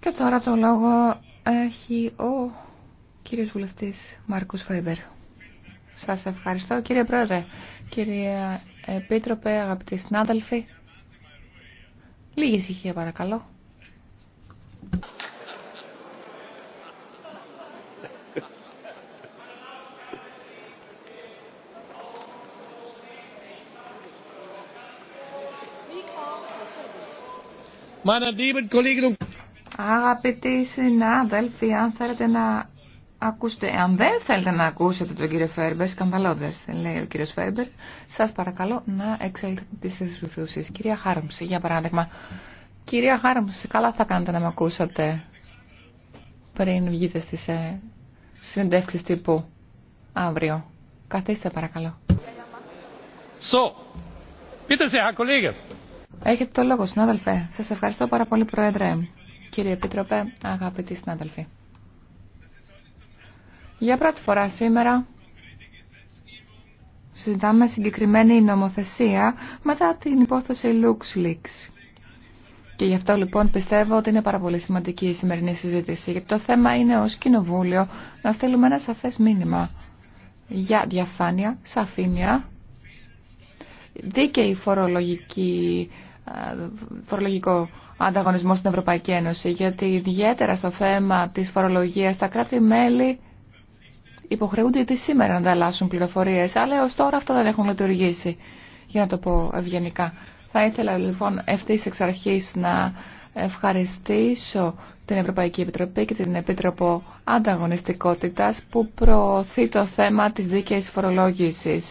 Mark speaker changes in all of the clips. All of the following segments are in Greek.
Speaker 1: Και τώρα το λόγο έχει ο κύριος βουλευτής Μάρκος Φέμπερ. Σας ευχαριστώ κύριε Πρόεδρε, κύριε Επίτροπε, αγαπητοί συνάδελφοι. Λίγη ησυχία παρακαλώ. Αγαπητοί συνάδελφοι, αν θέλετε να ακούσετε, αν δεν θέλετε να ακούσετε τον κύριο Φέρμπερ, σκανδαλώδες, λέει ο κύριο Φέρμπερ, σας παρακαλώ να εξέλθετε τις θέσεις Κυρία Χάρμψη, για παράδειγμα. Κυρία Χάρμψη, καλά θα κάνετε να με ακούσατε πριν βγείτε στι ε, τύπου αύριο. Καθίστε παρακαλώ.
Speaker 2: So, bitte sehr, Herr Kollege.
Speaker 1: Έχετε το λόγο, συνάδελφε. Σας ευχαριστώ πάρα πολύ, Πρόεδρε. Κύριε Επίτροπε, αγαπητοί συνάδελφοι. Για πρώτη φορά σήμερα συζητάμε συγκεκριμένη νομοθεσία μετά την υπόθεση LuxLeaks. Και γι' αυτό λοιπόν πιστεύω ότι είναι πάρα πολύ σημαντική η σημερινή συζήτηση, γιατί το θέμα είναι ως Κοινοβούλιο να στείλουμε ένα σαφές μήνυμα για διαφάνεια, σαφήνεια, δίκαιη φορολογική φορολογικό ανταγωνισμό στην Ευρωπαϊκή Ένωση, γιατί ιδιαίτερα στο θέμα της φορολογίας τα κράτη-μέλη υποχρεούνται ήδη σήμερα να ανταλλάσσουν πληροφορίες, αλλά έως τώρα αυτά δεν έχουν λειτουργήσει, για να το πω ευγενικά. Θα ήθελα λοιπόν ευθύ εξ αρχή να ευχαριστήσω την Ευρωπαϊκή Επιτροπή και την Επίτροπο Ανταγωνιστικότητας που προωθεί το θέμα της δίκαιης φορολόγησης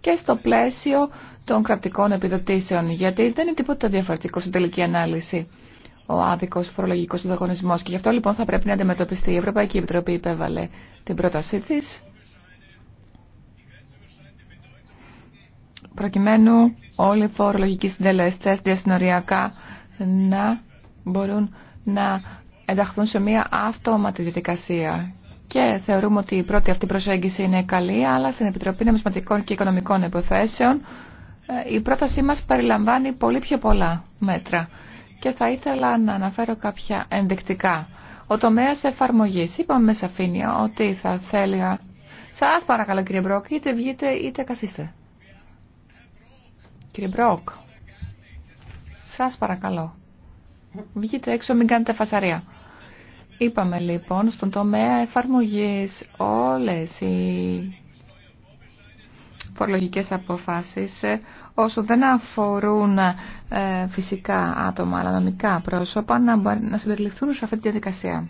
Speaker 1: και στο πλαίσιο των κρατικών επιδοτήσεων, γιατί δεν είναι τίποτα διαφορετικό στην τελική ανάλυση ο άδικο φορολογικό ανταγωνισμό. Και γι' αυτό λοιπόν θα πρέπει να αντιμετωπιστεί. Η Ευρωπαϊκή Επιτροπή υπέβαλε την πρότασή τη. προκειμένου όλοι οι φορολογικοί συντελέστέ διασυνοριακά να μπορούν να ενταχθούν σε μια αυτόματη διαδικασία. Και θεωρούμε ότι η πρώτη αυτή προσέγγιση είναι καλή, αλλά στην Επιτροπή Νομισματικών και Οικονομικών Υποθέσεων ε, η πρότασή μας περιλαμβάνει πολύ πιο πολλά μέτρα και θα ήθελα να αναφέρω κάποια ενδεικτικά. Ο τομέας εφαρμογής. Είπαμε με σαφήνεια ότι θα θέλει... Σας παρακαλώ κύριε Μπρόκ, είτε βγείτε είτε καθίστε. Κύριε Μπρόκ, σας παρακαλώ. Βγείτε έξω, μην κάνετε φασαρία. Είπαμε λοιπόν στον τομέα εφαρμογής όλες οι φορολογικές αποφάσεις ε, όσο δεν αφορούν ε, φυσικά άτομα αλλά νομικά πρόσωπα να συμπεριληφθούν σε αυτή τη διαδικασία.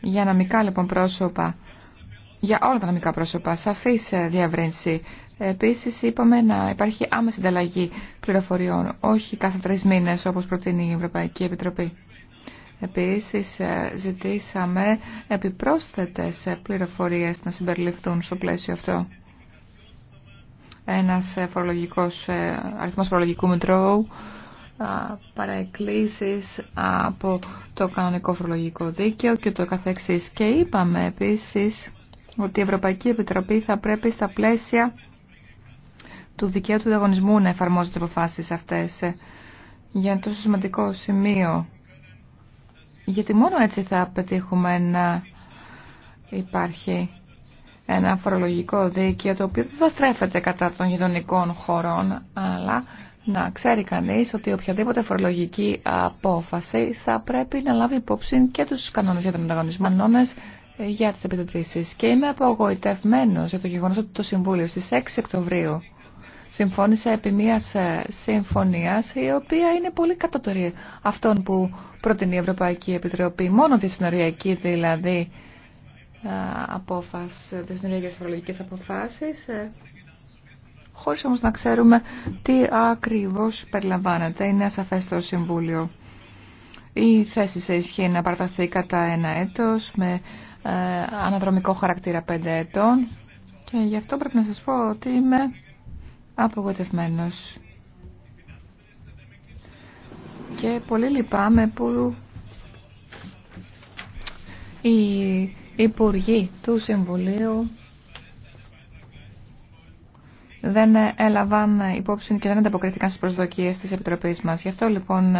Speaker 1: Για νομικά λοιπόν πρόσωπα, για όλα τα νομικά πρόσωπα, σαφής ε, διαβρύνση. Επίσης είπαμε να υπάρχει άμεση ανταλλαγή πληροφοριών, όχι κάθε τρεις μήνες όπως προτείνει η Ευρωπαϊκή Επιτροπή. Επίσης ε, ζητήσαμε επιπρόσθετες ε, πληροφορίες να συμπεριληφθούν στο πλαίσιο αυτό. Ένας ε, φορολογικός, αριθμός φορολογικού μητρώου, παραεκκλήσεις από το κανονικό φορολογικό δίκαιο και το καθεξής. Και είπαμε επίσης ότι η Ευρωπαϊκή Επιτροπή θα πρέπει στα πλαίσια του δικαίου του διαγωνισμού να εφαρμόζει τις αποφάσεις αυτές. Για τόσο σημαντικό σημείο γιατί μόνο έτσι θα πετύχουμε να υπάρχει ένα φορολογικό δίκαιο το οποίο δεν θα στρέφεται κατά των γειτονικών χωρών, αλλά να ξέρει κανείς ότι οποιαδήποτε φορολογική απόφαση θα πρέπει να λάβει υπόψη και τους κανόνες για τον ανταγωνισμό, κανόνες για τις επιδοτήσεις. Και είμαι απογοητευμένος για το γεγονός ότι το Συμβούλιο στις 6 Οκτωβρίου συμφώνησε επί μιας ε, συμφωνίας η οποία είναι πολύ κατώτερη αυτών που προτείνει η Ευρωπαϊκή Επιτροπή. Μόνο τη συνοριακή δηλαδή ε, απόφαση, τη συνοριακή φορολογικές αποφάσεις, ε, χωρίς όμως να ξέρουμε τι ακριβώς περιλαμβάνεται. Είναι ασαφές το Συμβούλιο. Η θέση σε ισχύ να παραταθεί κατά ένα έτος με αναδρομικό χαρακτήρα πέντε ετών και γι' αυτό πρέπει να σας πω ότι είμαι απογοητευμένος. Και πολύ λυπάμαι που οι υπουργοί του Συμβουλίου δεν έλαβαν υπόψη και δεν ανταποκρίθηκαν στις προσδοκίες της Επιτροπής μας. Γι' αυτό λοιπόν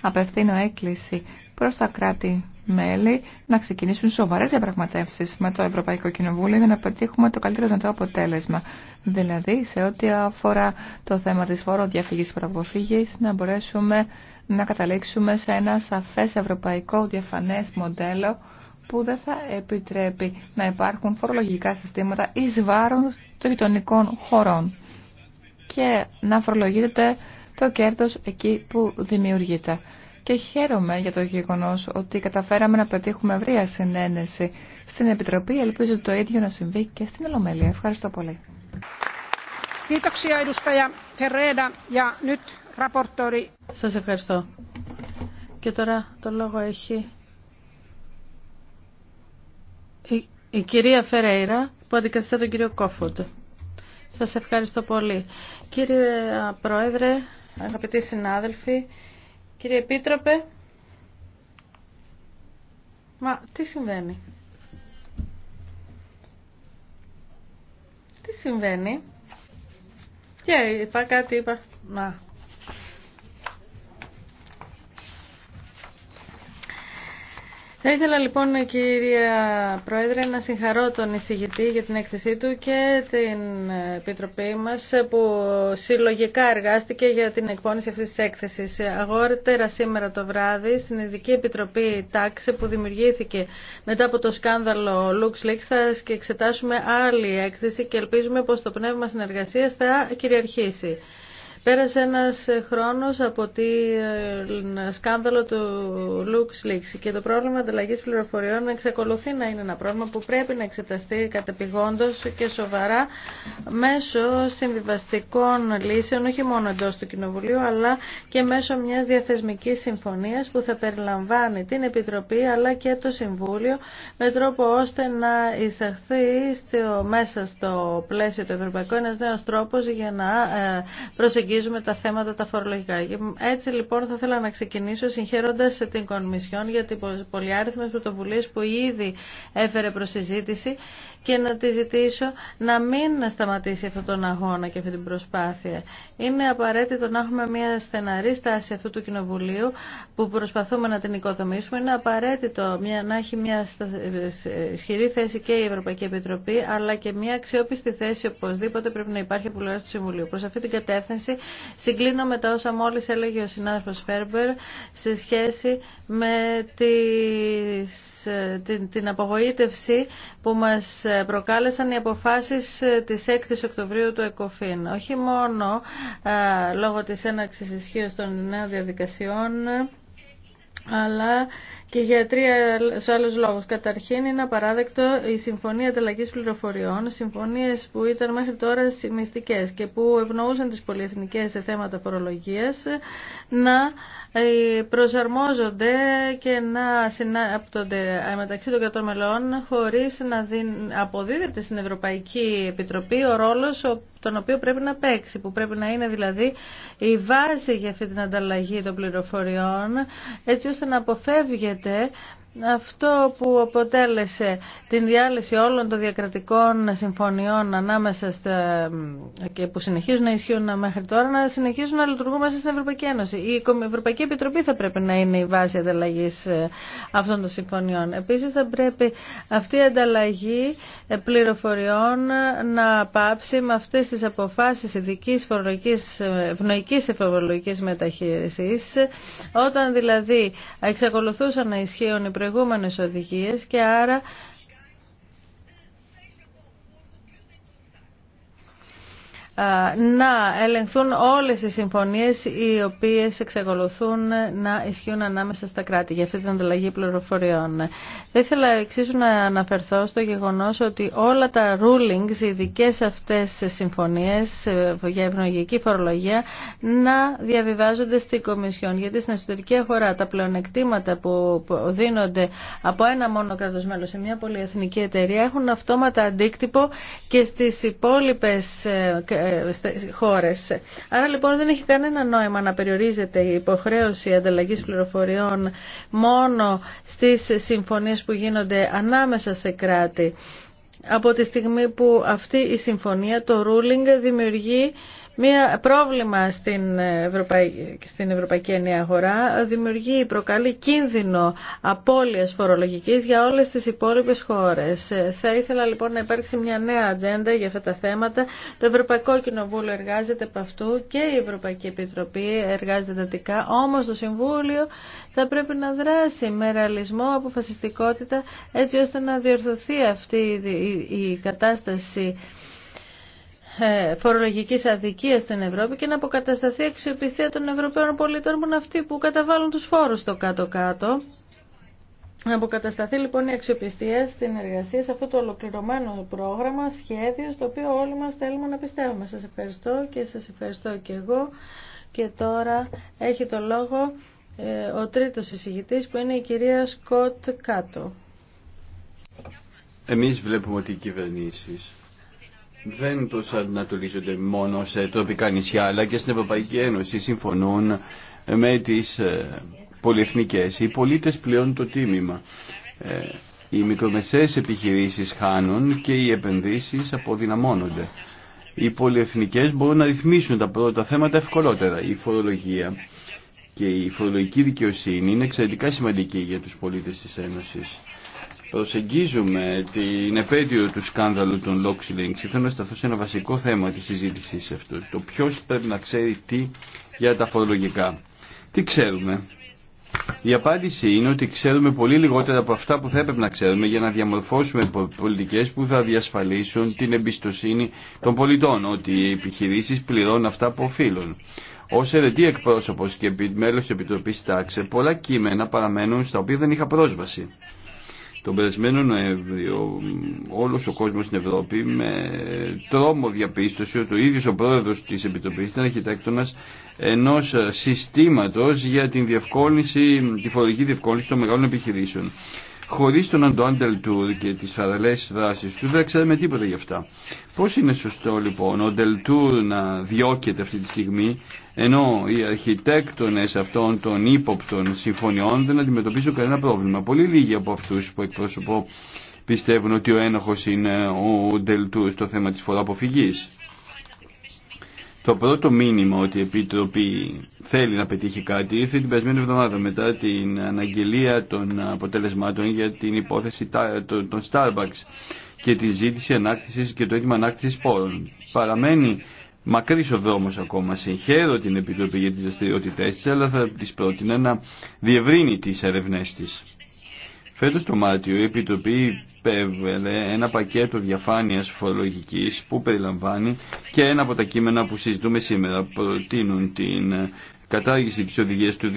Speaker 1: απευθύνω έκκληση προς τα κράτη μέλη να ξεκινήσουν σοβαρέ διαπραγματεύσει με το Ευρωπαϊκό Κοινοβούλιο για να πετύχουμε το καλύτερο δυνατό αποτέλεσμα. Δηλαδή, σε ό,τι αφορά το θέμα τη φοροδιαφυγή προαποφύγη, να μπορέσουμε να καταλήξουμε σε ένα σαφέ ευρωπαϊκό διαφανέ μοντέλο που δεν θα επιτρέπει να υπάρχουν φορολογικά συστήματα ει βάρον των γειτονικών χωρών και να φορολογείται το κέρδος εκεί που δημιουργείται και χαίρομαι για το γεγονό ότι καταφέραμε να πετύχουμε ευρεία συνένεση στην Επιτροπή. Ελπίζω το ίδιο να συμβεί και στην Ολομέλεια.
Speaker 3: Ευχαριστώ πολύ. Σας ευχαριστώ. Και τώρα το λόγο έχει η, κυρία Φερέιρα που αντικαθιστά τον κύριο Κόφουτ. Σας ευχαριστώ πολύ. Κύριε Πρόεδρε, αγαπητοί συνάδελφοι, Κύριε Επίτροπε, μα τι συμβαίνει. Τι συμβαίνει. Και είπα κάτι, είπα. μα. Θα ήθελα λοιπόν κυρία Πρόεδρε να συγχαρώ τον εισηγητή για την έκθεσή του και την Επιτροπή μας που συλλογικά εργάστηκε για την εκπόνηση αυτής της έκθεσης. Αγόρτερα σήμερα το βράδυ στην Ειδική Επιτροπή Τάξη που δημιουργήθηκε μετά από το σκάνδαλο LuxLeaks θα εξετάσουμε άλλη έκθεση και ελπίζουμε πως το πνεύμα συνεργασίας θα κυριαρχήσει. Πέρασε ένας ε, χρόνος από τη ε, σκάνδαλο του Λουξ Λίξη και το πρόβλημα ανταλλαγή πληροφοριών εξακολουθεί να είναι ένα πρόβλημα που πρέπει να εξεταστεί κατεπηγόντως και σοβαρά μέσω συμβιβαστικών λύσεων, όχι μόνο εντός του Κοινοβουλίου, αλλά και μέσω μιας διαθεσμικής συμφωνίας που θα περιλαμβάνει την Επιτροπή αλλά και το Συμβούλιο με τρόπο ώστε να εισαχθεί μέσα στο πλαίσιο του Ευρωπαϊκού ένας νέος τρόπος για να ε, προσεγγίσουμε προσεγγίζουμε τα θέματα τα φορολογικά. Έτσι λοιπόν θα ήθελα να ξεκινήσω συγχαίροντα την Κομισιόν για την πολυάριθμε πρωτοβουλίε που ήδη έφερε προ συζήτηση και να τη ζητήσω να μην σταματήσει αυτόν τον αγώνα και αυτή την προσπάθεια. Είναι απαραίτητο να έχουμε μια στεναρή στάση αυτού του Κοινοβουλίου που προσπαθούμε να την οικοδομήσουμε. Είναι απαραίτητο μια, να έχει μια ισχυρή θέση και η Ευρωπαϊκή Επιτροπή, αλλά και μια αξιόπιστη θέση οπωσδήποτε πρέπει να υπάρχει από του Συμβουλίου. Προ αυτή την κατεύθυνση συγκλίνω με τα όσα μόλι έλεγε ο συνάδελφο Φέρμπερ σε σχέση με τις την, την απογοήτευση που μας προκάλεσαν οι αποφάσεις της 6ης Οκτωβρίου του ΕΚΟΦΗΝ. Όχι μόνο λόγω της έναρξης ισχύω των νέων διαδικασιών, αλλά και για τρία σε άλλου λόγου. Καταρχήν, είναι απαράδεκτο η Συμφωνία Ανταλλαγή Πληροφοριών, συμφωνίε που ήταν μέχρι τώρα μυστικέ και που ευνοούσαν τις πολυεθνικές σε θέματα φορολογία, να ε, προσαρμόζονται και να συνάπτονται ε, μεταξύ των κρατών μελών χωρίς να αποδίδεται στην Ευρωπαϊκή Επιτροπή ο ρόλος τον οποίο πρέπει να παίξει, που πρέπει να είναι δηλαδή η βάση για αυτή την ανταλλαγή των πληροφοριών, έτσι ώστε να αποφεύγεται γίνεται αυτό που αποτέλεσε την διάλυση όλων των διακρατικών συμφωνιών ανάμεσα στα... και που συνεχίζουν να ισχύουν μέχρι τώρα να συνεχίζουν να λειτουργούν μέσα στην Ευρωπαϊκή Ένωση. Η Ευρωπαϊκή Επιτροπή θα πρέπει να είναι η βάση ανταλλαγή ε, αυτών των συμφωνιών. Επίση θα πρέπει αυτή η ανταλλαγή ε, πληροφοριών ε, να πάψει με αυτέ τι αποφάσει ειδική ευνοϊκή εφορολογική μεταχείριση. Όταν δηλαδή εξακολουθούσαν να ισχύουν οι προηγούμενες οδηγίες και άρα να ελεγχθούν όλες οι συμφωνίες οι οποίες εξακολουθούν να ισχύουν ανάμεσα στα κράτη για αυτή την ανταλλαγή πληροφοριών. Θα ήθελα εξίσου να αναφερθώ στο γεγονός ότι όλα τα rulings, οι ειδικέ αυτές συμφωνίες ε, για ευνοϊκή φορολογία να διαβιβάζονται στην Κομισιόν. Γιατί στην εσωτερική αγορά τα πλεονεκτήματα που δίνονται από ένα μόνο κράτος μέλος σε μια πολυεθνική εταιρεία έχουν αυτόματα αντίκτυπο και στις υπόλοιπε. Ε, χώρες. Άρα λοιπόν δεν έχει κανένα νόημα να περιορίζεται η υποχρέωση ανταλλαγής πληροφοριών μόνο στις συμφωνίες που γίνονται ανάμεσα σε κράτη. Από τη στιγμή που αυτή η συμφωνία, το ruling, δημιουργεί Μία πρόβλημα στην ευρωπαϊκή, στην ευρωπαϊκή ενιαία αγορά δημιουργεί, προκαλεί κίνδυνο απώλειας φορολογικής για όλες τις υπόλοιπες χώρες. Ε, θα ήθελα λοιπόν να υπάρξει μια προβλημα στην ευρωπαικη στην ευρωπαικη ατζέντα για αυτά τα θέματα. Το Ευρωπαϊκό Κοινοβούλιο εργάζεται από αυτού και η Ευρωπαϊκή Επιτροπή εργάζεται τατικά, όμως το Συμβούλιο θα πρέπει να δράσει με ρεαλισμό, αποφασιστικότητα, έτσι ώστε να διορθωθεί αυτή η κατάσταση ε, φορολογικής αδικίας στην Ευρώπη και να αποκατασταθεί η αξιοπιστία των Ευρωπαίων πολιτών που είναι αυτοί που καταβάλουν τους φόρους στο κάτω-κάτω. Να αποκατασταθεί λοιπόν η αξιοπιστία στην εργασία σε αυτό το ολοκληρωμένο πρόγραμμα, σχέδιο, στο οποίο όλοι μας θέλουμε να πιστεύουμε. Σας ευχαριστώ και σας ευχαριστώ και εγώ. Και τώρα έχει το λόγο ε, ο τρίτος εισηγητής που είναι η κυρία Σκοτ Κάτω.
Speaker 4: Εμείς βλέπουμε ότι οι κυβερνήσεις δεν προσανατολίζονται μόνο σε τοπικά νησιά αλλά και στην Ευρωπαϊκή Ένωση συμφωνούν με τις ε, πολυεθνικές. Οι πολίτες πλέον το τίμημα. Ε, οι μικρομεσαίες επιχειρήσεις χάνουν και οι επενδύσεις αποδυναμώνονται. Οι πολυεθνικές μπορούν να ρυθμίσουν τα πρώτα θέματα ευκολότερα. Η φορολογία και η φορολογική δικαιοσύνη είναι εξαιρετικά σημαντική για τους πολίτες της Ένωσης προσεγγίζουμε την επέτειο του σκάνδαλου των LuxLinks, θέλω να σταθώ σε ένα βασικό θέμα της συζήτησης αυτού. Το ποιος πρέπει να ξέρει τι για τα φορολογικά. Τι ξέρουμε. Η απάντηση είναι ότι ξέρουμε πολύ λιγότερα από αυτά που θα έπρεπε να ξέρουμε για να διαμορφώσουμε πολιτικές που θα διασφαλίσουν την εμπιστοσύνη των πολιτών, ότι οι επιχειρήσεις πληρώνουν αυτά που οφείλουν. Ω ερετή εκπρόσωπο και μέλο τη Επιτροπή Τάξε, πολλά κείμενα παραμένουν στα οποία δεν είχα πρόσβαση. Τον περασμένο Νοέμβριο όλος ο κόσμος στην Ευρώπη με τρόμο διαπίστωση ότι ο ίδιος ο πρόεδρος της Επιτροπής ήταν αρχιτέκτονας ενός συστήματος για την διευκόλυνση, τη φορική διευκόλυνση των μεγάλων επιχειρήσεων. Χωρίς τον Αντώντελ Τούρ και τις θαραλές δράσεις του δεν ξέρουμε τίποτα γι' αυτά. Πώς είναι σωστό λοιπόν ο Ντελτούρ να διώκεται αυτή τη στιγμή ενώ οι αρχιτέκτονες αυτών των ύποπτων συμφωνιών δεν αντιμετωπίζουν κανένα πρόβλημα. Πολύ λίγοι από αυτούς που εκπροσωπώ πιστεύουν ότι ο ένοχος είναι ο Ντελτούρ στο θέμα της φοροαποφυγής. Το πρώτο μήνυμα ότι η Επιτροπή θέλει να πετύχει κάτι ήρθε την περασμένη εβδομάδα μετά την αναγγελία των αποτελεσμάτων για την υπόθεση των Starbucks και την ζήτηση ανάκτησης και το έτοιμο ανάκτησης πόρων. Παραμένει μακρύ ο δρόμο ακόμα. Συγχαίρω την Επιτροπή για τι δραστηριότητε τη, αλλά θα τη πρότεινα να διευρύνει τι ερευνέ τη. Φέτος το Μάρτιο η Επιτροπή υπέβαλε ένα πακέτο διαφάνειας φορολογικής που περιλαμβάνει και ένα από τα κείμενα που συζητούμε σήμερα. Προτείνουν την κατάργηση της οδηγίας του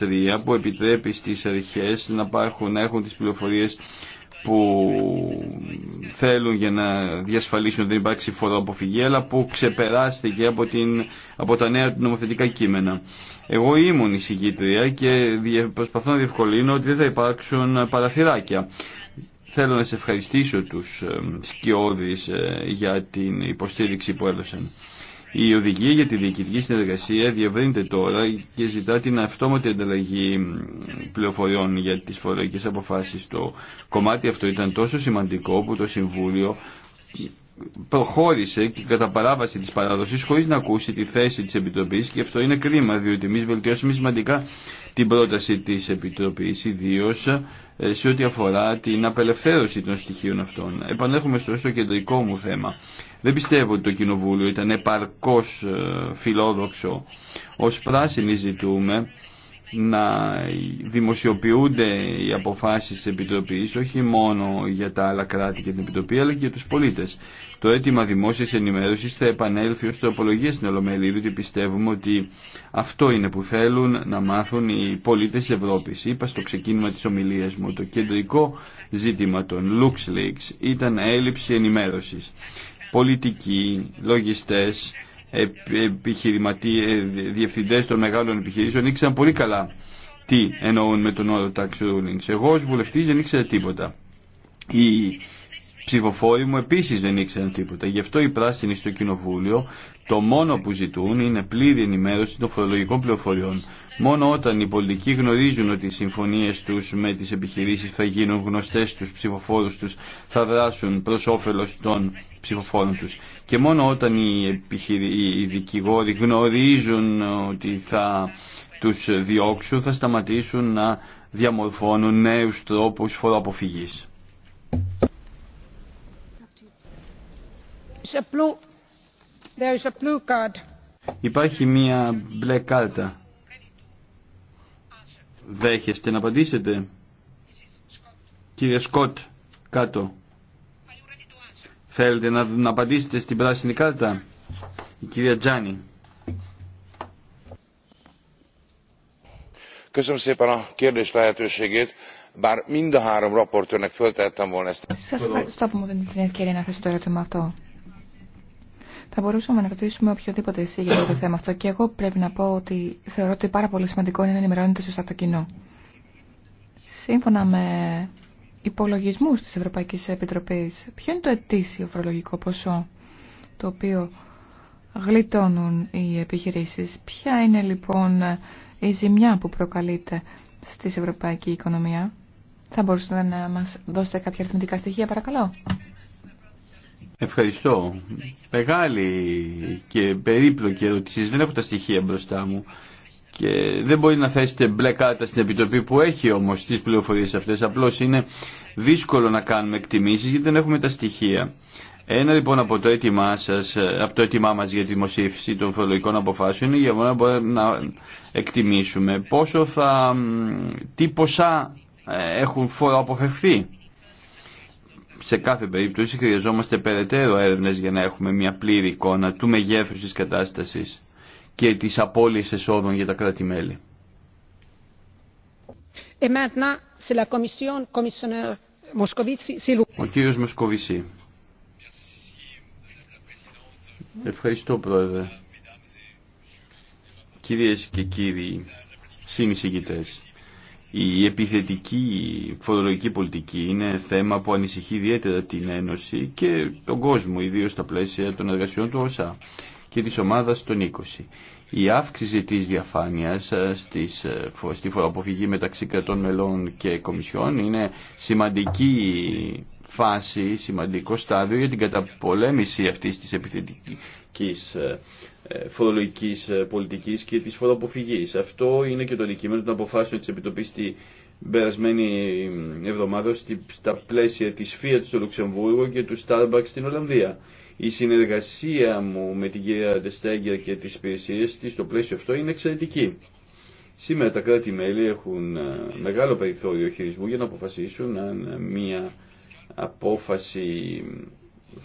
Speaker 4: 2003 που επιτρέπει στις αρχές να, να έχουν τις πληροφορίες που θέλουν για να διασφαλίσουν ότι δεν υπάρξει φοροαποφυγή, αλλά που ξεπεράστηκε από, από τα νέα νομοθετικά κείμενα. Εγώ ήμουν συγκήτρια και προσπαθώ να διευκολύνω ότι δεν θα υπάρξουν παραθυράκια. Θέλω να σε ευχαριστήσω τους ε, σκιώδεις ε, για την υποστήριξη που έδωσαν. Η οδηγία για τη διοικητική συνεργασία διαβρύνεται τώρα και ζητά την αυτόματη ανταλλαγή πληροφοριών για τις φορολογικές αποφάσεις. Το κομμάτι αυτό ήταν τόσο σημαντικό που το Συμβούλιο προχώρησε και κατά παράβαση της παραδοσής χωρίς να ακούσει τη θέση της Επιτροπής και αυτό είναι κρίμα διότι εμεί βελτιώσουμε σημαντικά την πρόταση της Επιτροπής ιδίω ε, σε ό,τι αφορά την απελευθέρωση των στοιχείων αυτών. Επανέρχομαι στο, στο κεντρικό μου θέμα. Δεν πιστεύω ότι το Κοινοβούλιο ήταν επαρκώς ε, φιλόδοξο. Ως πράσινοι ζητούμε να δημοσιοποιούνται οι αποφάσεις της Επιτροπής όχι μόνο για τα άλλα κράτη και την Επιτροπή αλλά και για τους πολίτες. Το αίτημα δημόσιας ενημέρωσης θα επανέλθει ως τροπολογία στην Ολομέλη διότι πιστεύουμε ότι αυτό είναι που θέλουν να μάθουν οι πολίτες της Ευρώπης. Είπα στο ξεκίνημα της ομιλίας μου το κεντρικό ζήτημα των LuxLeaks ήταν έλλειψη ενημέρωσης πολιτικοί, λογιστές, επιχειρηματίες, διευθυντές των μεγάλων επιχειρήσεων ήξεραν πολύ καλά τι εννοούν με τον όρο tax rulings. Εγώ ως βουλευτής δεν ήξερα τίποτα. Οι ψηφοφόροι μου επίσης δεν ήξεραν τίποτα. Γι' αυτό οι πράσινοι στο κοινοβούλιο το μόνο που ζητούν είναι πλήρη ενημέρωση των φορολογικών πληροφοριών. Μόνο όταν οι πολιτικοί γνωρίζουν ότι οι συμφωνίε του με τι επιχειρήσει θα γίνουν γνωστέ στου ψηφοφόρου του, θα δράσουν προ όφελο των ψηφοφόρων του. Και μόνο όταν οι, οι δικηγόροι γνωρίζουν ότι θα του διώξουν, θα σταματήσουν να διαμορφώνουν νέου τρόπου φοροαποφυγή. Υπάρχει μία μπλε κάρτα. Δέχεστε να απαντήσετε. Κύριε Σκοτ, κάτω. Θέλετε να, απαντήσετε στην πράσινη κάρτα. Η κυρία Τζάνι.
Speaker 2: ευχαριστώ
Speaker 1: που μου δίνετε την ευκαιρία να θέσω το ερώτημα αυτό. Θα μπορούσαμε να ρωτήσουμε οποιοδήποτε εσύ για το θέμα αυτό και εγώ πρέπει να πω ότι θεωρώ ότι πάρα πολύ σημαντικό είναι να ενημερώνεται σωστά το κοινό. Σύμφωνα με υπολογισμούς της Ευρωπαϊκής Επιτροπής, ποιο είναι το ετήσιο φορολογικό ποσό το οποίο γλιτώνουν οι επιχειρήσεις. Ποια είναι λοιπόν η ζημιά που προκαλείται στη ευρωπαϊκή οικονομία. Θα μπορούσατε να μας δώσετε κάποια αριθμητικά στοιχεία παρακαλώ.
Speaker 4: Ευχαριστώ. Μεγάλη και περίπλοκη ερώτηση. Δεν έχω τα στοιχεία μπροστά μου. Και δεν μπορεί να θέσετε μπλε κάρτα στην Επιτροπή που έχει όμω τι πληροφορίε αυτέ. Απλώ είναι δύσκολο να κάνουμε εκτιμήσει γιατί δεν έχουμε τα στοιχεία. Ένα λοιπόν από το έτοιμά σα, από το έτοιμά μας για τη δημοσίευση των φορολογικών αποφάσεων είναι για να μπορούμε να εκτιμήσουμε πόσο θα, τι ποσά ε, έχουν φοροαποφευθεί σε κάθε περίπτωση χρειαζόμαστε περαιτέρω έρευνε για να έχουμε μια πλήρη εικόνα του μεγέθους της κατάστασης και της απώλεια εσόδων για τα κράτη-μέλη. Ο κύριος Μοσκοβισή. Ευχαριστώ πρόεδρε. Κυρίες και κύριοι συνεισηγητές, η επιθετική φορολογική πολιτική είναι θέμα που ανησυχεί ιδιαίτερα την Ένωση και τον κόσμο, ιδίως στα πλαίσια των εργασιών του ΩΣΑ και της ομάδας των 20. Η αύξηση της διαφάνειας ε, στις, ε, στη φοροαποφυγή μεταξύ κρατών μελών και κομισιών είναι σημαντική φάση, σημαντικό στάδιο για την καταπολέμηση αυτής της επιθετικής ε, ε, φορολογική ε, πολιτική και τη φοροποφυγής. Αυτό είναι και το αντικείμενο των αποφάσεων τη Επιτροπή την περασμένη ε, εβδομάδα στα πλαίσια τη Fiat στο Λουξεμβούργο και του Starbucks στην Ολλανδία. Η συνεργασία μου με την κυρία Ντεστέγκερ και τι υπηρεσίε τη στο πλαίσιο αυτό είναι εξαιρετική. Σήμερα τα κράτη-μέλη έχουν μεγάλο περιθώριο χειρισμού για να αποφασίσουν αν μια απόφαση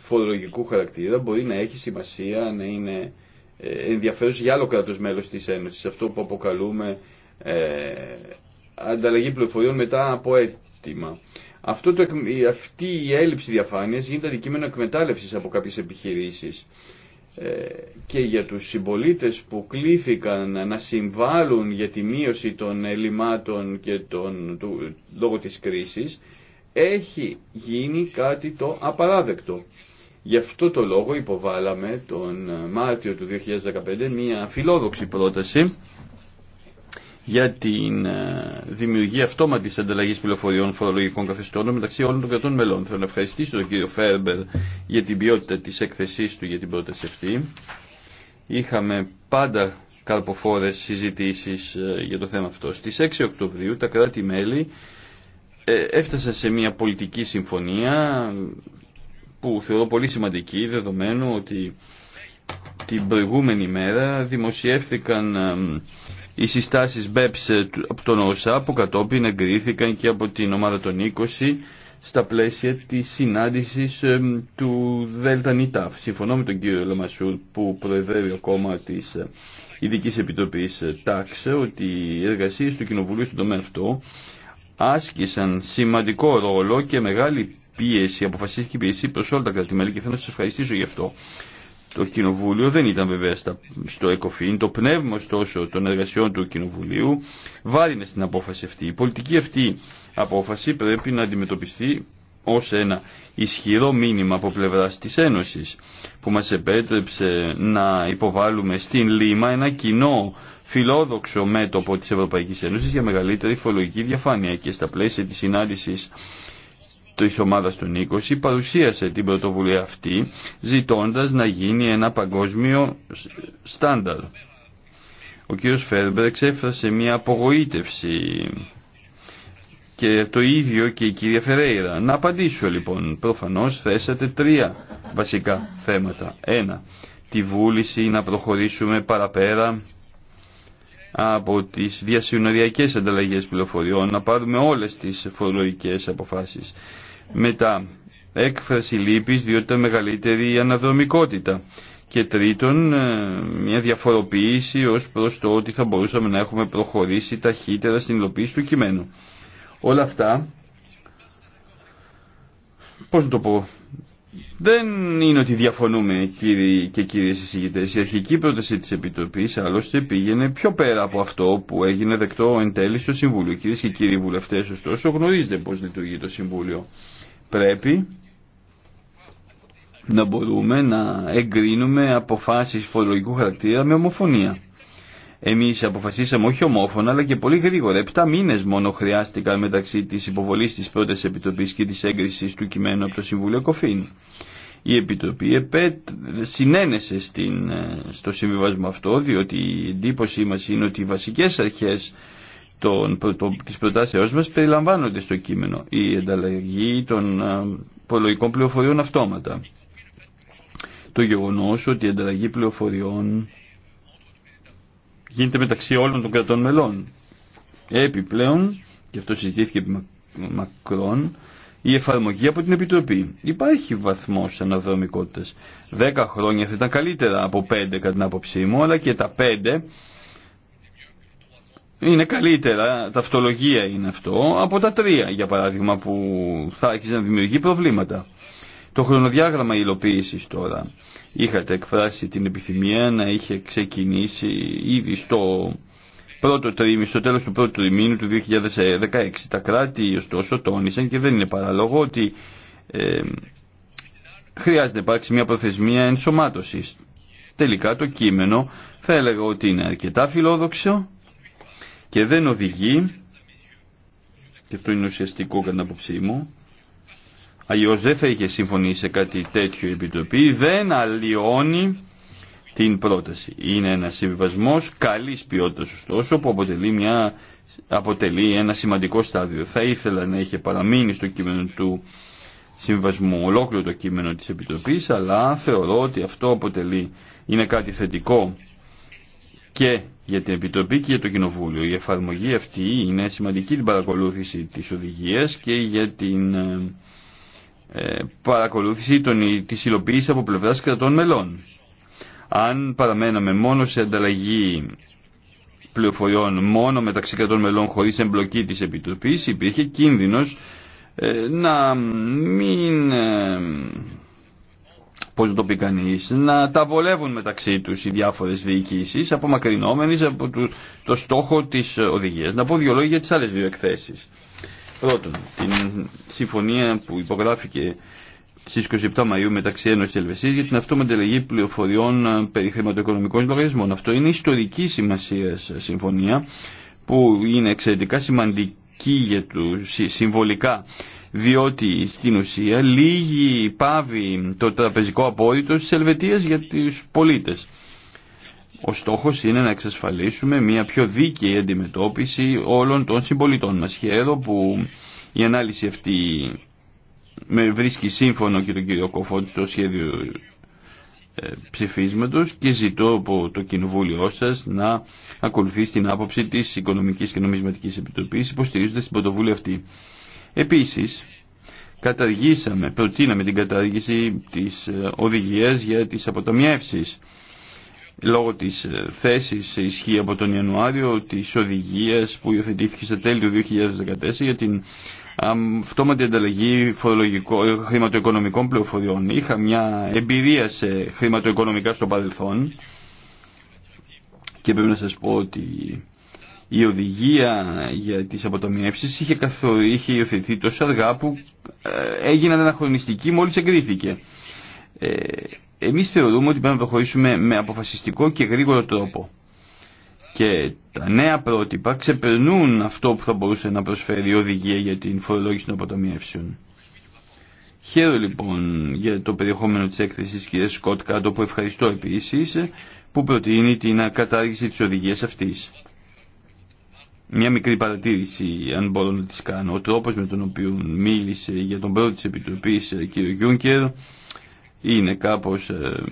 Speaker 4: φορολογικού χαρακτήρα μπορεί να έχει σημασία, να είναι ενδιαφέρουσε για άλλο κράτο μέλο της Ένωση. αυτό που αποκαλούμε ε, ανταλλαγή πληροφοριών μετά από αίτημα. Αυτό το, αυτή η έλλειψη διαφάνειας γίνεται αντικείμενο εκμετάλλευση από κάποιες επιχειρήσεις ε, και για τους συμπολίτε που κλήθηκαν να συμβάλλουν για τη μείωση των ελλημάτων και των, του, λόγω της κρίσης έχει γίνει κάτι το απαράδεκτο. Γι' αυτό το λόγο υποβάλαμε τον ε, Μάρτιο του 2015 μια φιλόδοξη πρόταση για την ε, δημιουργία αυτόματης ανταλλαγή πληροφοριών φορολογικών καθεστώτων μεταξύ όλων των κρατών μελών. Θέλω να ευχαριστήσω τον κύριο Φέρμπερ για την ποιότητα τη έκθεσή του για την πρόταση αυτή. Είχαμε πάντα καρποφόρες συζητήσεις ε, για το θέμα αυτό. Στις 6 Οκτωβρίου τα κράτη-μέλη έφτασαν σε μια πολιτική συμφωνία που θεωρώ πολύ σημαντική δεδομένου ότι την προηγούμενη μέρα δημοσιεύθηκαν οι συστάσεις BEPS ε ε, από τον ΟΣΑ που κατόπιν εγκρίθηκαν και από την ομάδα των 20 στα πλαίσια της συνάντησης του Δέλτα Νιτάφ. Συμφωνώ με τον κύριο Λαμασούρ που προεδρεύει κόμμα της ε, Ειδικής Επιτροπής ΤΑΞ ότι οι εργασίες του Κοινοβουλίου στον τομέα αυτό άσκησαν σημαντικό ρόλο και μεγάλη πίεση, αποφασίστηκε πίεση προς όλα τα κρατημέλη και θέλω να σας ευχαριστήσω γι' αυτό. Το Κοινοβούλιο δεν ήταν βέβαια στο ΕΚΟΦΗΝ. Το πνεύμα ωστόσο των εργασιών του Κοινοβουλίου βάρινε στην απόφαση αυτή. Η πολιτική αυτή απόφαση πρέπει να αντιμετωπιστεί ως ένα ισχυρό μήνυμα από πλευράς της Ένωσης που μας επέτρεψε να υποβάλουμε στην Λίμα ένα κοινό φιλόδοξο μέτωπο της Ευρωπαϊκής Ένωσης για μεγαλύτερη φορολογική διαφάνεια και στα πλαίσια της συνάντησης της ομάδας των 20 παρουσίασε την πρωτοβουλία αυτή ζητώντας να γίνει ένα παγκόσμιο στάνταρ. Ο κύριος Φέρμπερ εξέφρασε μια απογοήτευση και το ίδιο και η κυρία Φερέιρα. Να απαντήσω λοιπόν. Προφανώς θέσατε τρία βασικά θέματα. Ένα, τη βούληση να προχωρήσουμε παραπέρα από τις διασυνοριακές ανταλλαγές πληροφοριών, να πάρουμε όλες τις φορολογικές αποφάσεις. Μετά, έκφραση λύπης διότι ήταν μεγαλύτερη η αναδρομικότητα. Και τρίτον, ε, μια διαφοροποίηση ως προς το ότι θα μπορούσαμε να έχουμε προχωρήσει ταχύτερα στην υλοποίηση του κειμένου. Όλα αυτά, πώς να το πω, δεν είναι ότι διαφωνούμε κύριοι και κυρίες εισηγητές. Η αρχική πρόταση της Επιτροπή άλλωστε πήγαινε πιο πέρα από αυτό που έγινε δεκτό εν τέλει στο Συμβούλιο. Κυρίε και κύριοι βουλευτές ωστόσο γνωρίζετε πώ λειτουργεί το Συμβούλιο. Πρέπει να μπορούμε να εγκρίνουμε αποφάσεις φορολογικού χαρακτήρα με ομοφωνία. Εμείς αποφασίσαμε όχι ομόφωνα αλλά και πολύ γρήγορα. Επτά μήνες μόνο χρειάστηκαν μεταξύ της υποβολής της πρώτης επιτροπής και της έγκρισης του κειμένου από το Συμβούλιο Κοφίν. Η Επιτροπή ΕΠΕΤ συνένεσε στην, ε, στο συμβιβασμό αυτό διότι η εντύπωσή μας είναι ότι οι βασικές αρχές των, το, της προτάσεώς μας περιλαμβάνονται στο κείμενο. Η ανταλλαγή των προλογικών ε, πληροφοριών αυτόματα. Το γεγονός ότι η ανταλλαγή πληροφοριών γίνεται μεταξύ όλων των κρατών μελών. Επιπλέον, και αυτό συζητήθηκε μακρόν, η εφαρμογή από την Επιτροπή. Υπάρχει βαθμό αναδρομικότητα. Δέκα χρόνια θα ήταν καλύτερα από πέντε κατά την άποψή μου, αλλά και τα πέντε είναι καλύτερα, ταυτολογία είναι αυτό, από τα τρία για παράδειγμα που θα άρχισε να δημιουργεί προβλήματα. Το χρονοδιάγραμμα υλοποίηση τώρα. Είχατε εκφράσει την επιθυμία να είχε ξεκινήσει ήδη στο πρώτο τρίμηνο, στο τέλος του πρώτου τριμήνου του 2016. Τα κράτη ωστόσο τόνισαν και δεν είναι παράλογο ότι ε, χρειάζεται να υπάρξει μια προθεσμία ενσωμάτωσης. Τελικά το κείμενο θα έλεγα ότι είναι αρκετά φιλόδοξο και δεν οδηγεί, και αυτό είναι ουσιαστικό κατά την άποψή μου, Αλλιώ δεν θα είχε συμφωνήσει σε κάτι τέτοιο η Επιτροπή, δεν αλλοιώνει την πρόταση. Είναι ένα συμβιβασμό καλή ποιότητα ωστόσο που αποτελεί, μια, αποτελεί ένα σημαντικό στάδιο. Θα ήθελα να είχε παραμείνει στο κείμενο του συμβιβασμού ολόκληρο το κείμενο της Επιτροπής, αλλά θεωρώ ότι αυτό αποτελεί, είναι κάτι θετικό και για την Επιτροπή και για το Κοινοβούλιο. Η εφαρμογή αυτή είναι σημαντική την παρακολούθηση της οδηγίας και για την ε, ε, παρακολούθηση των, της υλοποίησης από πλευράς κρατών μελών. Αν παραμέναμε μόνο σε ανταλλαγή πληροφοριών μόνο μεταξύ κρατών μελών χωρίς εμπλοκή της Επιτροπής υπήρχε κίνδυνος ε, να μην ε, πώς το πει κανείς, να τα βολεύουν μεταξύ τους οι διάφορες διοικήσεις απομακρυνόμενες από το στόχο της οδηγίας. Να πω δύο λόγια για τις άλλες δύο εκθέσεις. Πρώτον, την συμφωνία που υπογράφηκε στις 27 Μαΐου μεταξύ Ένωσης Ελβεσίας για την αυτόματη αλλαγή πληροφοριών ε, περί χρηματοοικονομικών λογαριασμών. Αυτό είναι ιστορική σημασία συμφωνία που είναι εξαιρετικά σημαντική για τους συμβολικά διότι στην ουσία λίγοι πάβει το τραπεζικό απόρριτο της Ελβετίας για τους πολίτες. Ο στόχος είναι να εξασφαλίσουμε μια πιο δίκαιη αντιμετώπιση όλων των συμπολιτών μας. Και που η ανάλυση αυτή με βρίσκει σύμφωνο και τον κύριο Κοφόντ στο σχέδιο ε, ψηφίσματος και ζητώ από το κοινοβούλιο σας να ακολουθεί την άποψη της Οικονομικής και Νομισματικής Επιτροπής υποστηρίζοντας την πρωτοβούλια αυτή. Επίσης, καταργήσαμε, προτείναμε την κατάργηση της ε, οδηγίας για τις αποταμιεύσεις λόγω της ε, θέσης ε, ισχύει από τον Ιανουάριο της οδηγίας που υιοθετήθηκε στα τέλη του 2014 για την αυτόματη ανταλλαγή ε, χρηματοοικονομικών πληροφοριών. Είχα μια εμπειρία σε χρηματοοικονομικά στο παρελθόν και πρέπει να σας πω ότι η οδηγία για τις αποταμιεύσεις είχε, καθο... είχε υιοθετηθεί τόσο αργά που έγινε αναχρονιστική μόλις εγκρίθηκε. Εμείς θεωρούμε ότι πρέπει να προχωρήσουμε με αποφασιστικό και γρήγορο τρόπο. Και τα νέα πρότυπα ξεπερνούν αυτό που θα μπορούσε να προσφέρει η οδηγία για την φορολόγηση των αποταμιεύσεων. Χαίρομαι λοιπόν για το περιεχόμενο της έκθεσης κ. Σκότκα, το που ευχαριστώ επίσης που προτείνει την κατάργηση της οδηγίας αυτής. Μια μικρή παρατήρηση, αν μπορώ να τη κάνω. Ο τρόπος με τον οποίο μίλησε για τον πρόεδρο της Επιτροπής, ε, κ. Γιούνκερ, είναι κάπως ε,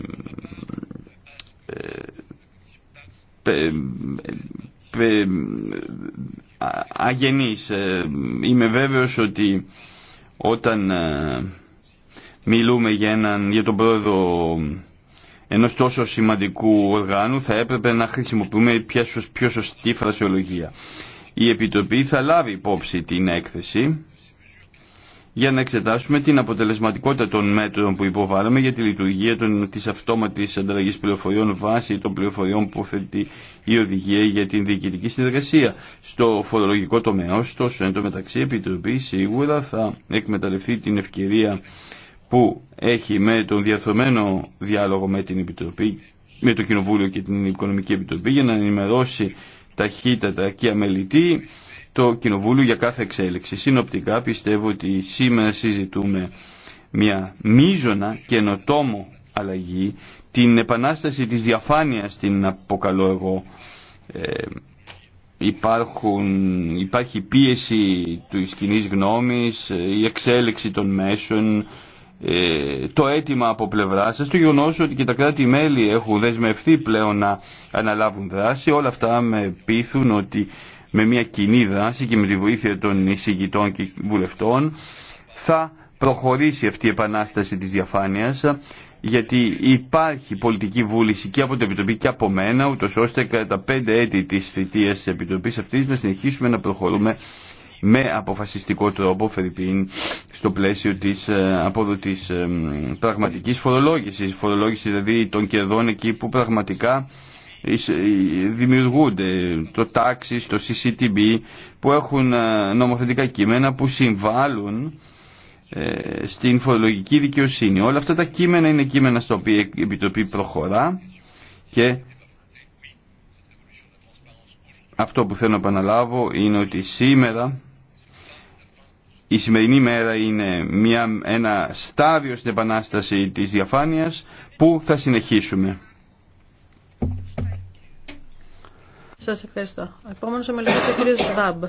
Speaker 4: ε, ε, ε αγενής. Είμαι βέβαιος ότι όταν μιλούμε για, έναν, για τον πρόεδρο ενός τόσο σημαντικού οργάνου θα έπρεπε να χρησιμοποιούμε πιο σωστή φρασιολογία. Η Επιτροπή θα λάβει υπόψη την έκθεση για να εξετάσουμε την αποτελεσματικότητα των μέτρων που υποβάλαμε για τη λειτουργία των, της αυτόματης ανταλλαγής πληροφοριών βάσει των πληροφοριών που θέτει η οδηγία για την διοικητική συνεργασία. Στο φορολογικό τομέα, ωστόσο, εν τω μεταξύ, η Επιτροπή σίγουρα θα εκμεταλλευτεί την ευκαιρία που έχει με τον διαρθωμένο διάλογο με την Επιτροπή, με το Κοινοβούλιο και την Οικονομική Επιτροπή για να ενημερώσει ταχύτατα και αμελητή το Κοινοβούλιο για κάθε εξέλιξη. Συνοπτικά πιστεύω ότι σήμερα συζητούμε μια μίζωνα καινοτόμο αλλαγή, την επανάσταση της διαφάνειας την αποκαλώ εγώ. Ε, υπάρχουν, υπάρχει πίεση του κοινή γνώμης, η εξέλιξη των μέσων, ε, το αίτημα από πλευρά σα, το γεγονό ότι και τα κράτη-μέλη έχουν δεσμευθεί πλέον να αναλάβουν δράση, όλα αυτά με πείθουν ότι με μια κοινή δράση και με τη βοήθεια των εισηγητών και βουλευτών θα προχωρήσει αυτή η επανάσταση της διαφάνειας γιατί υπάρχει πολιτική βούληση και από την Επιτροπή και από μένα ούτως ώστε κατά τα πέντε έτη της θητείας της Επιτροπής αυτής να συνεχίσουμε να προχωρούμε με αποφασιστικό τρόπο στο πλαίσιο της, ε, αποδοτής ε, πραγματικής φορολόγησης, φορολόγηση δηλαδή των κερδών εκεί που πραγματικά ε, δημιουργούνται, το τάξη, το CCTB που έχουν ε, νομοθετικά κείμενα που συμβάλλουν ε, στην φορολογική δικαιοσύνη. Όλα αυτά τα κείμενα είναι κείμενα στο οποίο η Επιτροπή προχωρά και αυτό που θέλω να επαναλάβω είναι ότι σήμερα η σημερινή μέρα είναι μια, ένα στάδιο στην επανάσταση της διαφάνειας που θα συνεχίσουμε.
Speaker 3: Σα ευχαριστώ. Επόμενο ο μελετής ο κύριος Σβάμπ.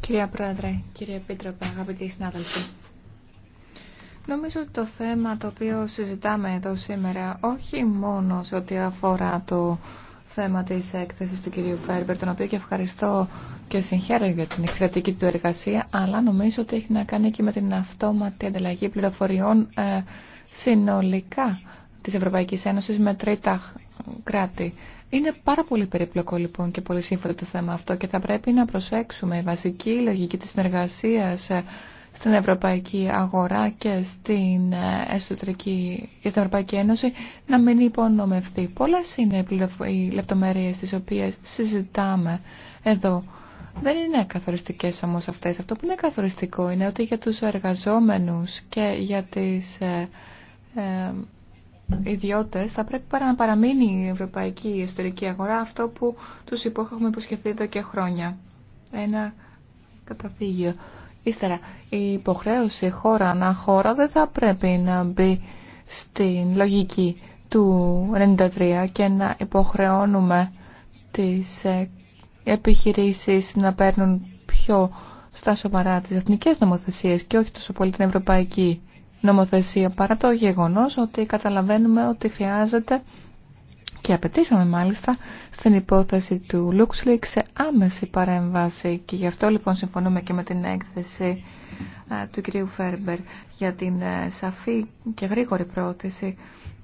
Speaker 3: Κυρία Πρόεδρε, κύριε Επίτροπε, αγαπητοί
Speaker 1: συνάδελφοι. Νομίζω ότι το θέμα το οποίο συζητάμε εδώ σήμερα όχι μόνο σε ό,τι αφορά το θέμα τη έκθεση του κυρίου Φέρμπερ, τον οποίο και ευχαριστώ και συγχαίρω για την εξαιρετική του εργασία, αλλά νομίζω ότι έχει να κάνει και με την αυτόματη ανταλλαγή πληροφοριών ε, συνολικά της Ευρωπαϊκής Ένωσης με τρίτα κράτη. Είναι πάρα πολύ περίπλοκο λοιπόν και πολύ σύμφωνο το θέμα αυτό και θα πρέπει να προσέξουμε η βασική λογική της συνεργασίας ε, στην ευρωπαϊκή αγορά και στην ε, εσωτερική και στην Ευρωπαϊκή Ένωση να μην υπονομευτεί. Πολλέ είναι οι λεπτομέρειες τις οποίες συζητάμε εδώ. Δεν είναι καθοριστικές όμως αυτές. Αυτό που είναι καθοριστικό είναι ότι για τους εργαζόμενους και για τις ε, ιδιώτες θα πρέπει παρά να παραμείνει η ευρωπαϊκή ιστορική αγορά αυτό που τους υπόχαμε υποσχεθεί εδώ και χρόνια. Ένα καταφύγιο. Ύστερα, η υποχρέωση χώρα ανά χώρα δεν θα πρέπει να μπει στην λογική του 93 και να υποχρεώνουμε τις ε, επιχειρήσεις να παίρνουν πιο στα σοβαρά τις εθνικές νομοθεσίες και όχι τόσο πολύ την ευρωπαϊκή νομοθεσία παρά το γεγονός ότι καταλαβαίνουμε ότι χρειάζεται και απαιτήσαμε μάλιστα στην υπόθεση του Λουξλικ σε άμεση παρέμβαση και γι' αυτό λοιπόν συμφωνούμε και με την έκθεση ε, του κυρίου Φέρμπερ για την ε, σαφή και γρήγορη πρόθεση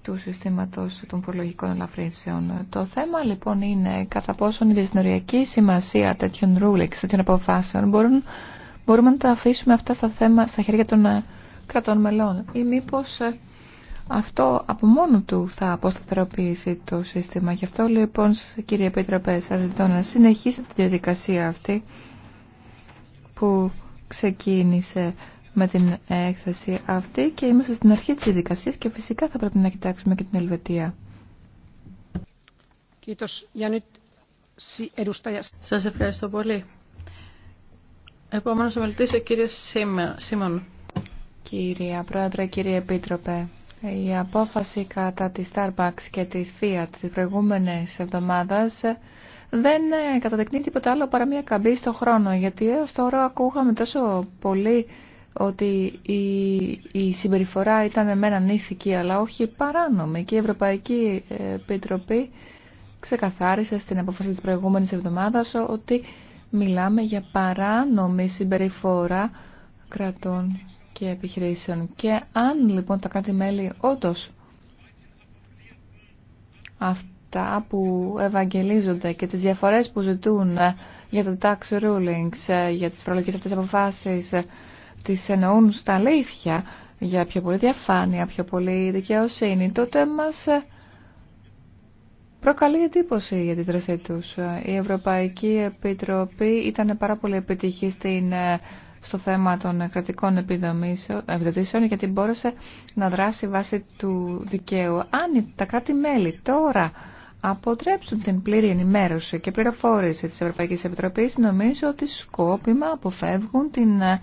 Speaker 1: του συστήματος των φορολογικών ελαφρύνσεων. Το θέμα λοιπόν είναι κατά πόσον η δυσνοριακή σημασία τέτοιων ρούλεξ, τέτοιων αποφάσεων μπορούν, μπορούμε να τα αφήσουμε αυτά στα, θέμα, στα χέρια των ε, κρατών μελών ή μήπως ε, αυτό από μόνο του θα αποσταθεροποιήσει το σύστημα. Γι' αυτό λοιπόν κύριε Επίτροπε σας ζητώ να συνεχίσετε τη διαδικασία αυτή που ξεκίνησε με την έκθεση αυτή και είμαστε στην αρχή της διαδικασίας και φυσικά θα πρέπει να κοιτάξουμε και την Ελβετία.
Speaker 3: Σας ευχαριστώ πολύ. Επόμενος ομιλητής ο κύριος Σίμων. Κυρία
Speaker 1: Πρόεδρε, κύριε Επίτροπε, η απόφαση κατά τη Starbucks και της Fiat της προηγούμενης εβδομάδας δεν καταδεικνύει τίποτα άλλο παρά μια καμπή στο χρόνο, γιατί έως τώρα ακούγαμε τόσο πολύ ότι η, συμπεριφορά ήταν με έναν αλλά όχι παράνομη και η Ευρωπαϊκή Επιτροπή ξεκαθάρισε στην απόφαση της προηγούμενης εβδομάδας ότι μιλάμε για παράνομη συμπεριφορά κρατών και επιχειρήσεων. Και αν λοιπόν τα κράτη-μέλη όντω αυτά που ευαγγελίζονται και τις διαφορές που ζητούν ε, για το tax rulings, ε, για τις προλογικές αυτές αποφάσεις, ε, τις εννοούν στα αλήθεια για πιο πολύ διαφάνεια, πιο πολύ δικαιοσύνη, τότε μας προκαλεί εντύπωση για την τρεσή τους. Η Ευρωπαϊκή Επιτροπή ήταν πάρα πολύ επιτυχή στην στο θέμα των κρατικών επιδοτήσεων γιατί μπόρεσε να δράσει βάσει του δικαίου. Αν τα κράτη-μέλη τώρα αποτρέψουν την πλήρη ενημέρωση και πληροφόρηση της Ευρωπαϊκής Επιτροπής, νομίζω ότι σκόπιμα αποφεύγουν την ε,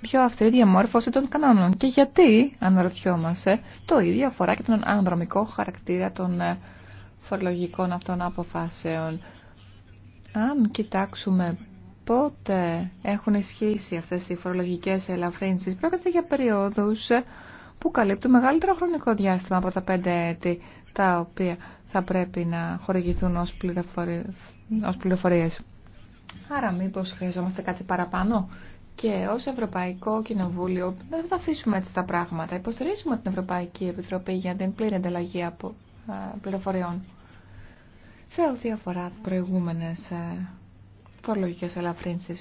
Speaker 1: πιο αυστηρή διαμόρφωση των κανόνων. Και γιατί, αναρωτιόμαστε, το ίδιο αφορά και τον ανδρομικό χαρακτήρα των ε, φορολογικών αυτών αποφάσεων. Αν κοιτάξουμε πότε έχουν ισχύσει αυτές οι φορολογικές ελαφρύνσεις. Πρόκειται για περιόδους που καλύπτουν μεγαλύτερο χρονικό διάστημα από τα πέντε έτη τα οποία θα πρέπει να χορηγηθούν ως, πληροφορι... ως πληροφορίες. Άρα μήπως χρειαζόμαστε κάτι παραπάνω και ως Ευρωπαϊκό Κοινοβούλιο δεν θα αφήσουμε έτσι τα πράγματα. Υποστηρίζουμε την Ευρωπαϊκή Επιτροπή για την πλήρη ανταλλαγή από ε, πληροφοριών. Σε ό,τι αφορά προηγούμενες ε,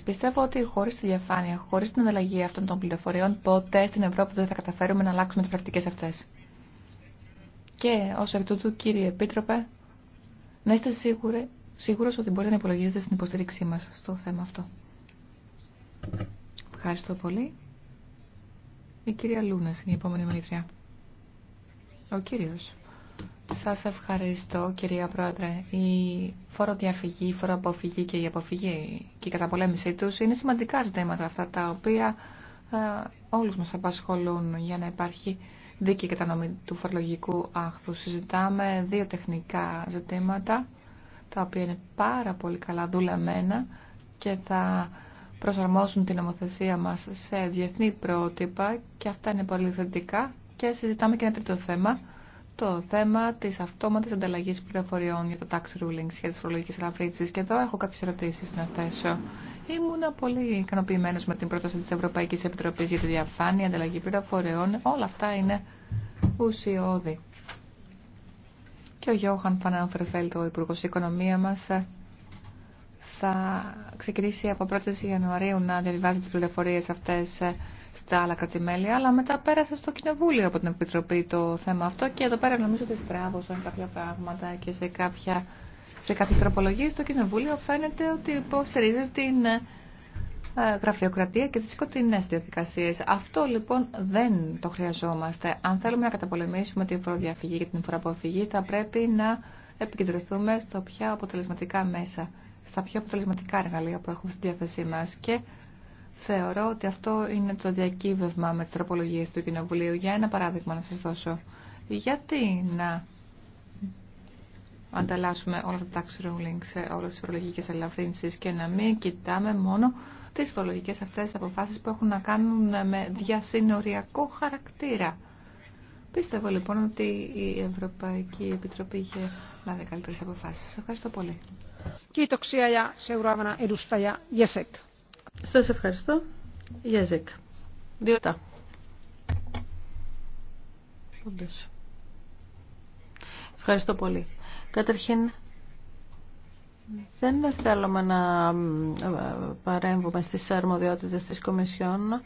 Speaker 1: Πιστεύω ότι χωρί τη διαφάνεια, χωρί την ανταλλαγή αυτών των πληροφοριών, ποτέ στην Ευρώπη δεν θα καταφέρουμε να αλλάξουμε τι πρακτικέ αυτέ. Και ω εκ τούτου, κύριε Επίτροπε, να είστε σίγουροι σίγουρος ότι μπορείτε να υπολογίζετε στην υποστήριξή μας στο θέμα αυτό.
Speaker 3: Ευχαριστώ πολύ.
Speaker 1: Η κυρία Λούνα, είναι η επόμενη Ο κύριος. Σας ευχαριστώ κυρία Πρόεδρε. Η φοροδιαφυγή, η φοροαποφυγή και η αποφυγή και η καταπολέμησή τους είναι σημαντικά ζητήματα αυτά τα οποία ε, όλους μας απασχολούν για να υπάρχει δίκαιη κατανομή του φορολογικού άχθου. Συζητάμε δύο τεχνικά ζητήματα τα οποία είναι πάρα πολύ καλά δουλεμένα και θα προσαρμόσουν την νομοθεσία μας σε διεθνή πρότυπα και αυτά είναι πολύ θετικά και συζητάμε και ένα τρίτο θέμα το θέμα τη αυτόματη ανταλλαγή πληροφοριών για το tax rulings για τι φορολογικές ελαφρύνσεις. Και εδώ έχω κάποιε ερωτήσει να θέσω. Ήμουν πολύ ικανοποιημένο με την πρόταση τη Ευρωπαϊκή Επιτροπή για τη διαφάνεια, ανταλλαγή πληροφοριών. Όλα αυτά είναι ουσιώδη. Και ο Γιώχαν Φανάμφερφελτ, ο Υπουργό Οικονομία μα, θα ξεκινήσει από 1η Ιανουαρίου να διαβιβάζει τι πληροφορίε αυτέ στα άλλα κρατημέλια, αλλά μετά πέρασε στο Κοινοβούλιο από την Επιτροπή το θέμα αυτό και εδώ πέρα νομίζω ότι στράβωσαν κάποια πράγματα και σε κάποια... Σε κάποια τροπολογία στο Κοινοβούλιο φαίνεται ότι υποστηρίζει την ε, γραφειοκρατία και τις σκοτεινές διαδικασίε. Αυτό λοιπόν δεν το χρειαζόμαστε. Αν θέλουμε να καταπολεμήσουμε την φοροδιαφυγή και την φοροαποφυγή θα πρέπει να επικεντρωθούμε στα πιο αποτελεσματικά μέσα, στα πιο αποτελεσματικά εργαλεία που έχουμε στη διάθεσή μας και Θεωρώ ότι αυτό είναι το διακύβευμα με τις τροπολογίες του Κοινοβουλίου. Για ένα παράδειγμα να σας δώσω. Γιατί να ανταλλάσσουμε όλα τα tax ruling σε όλες τις φορολογικές ελαφρύνσεις και να μην κοιτάμε μόνο τις φορολογικές αυτές αποφάσεις που έχουν να κάνουν με διασυνοριακό χαρακτήρα. Πίστευω λοιπόν ότι η Ευρωπαϊκή Επιτροπή είχε λάβει καλύτερες αποφάσεις. Ευχαριστώ πολύ.
Speaker 5: σε
Speaker 3: ja σας ευχαριστώ. Γεζικ. Δύο λεπτά. Ευχαριστώ πολύ. Καταρχήν, δεν θέλουμε να ε, παρέμβουμε στις αρμοδιότητες της Κομισιόν.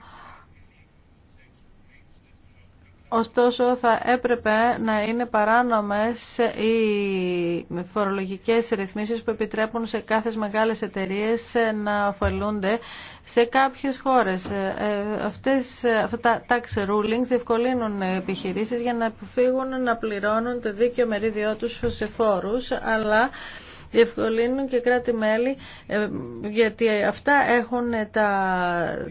Speaker 3: Ωστόσο θα έπρεπε να είναι παράνομες οι φορολογικές ρυθμίσεις που επιτρέπουν σε κάθε μεγάλες εταιρείες να ωφελούνται σε κάποιες χώρες. Ε, αυτές, αυτά τα tax rulings διευκολύνουν επιχειρήσεις για να αποφύγουν να πληρώνουν το δίκαιο μερίδιο τους σε φόρους, αλλά διευκολύνουν και κράτη-μέλη, ε, γιατί αυτά έχουν τα,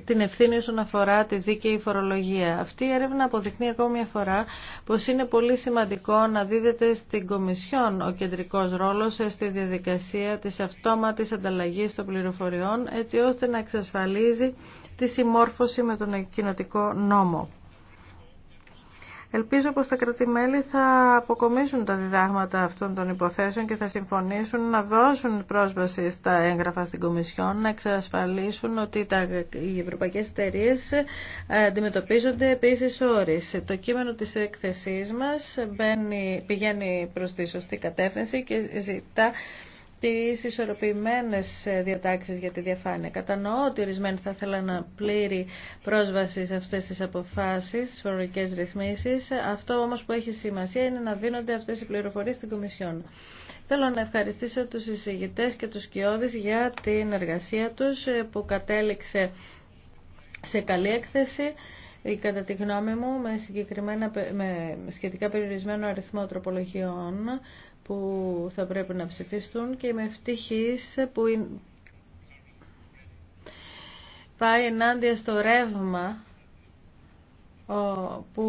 Speaker 3: την ευθύνη όσον αφορά τη δίκαιη φορολογία. Αυτή η έρευνα αποδεικνύει ακόμη μια φορά πως είναι πολύ σημαντικό να δίδεται στην Κομισιόν ο κεντρικός ρόλος ε, στη διαδικασία της αυτόματης ανταλλαγής των πληροφοριών, έτσι ώστε να εξασφαλίζει τη συμμόρφωση με τον κοινοτικό νόμο. Ελπίζω πως τα κρατημέλη θα αποκομίσουν τα διδάγματα αυτών των υποθέσεων και θα συμφωνήσουν να δώσουν πρόσβαση στα έγγραφα στην Κομισιόν, να εξασφαλίσουν ότι τα, οι ευρωπαϊκές εταιρείε ε, αντιμετωπίζονται επίσης όρις. Το κείμενο της έκθεσής μας πηγαίνει προς τη σωστή κατεύθυνση και ζητά τι ισορροπημένες ε, διατάξεις για τη διαφάνεια. Κατανοώ ότι ορισμένοι θα θέλαν πλήρη πρόσβαση σε αυτές τις αποφάσεις, στις φορολογικές ρυθμίσεις. Αυτό όμως που έχει σημασία είναι να δίνονται αυτές οι πληροφορίες στην Κομισιόν. Θέλω να ευχαριστήσω τους εισηγητές και τους κοιόδης για την εργασία τους ε, που κατέληξε σε καλή έκθεση. Ε, κατά τη γνώμη μου, με, με σχετικά περιορισμένο αριθμό τροπολογιών που θα πρέπει να ψηφιστούν και είμαι ευτυχής που πάει ενάντια στο ρεύμα που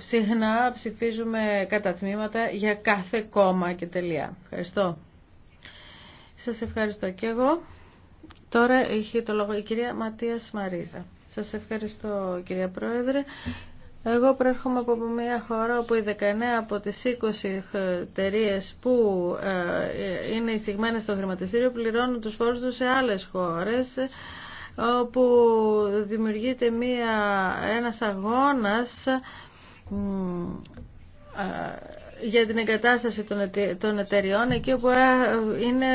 Speaker 3: συχνά ψηφίζουμε κατά τμήματα για κάθε κόμμα και τελεία. Ευχαριστώ. Σας ευχαριστώ και εγώ. Τώρα έχει το λόγο η κυρία Ματίας Μαρίζα. Σας ευχαριστώ κυρία Πρόεδρε. Εγώ προέρχομαι από μια χώρα όπου οι 19 από τις 20 εταιρείε που ε, είναι εισηγμένες στο χρηματιστήριο πληρώνουν τους φόρους τους σε άλλες χώρες όπου δημιουργείται μια, ένας αγώνας ε, για την εγκατάσταση των εταιριών εκεί όπου ε, είναι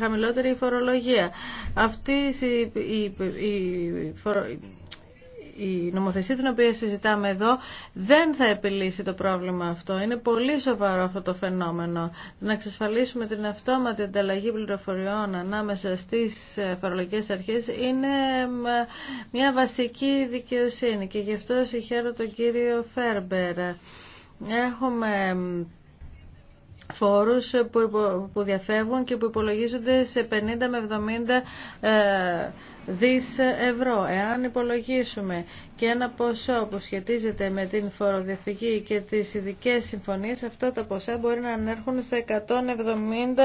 Speaker 3: χαμηλότερη η φορολογία. Αυτή η, η νομοθεσία την οποία συζητάμε εδώ δεν θα επιλύσει το πρόβλημα αυτό. Είναι πολύ σοβαρό αυτό το φαινόμενο. Να εξασφαλίσουμε την αυτόματη ανταλλαγή πληροφοριών ανάμεσα στις ε, φορολογικές αρχές είναι ε, μια βασική δικαιοσύνη και γι' αυτό συγχαίρω τον κύριο Φέρμπερ έχουμε φόρους που διαφεύγουν και που υπολογίζονται σε 50 με 70 ε, δις ευρώ. Εάν υπολογίσουμε και ένα ποσό που σχετίζεται με την φοροδιαφυγή και τις ειδικέ συμφωνίες, αυτά τα ποσά μπορεί να ανέρχουν σε 170-190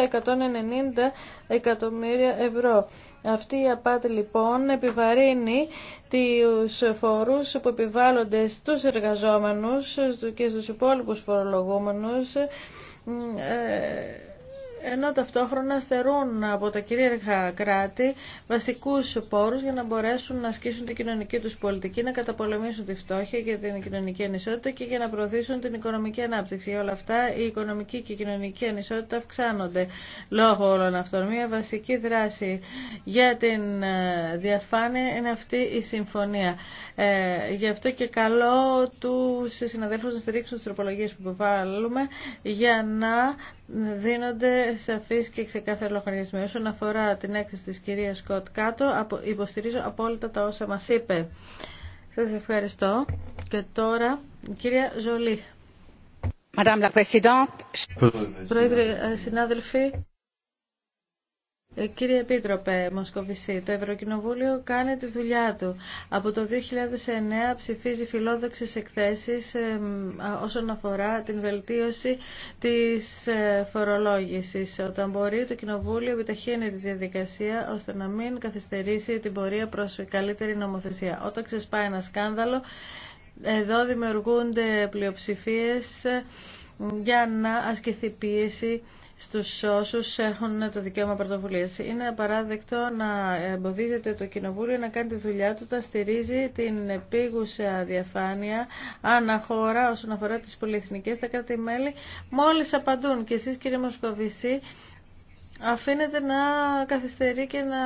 Speaker 3: εκατομμύρια ευρώ. Αυτή η απάτη λοιπόν επιβαρύνει τους φορούς που επιβάλλονται στους εργαζόμενους και στους υπόλοιπους φορολογούμενους ε, ενώ ταυτόχρονα στερούν από τα κυρίαρχα κράτη βασικούς πόρους για να μπορέσουν να ασκήσουν την κοινωνική τους πολιτική, να καταπολεμήσουν τη φτώχεια και την κοινωνική ανισότητα και για να προωθήσουν την οικονομική ανάπτυξη. Για όλα αυτά η οικονομική και η κοινωνική ανισότητα αυξάνονται λόγω όλων αυτών. Μια βασική δράση για την ε, διαφάνεια είναι αυτή η συμφωνία. Ε, γι' αυτό και καλό του συναδέλφους να στηρίξουν τις τροπολογίες που βάλουμε για να δίνονται σαφής και ξεκάθαρο λογαριασμό. Όσον αφορά την έκθεση της κυρία Σκοτ Κάτω, υποστηρίζω απόλυτα τα όσα μας είπε. Σα ευχαριστώ. Και τώρα κυρία Ζολή.
Speaker 5: Madame la
Speaker 4: Πρόεδρε,
Speaker 3: συνάδελφοι, ε, κύριε Επίτροπε Μοσκοβισή, το Ευρωκοινοβούλιο κάνει τη δουλειά του. Από το 2009 ψηφίζει φιλόδοξες εκθέσεις όσον αφορά την βελτίωση της ε, φορολόγησης. Όταν μπορεί, το Κοινοβούλιο επιταχύνει τη διαδικασία ώστε να μην καθυστερήσει την πορεία προς καλύτερη νομοθεσία. Όταν ξεσπάει ένα σκάνδαλο, εδώ δημιουργούνται πλειοψηφίες για να ασκηθεί πίεση στους όσους έχουν το δικαίωμα πρωτοβουλίας. Είναι απαράδεκτο να εμποδίζεται το Κοινοβούλιο να κάνει τη δουλειά του, να στηρίζει την επίγουσα διαφάνεια αναχώρα όσον αφορά τις πολυεθνικές, τα κράτη-μέλη μόλις απαντούν. Και εσείς κύριε αφήνεται να καθυστερεί και να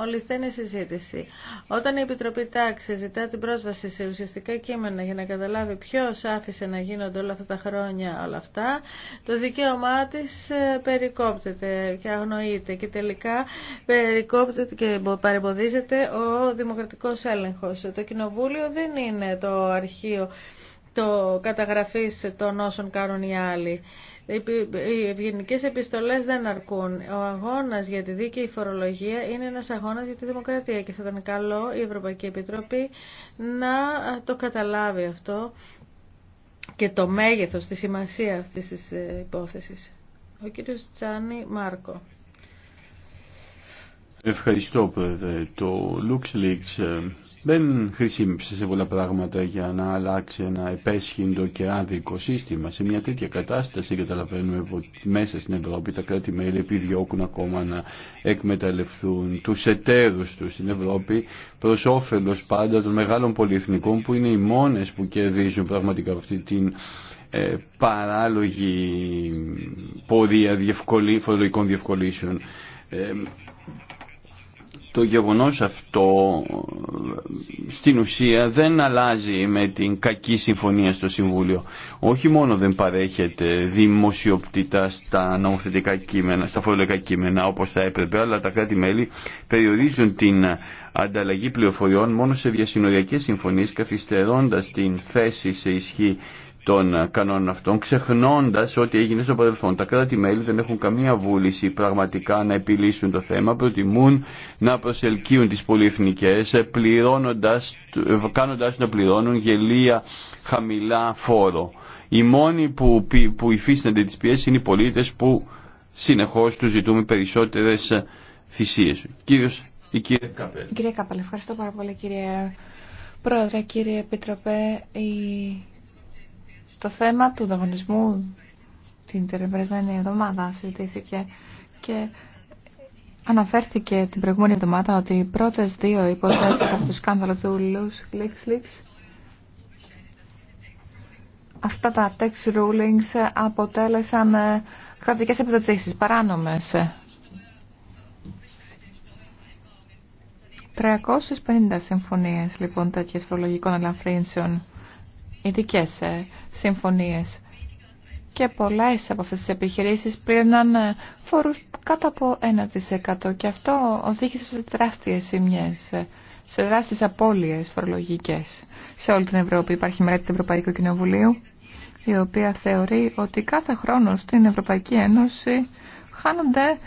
Speaker 3: ολισταίνει η συζήτηση. Όταν η Επιτροπή Τάξη ζητά την πρόσβαση σε ουσιαστικά κείμενα για να καταλάβει ποιο άφησε να γίνονται όλα αυτά τα χρόνια όλα αυτά, το δικαίωμά τη ε, περικόπτεται και αγνοείται και τελικά περικόπτεται και παρεμποδίζεται ο δημοκρατικό έλεγχο. Το Κοινοβούλιο δεν είναι το αρχείο το καταγραφής των όσων κάνουν οι άλλοι. Οι ευγενικέ επιστολέ δεν αρκούν. Ο αγώνα για τη δίκαιη φορολογία είναι ένα αγώνα για τη δημοκρατία και θα ήταν καλό η Ευρωπαϊκή Επιτροπή να το καταλάβει αυτό και το μέγεθος, τη σημασία αυτής της ε, υπόθεσης. Ο κύριος Τσάνι Μάρκο.
Speaker 4: Ευχαριστώ, Το LuxLeaks ε, δεν χρησιμεύσε σε πολλά πράγματα για να αλλάξει ένα επέσχυντο και άδικο σύστημα. Σε μια τέτοια κατάσταση καταλαβαίνουμε ότι μέσα στην Ευρώπη τα κράτη-μέλη επιδιώκουν ακόμα να εκμεταλλευτούν τους εταίρους τους στην Ευρώπη προς όφελος πάντα των μεγάλων πολυεθνικών που είναι οι μόνες που κερδίζουν πραγματικά αυτή την ε, παράλογη πορεία φορολογικών διευκολύσεων. Ε, το γεγονός αυτό ε, στην ουσία δεν αλλάζει με την κακή συμφωνία στο Συμβούλιο. Όχι μόνο δεν παρέχεται δημοσιοπτήτα στα νομοθετικά κείμενα, στα φορολογικά κείμενα όπως θα έπρεπε, αλλά τα κράτη-μέλη περιορίζουν την ανταλλαγή πληροφοριών μόνο σε διασυνοριακές συμφωνίες, καθυστερώντας την θέση σε ισχύ των κανόνων αυτών, ξεχνώντα ότι έγινε στο παρελθόν. Τα κράτη-μέλη δεν έχουν καμία βούληση πραγματικά να επιλύσουν το θέμα, προτιμούν να προσελκύουν τι πολυεθνικέ, κάνοντά να πληρώνουν γελία χαμηλά φόρο. Οι μόνοι που, που υφίστανται τι πιέσει είναι οι πολίτε που συνεχώ του ζητούμε περισσότερε θυσίε. Κύριος, η κύριε Καπέλ.
Speaker 1: Κύριε Καπέλ, ευχαριστώ πάρα πολύ κύριε Πρόεδρε, κύριε Επιτροπέ. Η το θέμα του δαγωνισμού την τελευταία εβδομάδα συζητήθηκε και αναφέρθηκε την προηγούμενη εβδομάδα ότι οι πρώτες δύο υποθέσεις από το σκάνδαλο του λίξ, αυτά τα tax rulings αποτέλεσαν ε, κρατικές επιδοτήσεις, παράνομες. 350 συμφωνίες λοιπόν τέτοιες φορολογικών ελαφρύνσεων ειδικέ ε, συμφωνίες και πολλές από αυτές τις επιχειρήσεις πήρναν ε, φόρους κάτω από 1% και αυτό οδήγησε σε τεράστιε σημείε, σε τεράστιες απώλειες φορολογικές. Σε όλη την Ευρώπη υπάρχει μελέτη του Ευρωπαϊκού Κοινοβουλίου η οποία θεωρεί ότι κάθε χρόνο στην Ευρωπαϊκή Ένωση χάνονται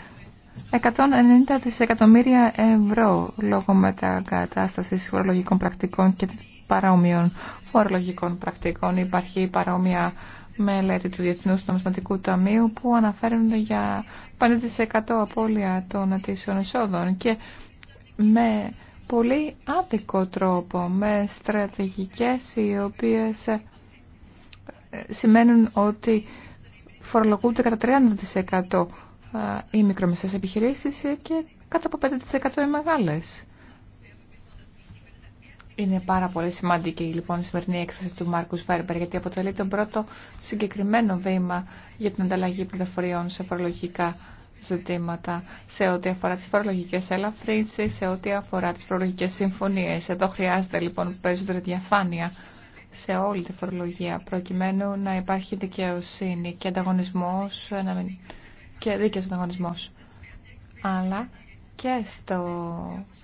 Speaker 1: 190 δισεκατομμύρια ευρώ λόγω μετακατάστασης φορολογικών πρακτικών και παρόμοιων φορολογικών πρακτικών. Υπάρχει παρόμοια μελέτη του Διεθνού Νομισματικού Ταμείου που αναφέρουν για 50% απώλεια των ατήσεων εσόδων και με πολύ άδικο τρόπο, με στρατηγικές οι οποίες ε, σημαίνουν ότι φορολογούνται κατά 30% οι μικρομεσαίες επιχειρήσεις και κάτω από 5% οι μεγάλες. Είναι πάρα πολύ σημαντική λοιπόν η σημερινή έκθεση του Μάρκου Βέρμπερ γιατί αποτελεί τον πρώτο συγκεκριμένο βήμα για την ανταλλαγή πληροφοριών σε φορολογικά ζητήματα, σε ό,τι αφορά τις φορολογικές ελαφρύνσεις, σε ό,τι αφορά τις φορολογικές συμφωνίες. Εδώ χρειάζεται λοιπόν περισσότερη διαφάνεια σε όλη τη φορολογία προκειμένου να υπάρχει δικαιοσύνη και ανταγωνισμός, να και δίκαιος ανταγωνισμός. Αλλά και στο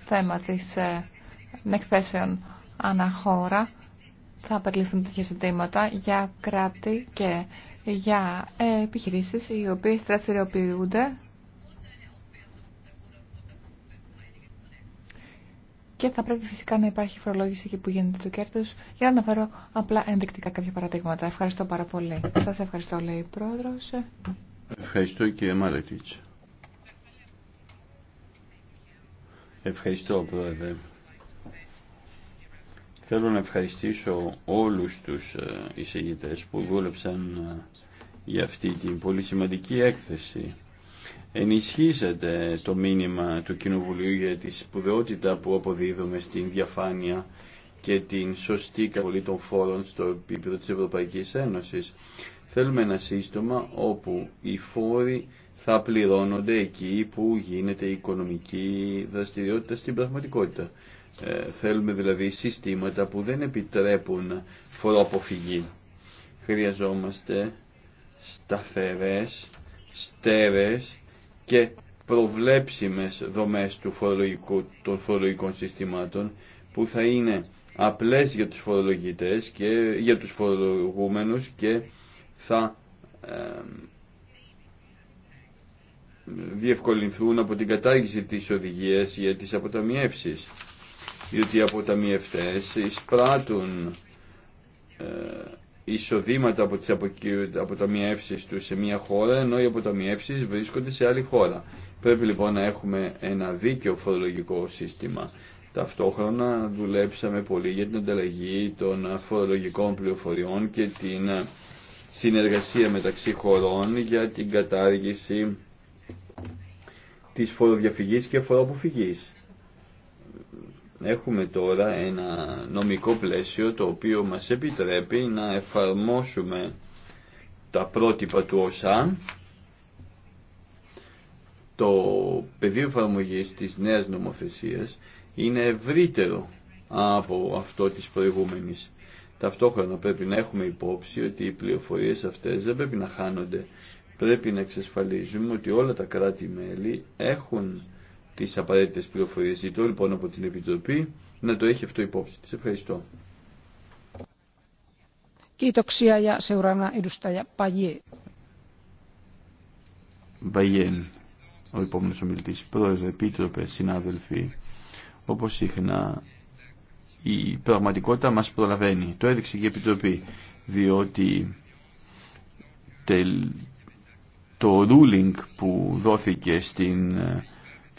Speaker 1: θέμα της ε, εκθέσεων αναχώρα θα απεριληφθούν τέτοια ζητήματα για κράτη και για ε, επιχειρήσεις οι οποίες δραστηριοποιούνται και θα πρέπει φυσικά να υπάρχει φορολόγηση εκεί που γίνεται το κέρδο για να αναφέρω απλά ενδεικτικά κάποια παραδείγματα. Ευχαριστώ πάρα πολύ. Σα ευχαριστώ, λέει η Πρόεδρο.
Speaker 4: Ευχαριστώ κύριε Μάρετιτς. Ευχαριστώ πρόεδρε. Θέλω να ευχαριστήσω όλους τους ε, εισηγητές που δούλεψαν ε, για αυτή την πολύ σημαντική έκθεση. Ενισχύσατε το μήνυμα του Κοινοβουλίου για τη σπουδαιότητα που αποδίδουμε στην διαφάνεια και την σωστή καβολή των φόρων στο επίπεδο της Ευρωπαϊκής Ένωσης. Θέλουμε ένα σύστημα όπου οι φόροι θα πληρώνονται εκεί που γίνεται η οικονομική δραστηριότητα στην πραγματικότητα. Ε, θέλουμε δηλαδή συστήματα που δεν επιτρέπουν φοροαποφυγή. Χρειαζόμαστε σταθερές, στέρες και προβλέψιμες δομές του φορολογικού, των φορολογικών συστημάτων που θα είναι απλές για τους φορολογητές και για τους φορολογούμενους και θα διευκολυνθούν από την κατάργηση της οδηγίας για τις αποταμιεύσεις διότι οι αποταμιευτές εισπράττουν ε, εισοδήματα από τις αποταμιεύσεις τους σε μια χώρα ενώ οι αποταμιεύσεις βρίσκονται σε άλλη χώρα. Πρέπει λοιπόν να έχουμε ένα δίκαιο φορολογικό σύστημα. Ταυτόχρονα δουλέψαμε πολύ για την ανταλλαγή των φορολογικών πληροφοριών και την συνεργασία μεταξύ χωρών για την κατάργηση της φοροδιαφυγής και φοροαποφυγής. Έχουμε τώρα ένα νομικό πλαίσιο το οποίο μας επιτρέπει να εφαρμόσουμε τα πρότυπα του ΩΣΑ το πεδίο εφαρμογή της νέας νομοθεσίας είναι ευρύτερο από αυτό της προηγούμενης. Ταυτόχρονα πρέπει να έχουμε υπόψη ότι οι πληροφορίες αυτές δεν πρέπει να χάνονται. Πρέπει να εξασφαλίζουμε ότι όλα τα κράτη-μέλη έχουν τις απαραίτητες πληροφορίες. Ζητώ λοιπόν από την Επιτροπή να το έχει αυτό υπόψη. Της ευχαριστώ. Βαγιέν, ο επόμενος ομιλητής, πρόεδρε, επίτροπε, συνάδελφοι, όπως συχνά η πραγματικότητα μας προλαβαίνει. Το έδειξε και η Επιτροπή, διότι το ruling που δόθηκε στην ε,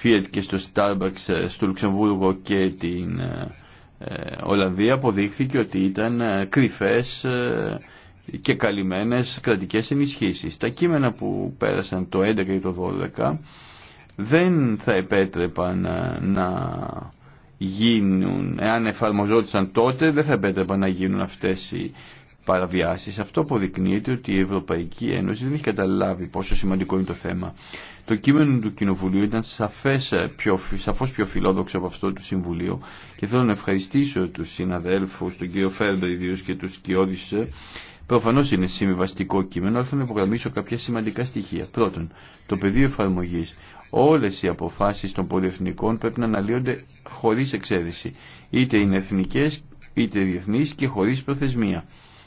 Speaker 4: Fiat και στο Starbucks ε, στο Λουξεμβούργο και την ε, Ολλανδία αποδείχθηκε ότι ήταν κρυφές και καλυμμένες κρατικές ενισχύσεις. Τα κείμενα που πέρασαν το 11 και το 12 δεν θα επέτρεπαν να γίνουν, εάν εφαρμοζόντουσαν τότε, δεν θα επέτρεπαν να γίνουν αυτές οι παραβιάσεις. Αυτό αποδεικνύεται ότι η Ευρωπαϊκή Ένωση δεν έχει καταλάβει πόσο σημαντικό είναι το θέμα. Το κείμενο του Κοινοβουλίου ήταν σαφές, ε, πιο, σαφώς πιο φιλόδοξο από αυτό το Συμβουλίου και θέλω να ευχαριστήσω τους συναδέλφους, τον κύριο Φέρντα ιδίω και τους κοιόδησε. Προφανώς είναι συμβιβαστικό κείμενο, αλλά θέλω να υπογραμμίσω κάποια σημαντικά στοιχεία. Πρώτον, το πεδίο εφαρμογής όλες οι αποφάσεις των πολυεθνικών πρέπει να αναλύονται χωρίς εξαίρεση. Είτε είναι εθνικές, είτε διεθνείς και χωρίς προθεσμία.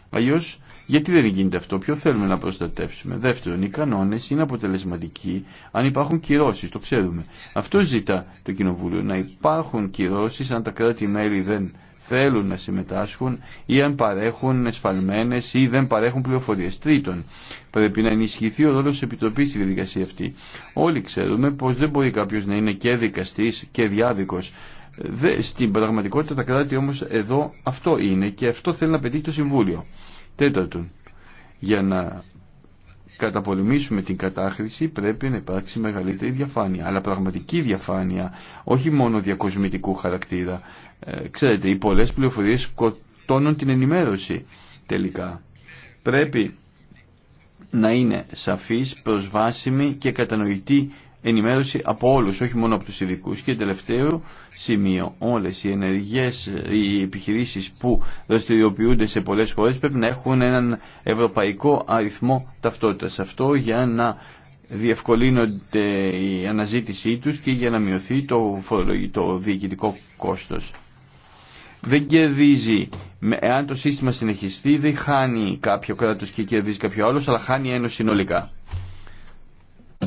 Speaker 4: Αλλιώ, γιατί δεν γίνεται αυτό, ποιο θέλουμε να προστατεύσουμε. Δεύτερον, οι κανόνε είναι αποτελεσματικοί αν υπάρχουν κυρώσει, το ξέρουμε. Αυτό ζητά το Κοινοβούλιο, να υπάρχουν κυρώσει αν τα κράτη-μέλη δεν θέλουν να συμμετάσχουν ή αν παρέχουν εσφαλμένε ή δεν παρέχουν πληροφορίε. Τρίτον, Πρέπει να ενισχυθεί ο ρόλο τη Επιτροπή στη διαδικασία αυτή. Όλοι ξέρουμε πω δεν μπορεί κάποιο να είναι και δικαστή και διάδικο. Στην πραγματικότητα τα κράτη όμω εδώ αυτό είναι και αυτό θέλει να πετύχει το Συμβούλιο. Τέταρτον, για να καταπολεμήσουμε την κατάχρηση πρέπει να υπάρξει μεγαλύτερη διαφάνεια. Αλλά πραγματική διαφάνεια, όχι μόνο διακοσμητικού χαρακτήρα. Ε, ξέρετε, οι πολλές πληροφορίες σκοτώνουν την ενημέρωση τελικά. Πρέπει να είναι σαφής, προσβάσιμη και κατανοητή ενημέρωση από όλους, όχι μόνο από τους ειδικού. Και τελευταίο σημείο, όλες οι ενεργές, οι επιχειρήσεις που δραστηριοποιούνται σε πολλές χώρες πρέπει να έχουν έναν ευρωπαϊκό αριθμό ταυτότητας. Αυτό για να διευκολύνονται η αναζήτησή τους και για να μειωθεί το, το διοικητικό κόστος δεν κερδίζει. Εάν το σύστημα συνεχιστεί δεν χάνει κάποιο κράτος και κερδίζει κάποιο άλλο, αλλά χάνει ένωση συνολικά.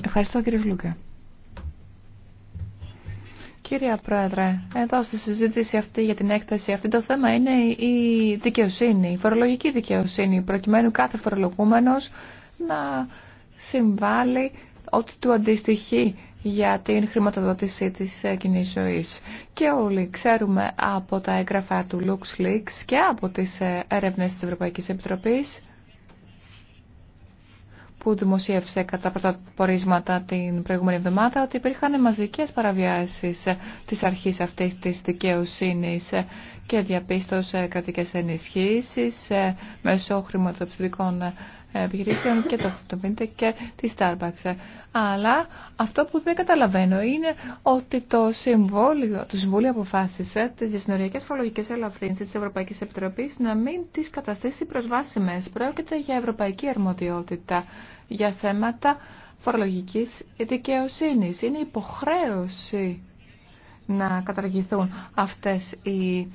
Speaker 1: Ευχαριστώ κύριε Λούκα. Κύριε Πρόεδρε, εδώ στη συζήτηση αυτή για την έκταση αυτό το θέμα είναι η δικαιοσύνη, η φορολογική δικαιοσύνη, προκειμένου κάθε φορολογούμενος να συμβάλλει ό,τι του αντιστοιχεί για την χρηματοδότησή της ε, κοινή ζωής. Και όλοι ξέρουμε από τα έγγραφα του LuxLeaks και από τις ε, έρευνες της Ευρωπαϊκής Επιτροπής που δημοσίευσε κατά πρώτα πορίσματα την προηγούμενη εβδομάδα ότι υπήρχαν μαζικές παραβιάσεις ε, της αρχής αυτής της δικαιοσύνης και διαπίστωσε κρατικές ενισχύσεις μέσω χρηματοπιστωτικών ε, επιχειρήσεων και το, το και τη Starbucks. Αλλά αυτό που δεν καταλαβαίνω είναι ότι το Συμβούλιο, το Συμβούλιο αποφάσισε τις συνοριακές φορολογικές ελαφρύνσεις της Ευρωπαϊκής Επιτροπής να μην τις καταστήσει προσβάσιμες. Πρόκειται για ευρωπαϊκή αρμοδιότητα για θέματα φορολογικής δικαιοσύνης. Είναι υποχρέωση να καταργηθούν αυτές οι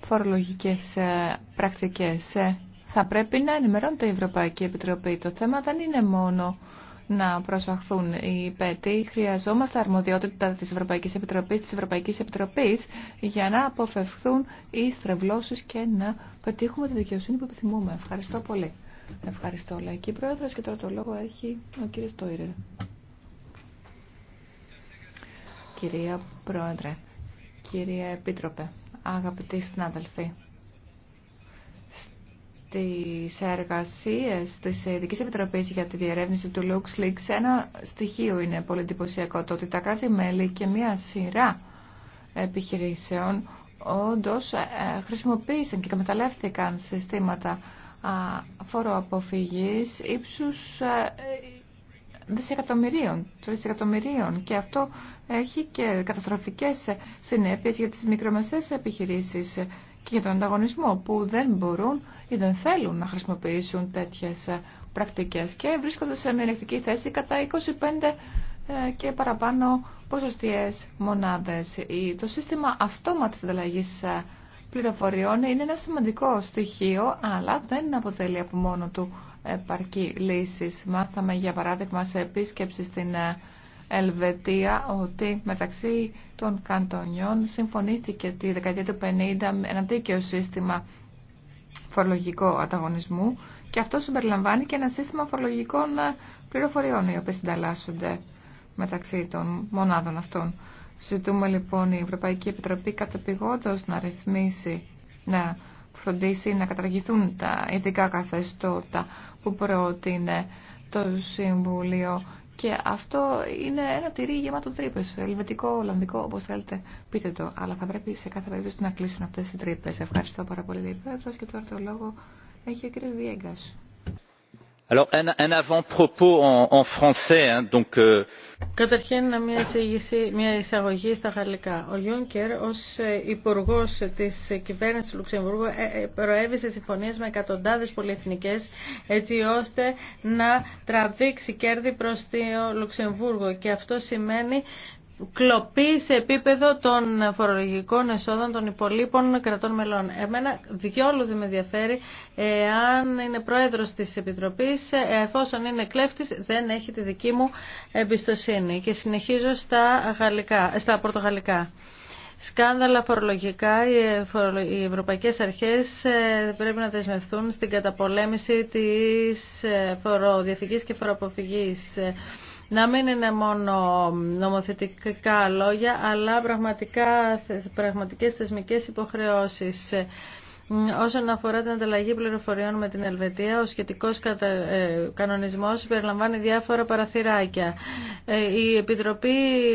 Speaker 1: φορολογικές ε, πρακτικές. Ε, θα πρέπει να ενημερώνει η Ευρωπαϊκή Επιτροπή. Το θέμα δεν είναι μόνο να προσαχθούν οι πετοί, Χρειαζόμαστε αρμοδιότητα της Ευρωπαϊκής Επιτροπής, της Ευρωπαϊκής Επιτροπής για να αποφευχθούν οι στρεβλώσεις και να πετύχουμε τη δικαιοσύνη που επιθυμούμε. Ευχαριστώ πολύ. Ευχαριστώ, Λαϊκή Πρόεδρο. Και τώρα το λόγο έχει ο κύριο Τόιρερ. Κυρία Πρόεδρε, κυρία Επίτροπε, αγαπητοί συνάδελφοι, τις εργασίες της Ειδικής Επιτροπής για τη διερεύνηση του LuxLeaks ένα στοιχείο είναι πολύ εντυπωσιακό το ότι τα κράτη-μέλη και μια σειρά επιχειρήσεων όντως ε, χρησιμοποίησαν και καμεταλλεύθηκαν συστήματα φοροαποφυγής ύψους ε, δισεκατομμυρίων, τρισεκατομμυρίων και αυτό έχει και καταστροφικές συνέπειες για τις μικρομεσαίες επιχειρήσεις και για τον ανταγωνισμό που δεν μπορούν ή δεν θέλουν να χρησιμοποιήσουν τέτοιες ε, πρακτικές και βρίσκονται σε μειονεκτική θέση κατά 25 ε, και παραπάνω ποσοστιαίες μονάδες. Το σύστημα αυτόματης ανταλλαγής ε, πληροφοριών είναι ένα σημαντικό στοιχείο, αλλά δεν αποτελεί από μόνο του επαρκή λύση. Μάθαμε για παράδειγμα σε επίσκεψη στην Ελβετία ότι μεταξύ των καντονιών συμφωνήθηκε τη δεκαετία του 50 ένα δίκαιο σύστημα φορολογικό ανταγωνισμού και αυτό συμπεριλαμβάνει και ένα σύστημα φορολογικών ε, πληροφοριών οι οποίες συνταλλάσσονται μεταξύ των μονάδων αυτών. Ζητούμε λοιπόν η Ευρωπαϊκή Επιτροπή κατεπηγόντως να ρυθμίσει, να φροντίσει να καταργηθούν τα ειδικά καθεστώτα που πρότεινε το Συμβούλιο και αυτό είναι ένα τυρί γεμάτο τρύπε. Ελβετικό, Ολλανδικό, όπω θέλετε, πείτε το. Αλλά θα πρέπει σε κάθε περίπτωση να κλείσουν αυτέ οι τρύπε. Ευχαριστώ πάρα πολύ, Πρόεδρο. Και τώρα το
Speaker 3: λόγο έχει ο κ. Βιέγκα. Καταρχήν μια εισαγωγή στα γαλλικά. Ο Γιούνκερ ως ε, υπουργός της κυβέρνησης του Λουξεμβούργου ε, ε, προέβησε συμφωνίες με εκατοντάδες πολυεθνικές έτσι ώστε να τραβήξει κέρδη προς το Λουξεμβούργο και αυτό σημαίνει κλοπή σε επίπεδο των φορολογικών εσόδων των υπολείπων κρατών μελών. Εμένα διόλου δεν με ενδιαφέρει αν είναι πρόεδρος της Επιτροπής, εφόσον είναι κλέφτης δεν έχει τη δική μου εμπιστοσύνη. Και συνεχίζω στα, γαλλικά, στα πορτογαλικά. Σκάνδαλα φορολογικά, οι ευρωπαϊκές αρχές ε, πρέπει να δεσμευθούν στην καταπολέμηση της ε, φοροδιαφυγής και φοροαποφυγής. Ε, να μην είναι μόνο νομοθετικά λόγια, αλλά πραγματικά, πραγματικές θεσμικές υποχρεώσεις. Όσον αφορά την ανταλλαγή πληροφοριών με την Ελβετία, ο σχετικός ε, κανονισμός περιλαμβάνει διάφορα παραθυράκια. Ε, η Επιτροπή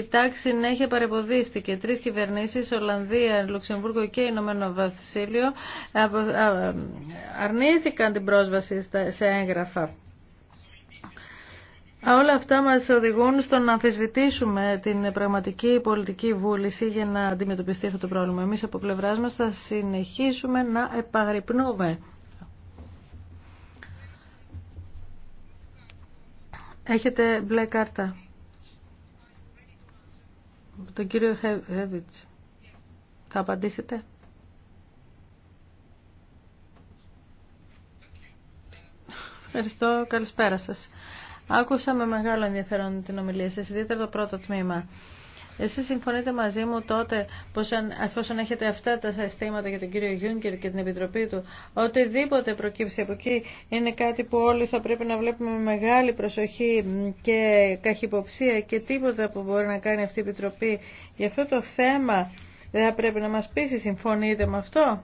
Speaker 3: Τάξη έχει παρεμποδίστηκε. Τρεις κυβερνήσεις, Ολλανδία, Λουξεμβούργο και Ηνωμένο Βασίλειο, αρνήθηκαν την πρόσβαση σε έγγραφα. Όλα αυτά μας οδηγούν στο να αμφισβητήσουμε την πραγματική πολιτική βούληση για να αντιμετωπιστεί αυτό το πρόβλημα. Εμείς από πλευράς μας θα συνεχίσουμε να επαγρυπνούμε. Έχετε μπλε κάρτα. Τον κύριο Χέβιτς. Θα απαντήσετε. Ευχαριστώ. Καλησπέρα σας. Άκουσα με μεγάλο ενδιαφέρον την ομιλία σας, ιδιαίτερα το πρώτο τμήμα. Εσείς συμφωνείτε μαζί μου τότε πως αν, εφόσον έχετε αυτά τα αισθήματα για τον κύριο Γιούγκερ και την Επιτροπή του, οτιδήποτε προκύψει από εκεί είναι κάτι που όλοι θα πρέπει να βλέπουμε με μεγάλη προσοχή και καχυποψία και τίποτα που μπορεί να κάνει αυτή η Επιτροπή για αυτό το θέμα δεν θα πρέπει να μας πείσει, συμφωνείτε με αυτό.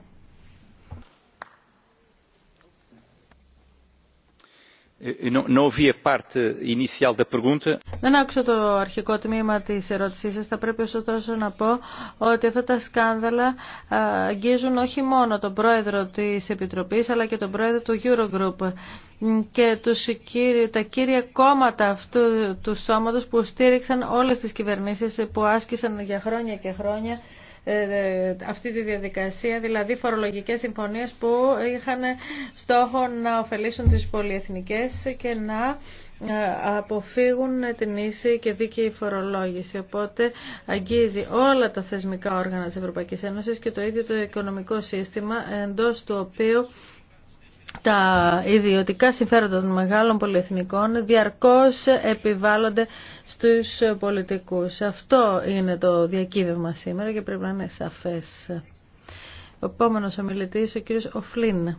Speaker 4: Ε, ε,
Speaker 2: ε,
Speaker 3: Δεν άκουσα το αρχικό τμήμα τη ερώτησή σα, Θα πρέπει ωστόσο να πω ότι αυτά τα σκάνδαλα αγγίζουν όχι μόνο τον πρόεδρο τη Επιτροπής αλλά και τον πρόεδρο του Eurogroup και τα κύρια κόμματα αυτού του σώματος που στήριξαν όλες τις κυβερνήσεις που άσκησαν για χρόνια και χρόνια ε, ε, αυτή τη διαδικασία, δηλαδή φορολογικές συμφωνίες που είχαν στόχο να ωφελήσουν τις πολυεθνικές και να ε, αποφύγουν την ίση και δίκαιη φορολόγηση. Οπότε αγγίζει όλα τα θεσμικά όργανα της Ευρωπαϊκής Ένωσης και το ίδιο το οικονομικό σύστημα εντός του οποίου τα ιδιωτικά συμφέροντα των μεγάλων πολυεθνικών διαρκώς επιβάλλονται στους πολιτικούς. Αυτό είναι το διακύβευμα σήμερα και πρέπει να είναι σαφές. Ο επόμενος ομιλητής, ο κύριος Οφλίν.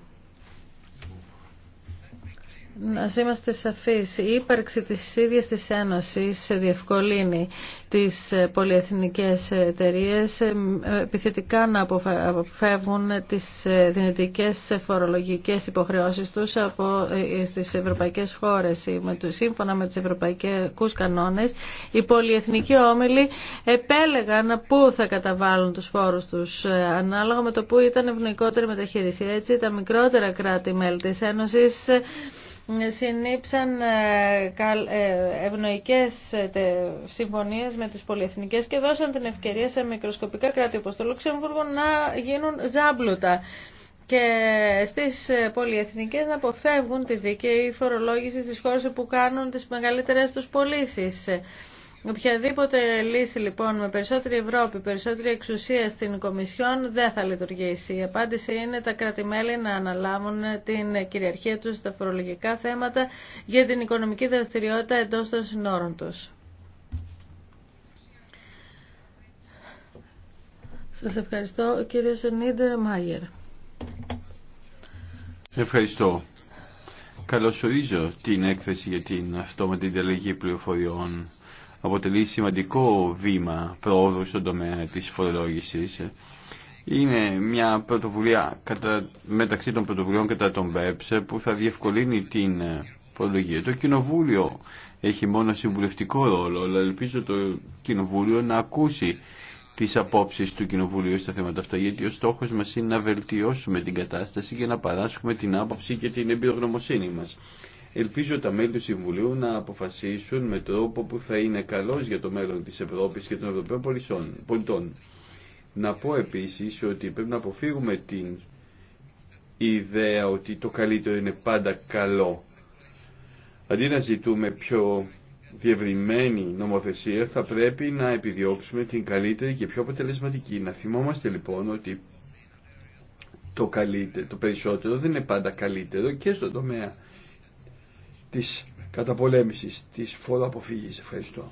Speaker 3: Να είμαστε σαφείς. Η ύπαρξη της ίδιας της Ένωσης διευκολύνει τις πολυεθνικές εταιρείε ε, επιθετικά να αποφεύγουν τις ε, δυνητικές φορολογικές υποχρεώσεις τους από, ε, στις ευρωπαϊκές χώρες. Σύμφωνα με τις ευρωπαϊκούς κανόνες, οι πολυεθνικοί όμιλοι επέλεγαν πού θα καταβάλουν τους φόρους τους ανάλογα με το που ήταν ευνοϊκότερη μεταχείριση. Έτσι, τα μικρότερα κράτη-μέλη της Ένωσης συνήψαν ε, ε, ευνοϊκές συμφωνίες με τις πολυεθνικές και δώσαν την ευκαιρία σε μικροσκοπικά κράτη όπω το Λουξεμβούργο να γίνουν ζάμπλουτα και στις ε, πολυεθνικές να αποφεύγουν τη δίκαιη φορολόγηση στις χώρες που κάνουν τις μεγαλύτερες τους πωλήσει. Οποιαδήποτε λύση λοιπόν με περισσότερη Ευρώπη, περισσότερη εξουσία στην Κομισιόν δεν θα λειτουργήσει. Η απάντηση είναι τα κράτη-μέλη να αναλάβουν την κυριαρχία τους στα φορολογικά θέματα για την οικονομική δραστηριότητα εντός των συνόρων τους. Σας ευχαριστώ. Ο κύριος Νίντερ Μάγερ.
Speaker 4: Ευχαριστώ. Καλωσορίζω την έκθεση για την αυτόματη διαλογή πληροφοριών αποτελεί σημαντικό βήμα πρόοδου στον τομέα της φορολόγησης. Είναι μια πρωτοβουλία κατά, μεταξύ των πρωτοβουλίων κατά των ΠΕΠΣ που θα διευκολύνει την φορολογία. Το Κοινοβούλιο έχει μόνο συμβουλευτικό ρόλο, αλλά ελπίζω το Κοινοβούλιο να ακούσει τις απόψεις του Κοινοβουλίου στα θέματα αυτά, γιατί ο στόχος μας είναι να βελτιώσουμε την κατάσταση και να παράσχουμε την άποψη και την εμπειρογνωμοσύνη μας. Ελπίζω τα μέλη του Συμβουλίου να αποφασίσουν με τρόπο που θα είναι καλό για το μέλλον τη Ευρώπη και των Ευρωπαίων πολιτών. Να πω επίση ότι πρέπει να αποφύγουμε την ιδέα ότι το καλύτερο είναι πάντα καλό. Αντί να ζητούμε πιο διευρυμένη νομοθεσία θα πρέπει να επιδιώξουμε την καλύτερη και πιο αποτελεσματική. Να θυμόμαστε λοιπόν ότι το, το περισσότερο δεν είναι πάντα καλύτερο και στον τομέα της καταπολέμησης της φοροαποφυγής. Ευχαριστώ.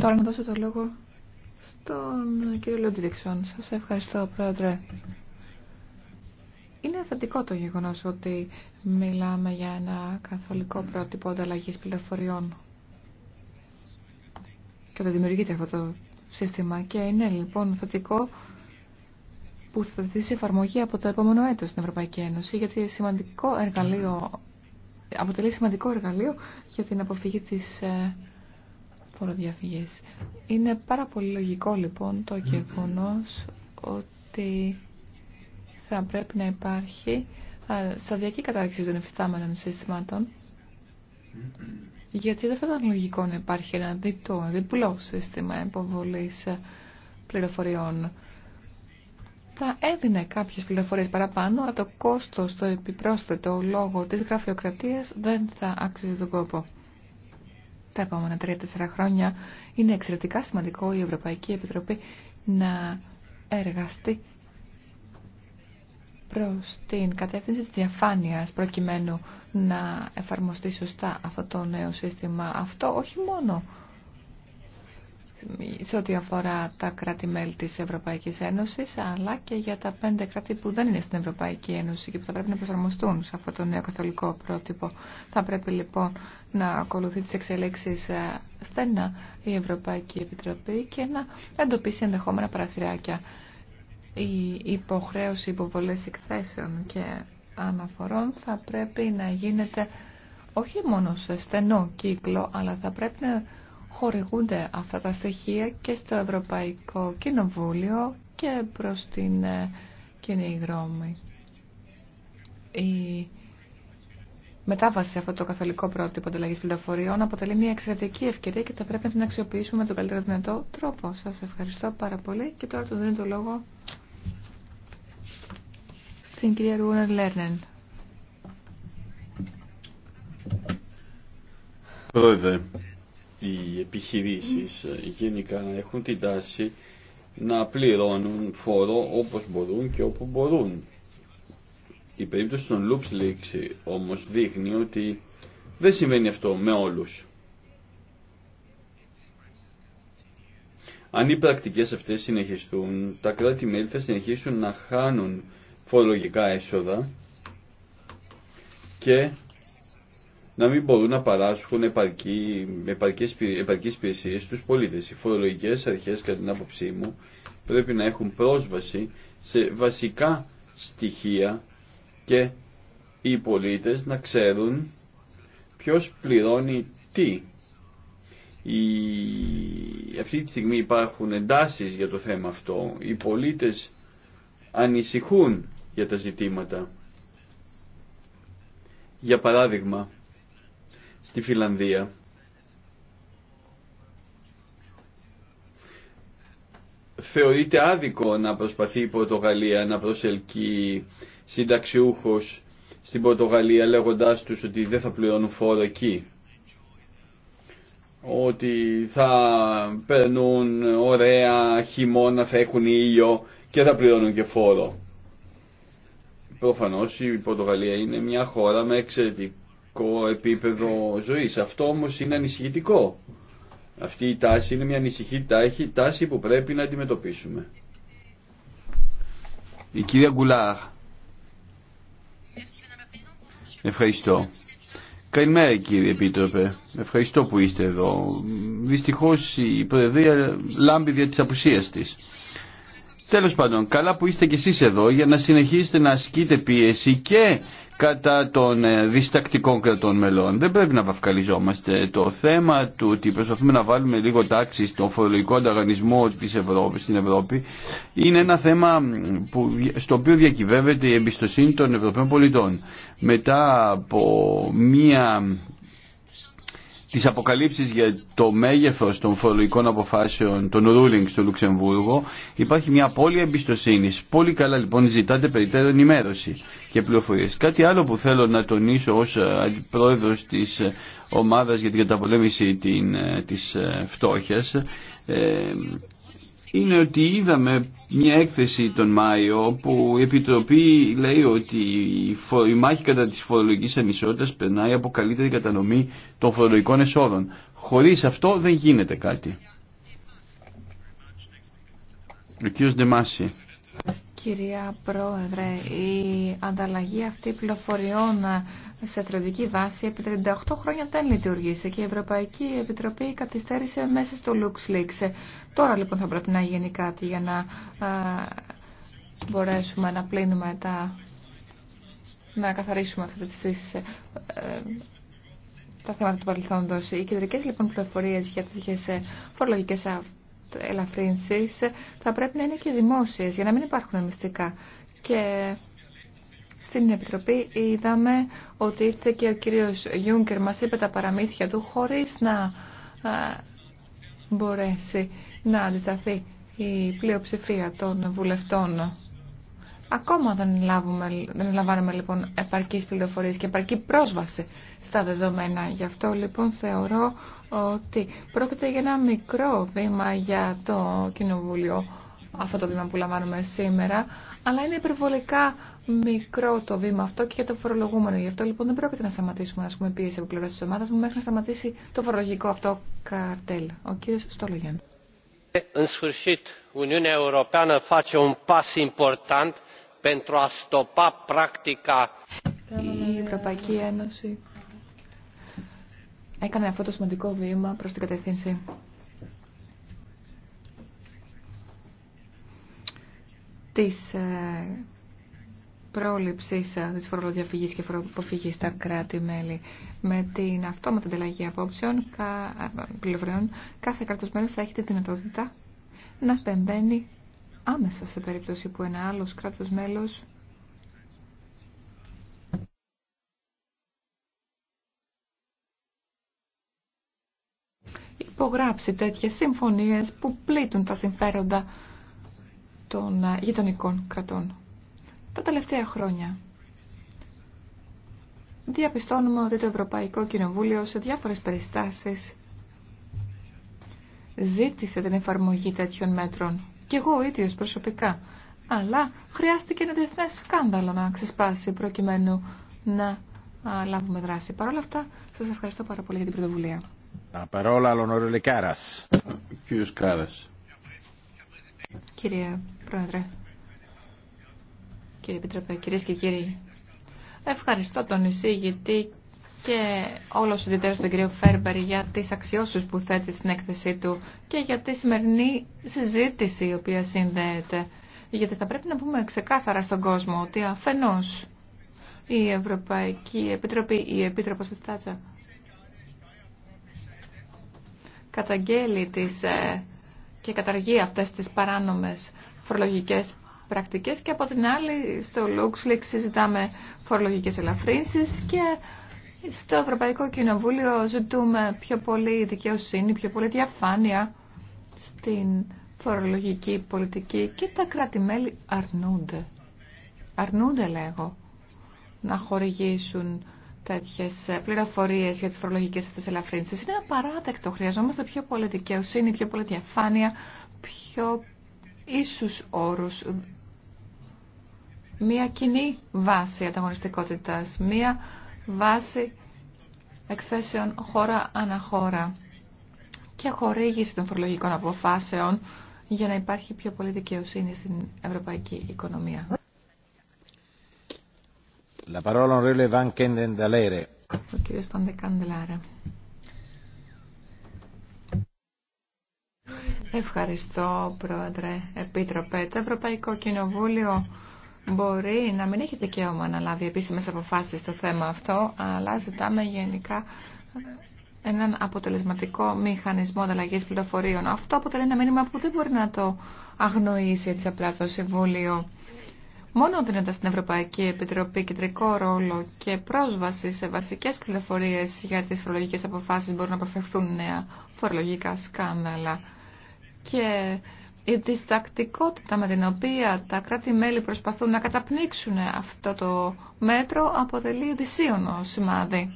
Speaker 5: Τώρα να δώσω το λόγο
Speaker 1: στον κύριο Λούντβιξον. Σας ευχαριστώ, Πρόεδρε. Είναι θετικό το γεγονός ότι μιλάμε για ένα καθολικό πρότυπο ανταλλαγή πληροφοριών και ότι δημιουργείται αυτό το σύστημα και είναι λοιπόν θετικό που θα σε εφαρμογή από το επόμενο έτος στην Ευρωπαϊκή Ένωση, γιατί σημαντικό εργαλείο, αποτελεί σημαντικό εργαλείο για την αποφυγή της ε, φοροδιαφυγής. Είναι πάρα πολύ λογικό λοιπόν το γεγονό ότι θα πρέπει να υπάρχει ε, σταδιακή κατάρριξη των εφιστάμενων συστημάτων γιατί δεν θα ήταν λογικό να υπάρχει ένα διπλό σύστημα υποβολή ε, πληροφοριών θα έδινε κάποιες πληροφορίες παραπάνω, αλλά το κόστος, το επιπρόσθετο λόγο της γραφειοκρατίας δεν θα άξιζε τον κόπο. Τα επομενα τρια τρία-τεσσέρα χρόνια είναι εξαιρετικά σημαντικό η Ευρωπαϊκή Επιτροπή να εργαστεί προς την κατεύθυνση της διαφάνειας προκειμένου να εφαρμοστεί σωστά αυτό το νέο σύστημα. Αυτό όχι μόνο σε ό,τι αφορά τα κράτη-μέλη της Ευρωπαϊκής Ένωσης, αλλά και για τα πέντε κράτη που δεν είναι στην Ευρωπαϊκή Ένωση και που θα πρέπει να προσαρμοστούν σε αυτό το νέο καθολικό πρότυπο. Θα πρέπει λοιπόν να ακολουθεί τις εξελίξεις ε, στένα η Ευρωπαϊκή Επιτροπή και να εντοπίσει ενδεχόμενα παραθυράκια. Η υποχρέωση υποβολές εκθέσεων και αναφορών θα πρέπει να γίνεται όχι μόνο σε στενό κύκλο, αλλά θα πρέπει να χορηγούνται αυτά τα στοιχεία και στο Ευρωπαϊκό Κοινοβούλιο και προς την ε, κοινή γνώμη. Η μετάβαση αυτό το καθολικό πρότυπο ανταλλαγή πληροφοριών αποτελεί μια εξαιρετική ευκαιρία και θα πρέπει να την αξιοποιήσουμε με τον καλύτερο δυνατό τρόπο. Σας ευχαριστώ πάρα πολύ και τώρα το δίνω το λόγο στην κυρία Ρούνα Λέρνεν
Speaker 4: οι επιχειρήσεις ε, γενικά έχουν την τάση να πληρώνουν φόρο όπως μπορούν και όπου μπορούν. Η περίπτωση των leaks όμως δείχνει ότι δεν συμβαίνει αυτό με όλους. Αν οι πρακτικές αυτές συνεχιστούν, τα κράτη-μέλη θα συνεχίσουν να χάνουν φορολογικά έσοδα και να μην μπορούν να παράσχουν επαρκή, επαρκείς υπηρεσίε στους πολίτες. Οι φορολογικέ αρχές, κατά την άποψή μου, πρέπει να έχουν πρόσβαση σε βασικά στοιχεία και οι πολίτες να ξέρουν ποιο πληρώνει τι. Η... Αυτή τη στιγμή υπάρχουν εντάσεις για το θέμα αυτό. Οι πολίτες ανησυχούν για τα ζητήματα. Για παράδειγμα, στη Φιλανδία θεωρείται άδικο να προσπαθεί η Πορτογαλία να προσελκύει συνταξιούχος στην Πορτογαλία λέγοντάς τους ότι δεν θα πληρώνουν φόρο εκεί ότι θα περνούν ωραία χειμώνα, θα έχουν ήλιο και θα πληρώνουν και φόρο. Προφανώς η Πορτογαλία είναι μια χώρα με εξαιρετική κοινωνικό επίπεδο ζωής. Αυτό όμως είναι ανησυχητικό. Αυτή η τάση είναι μια ανησυχή τάση που πρέπει να αντιμετωπίσουμε. Η κυρία Γκουλάρ. Ευχαριστώ. Καλημέρα κύριε Επίτροπε. Ευχαριστώ που είστε εδώ. Δυστυχώς η Προεδρία λάμπει δια της απουσίας της. Τέλος πάντων, καλά που είστε κι εσείς εδώ για να συνεχίσετε να ασκείτε πίεση και κατά των ε, διστακτικών κρατών μελών. Δεν πρέπει να βαφκαλιζόμαστε. Το θέμα του ότι προσπαθούμε να βάλουμε λίγο τάξη στο φορολογικό ανταγωνισμό της Ευρώπης, στην Ευρώπη είναι ένα θέμα που, στο οποίο διακυβεύεται η εμπιστοσύνη των Ευρωπαίων πολιτών. Μετά από μία τις αποκαλύψεις για το μέγεθος των φορολογικών αποφάσεων, των ruling στο Λουξεμβούργο, υπάρχει μια απώλεια εμπιστοσύνη. Πολύ καλά λοιπόν ζητάτε περιττέρω ενημέρωση και πληροφορίε. Κάτι άλλο που θέλω να τονίσω ως ε, πρόεδρος της ε, ομάδας για την καταπολέμηση τη ε, της φτώχειας, είναι ότι είδαμε μια έκθεση τον Μάιο που η Επιτροπή λέει ότι η μάχη κατά της φορολογικής ανισότητας περνάει από καλύτερη κατανομή των φορολογικών εσόδων. Χωρίς αυτό δεν γίνεται κάτι. Ο κύριος Ντεμάση.
Speaker 1: Κυρία Πρόεδρε, η ανταλλαγή αυτή πληροφοριών σε τροδική βάση επί 38 χρόνια δεν λειτουργήσε και η Ευρωπαϊκή Επιτροπή καθυστέρησε μέσα στο LuxLeaks. Τώρα λοιπόν θα πρέπει να γίνει κάτι για να μπορέσουμε να πλύνουμε τα... να καθαρίσουμε αυτές τις ε, τα θέματα του παρελθόντος. Οι κεντρικές λοιπόν πληροφορίες για τέτοιες ε, φορολογικές ελαφρύνσεις θα πρέπει να είναι και δημόσιες για να μην υπάρχουν μυστικά. Και στην Επιτροπή είδαμε ότι ήρθε και ο κύριος Γιούγκερ μας είπε τα παραμύθια του χωρίς να μπορέσει να αντισταθεί η πλειοψηφία των βουλευτών. Ακόμα δεν, λάβουμε, δεν λαμβάνουμε λοιπόν επαρκείς πληροφορίες και επαρκή πρόσβαση στα δεδομένα. Γι' αυτό λοιπόν θεωρώ ότι πρόκειται για ένα μικρό βήμα για το Κοινοβούλιο, αυτό το βήμα που λαμβάνουμε σήμερα, αλλά είναι υπερβολικά μικρό το βήμα αυτό και για το φορολογούμενο. Γι' αυτό λοιπόν δεν πρόκειται να σταματήσουμε να πούμε, πίεση από πλευρά τη ομάδα μου μέχρι να σταματήσει το φορολογικό αυτό καρτέλ. Ο κύριο Στόλογιαν.
Speaker 5: În sfârșit, Uniunea Europeană face un pas important pentru a
Speaker 1: Η Ευρωπαϊκή Ένωση έκανε αυτό το σημαντικό βήμα προς την κατευθύνση της ε, πρόληψης ε, της φορολογιαφυγής και φοροποφυγής στα κράτη-μέλη. Με την αυτόματη ανταλλαγή απόψεων, ε, πληροφοριών, κάθε κράτος μέλος θα έχει τη δυνατότητα να επεμβαίνει άμεσα σε περίπτωση που ένα άλλο κράτος μέλος υπογράψει τέτοιες συμφωνίες που πλήττουν τα συμφέροντα των ε, γειτονικών κρατών. Τα τελευταία χρόνια διαπιστώνουμε ότι το Ευρωπαϊκό Κοινοβούλιο σε διάφορες περιστάσεις ζήτησε την εφαρμογή τέτοιων μέτρων και εγώ ίδιος προσωπικά. Αλλά χρειάστηκε ένα διεθνές σκάνδαλο να ξεσπάσει προκειμένου να λάβουμε δράση. Παρ' όλα αυτά, σας ευχαριστώ πάρα πολύ για την πρωτοβουλία.
Speaker 2: Τα παρόλα, Λονόριλη Κάρας. Κύριος Κάρας.
Speaker 1: Κύριε Πρόεδρε, κύριε Επιτροπέ, κυρίες και κύριοι, ευχαριστώ τον εισήγητη και όλος ο ιδιαίτερος τον κύριο Φέρμπερ για τις αξιώσεις που θέτει στην έκθεσή του και για τη σημερινή συζήτηση η οποία συνδέεται. Γιατί θα πρέπει να πούμε ξεκάθαρα στον κόσμο ότι αφενός η Ευρωπαϊκή Επιτροπή, η Επίτροπος Φιστάτσα, καταγγέλει τις, ε, και καταργεί αυτές τις παράνομες φορολογικές πρακτικές και από την άλλη στο LuxLeaks συζητάμε φορολογικές ελαφρύνσεις και στο Ευρωπαϊκό Κοινοβούλιο ζητούμε πιο πολύ δικαιοσύνη, πιο πολύ διαφάνεια στην φορολογική πολιτική και τα κράτη-μέλη αρνούνται. Αρνούνται, λέγω, να χορηγήσουν τέτοιε πληροφορίε για τι φορολογικέ αυτέ ελαφρύνσει. Είναι απαράδεκτο. Χρειαζόμαστε πιο πολύ δικαιοσύνη, πιο πολύ διαφάνεια, πιο ίσου όρου. Μία κοινή βάση ανταγωνιστικότητα, μία βάση εκθέσεων χώρα αναχώρα και χορήγηση των φορολογικών αποφάσεων για να υπάρχει πιο πολύ δικαιοσύνη στην ευρωπαϊκή οικονομία.
Speaker 2: La parola onorevole Van
Speaker 1: Ευχαριστώ, Πρόεδρε Επίτροπε. Το Ευρωπαϊκό Κοινοβούλιο μπορεί να μην έχει δικαίωμα να λάβει επίσημες αποφάσεις στο θέμα αυτό, αλλά ζητάμε γενικά έναν αποτελεσματικό μηχανισμό ανταλλαγή πληροφορίων. Αυτό αποτελεί ένα μήνυμα που δεν μπορεί να το αγνοήσει έτσι απλά το Συμβούλιο. Μόνο δίνοντα στην Ευρωπαϊκή Επιτροπή κεντρικό ρόλο και πρόσβαση σε βασικέ πληροφορίε για τι φορολογικέ αποφάσει μπορούν να αποφευθούν νέα φορολογικά σκάνδαλα. Και η διστακτικότητα με την οποία τα κράτη-μέλη προσπαθούν να καταπνίξουν αυτό το μέτρο αποτελεί δυσίωνο σημάδι.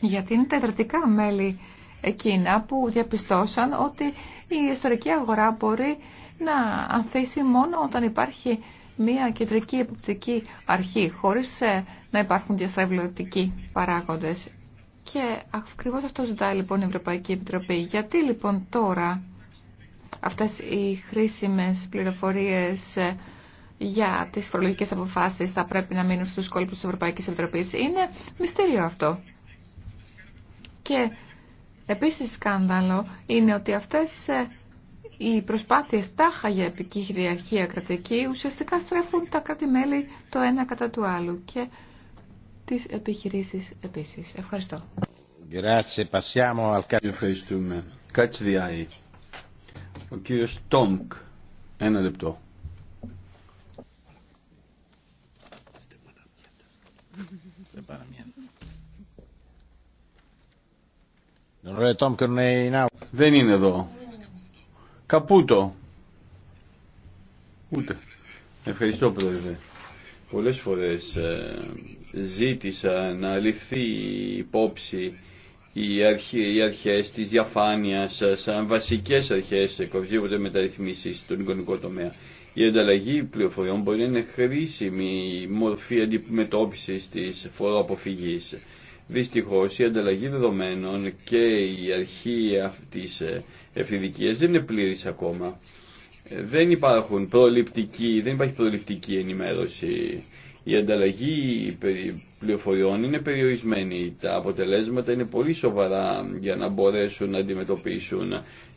Speaker 1: Γιατί είναι τα ιδρυτικά μέλη εκείνα που διαπιστώσαν ότι η ιστορική αγορά μπορεί να ανθίσει μόνο όταν υπάρχει μια κεντρική υποπτική αρχή, χωρίς ε, να υπάρχουν διαστρεβλωτικοί παράγοντες. Και ακριβώς αυτό ζητάει λοιπόν η Ευρωπαϊκή Επιτροπή. Γιατί λοιπόν τώρα αυτές οι χρήσιμες πληροφορίες ε, για τις φορολογικές αποφάσεις θα πρέπει να μείνουν στους κόλπους της Ευρωπαϊκής Επιτροπής. Είναι μυστήριο αυτό. Και επίσης σκάνδαλο είναι ότι αυτές ε, οι προσπάθειες τάχα για επικυριαρχία κρατική ουσιαστικά στρέφουν τα κράτη-μέλη το ένα κατά του άλλου και τις επιχειρήσεις επίσης. Ευχαριστώ.
Speaker 4: Ο κύριος Τόμκ. Ένα λεπτό. Δεν είναι εδώ. Καπούτο. Ούτε. Ευχαριστώ πρόεδρε. Πολλές φορές ε, ζήτησα να ληφθεί υπόψη οι, αρχέ οι αρχές της διαφάνειας ε, σαν βασικές αρχές σε μεταρρυθμίσεις στον εικονικό τομέα. Η ανταλλαγή πληροφοριών μπορεί να είναι χρήσιμη μορφή αντιμετώπισης της φοροαποφυγής. Δυστυχώς η ανταλλαγή δεδομένων και η αρχή τη ε, ευθυδικίας δεν είναι πλήρης ακόμα. Ε, δεν, υπάρχουν δεν υπάρχει προληπτική ενημέρωση. Η ανταλλαγή πληροφοριών είναι περιορισμένοι. Τα αποτελέσματα είναι πολύ σοβαρά για να μπορέσουν να αντιμετωπίσουν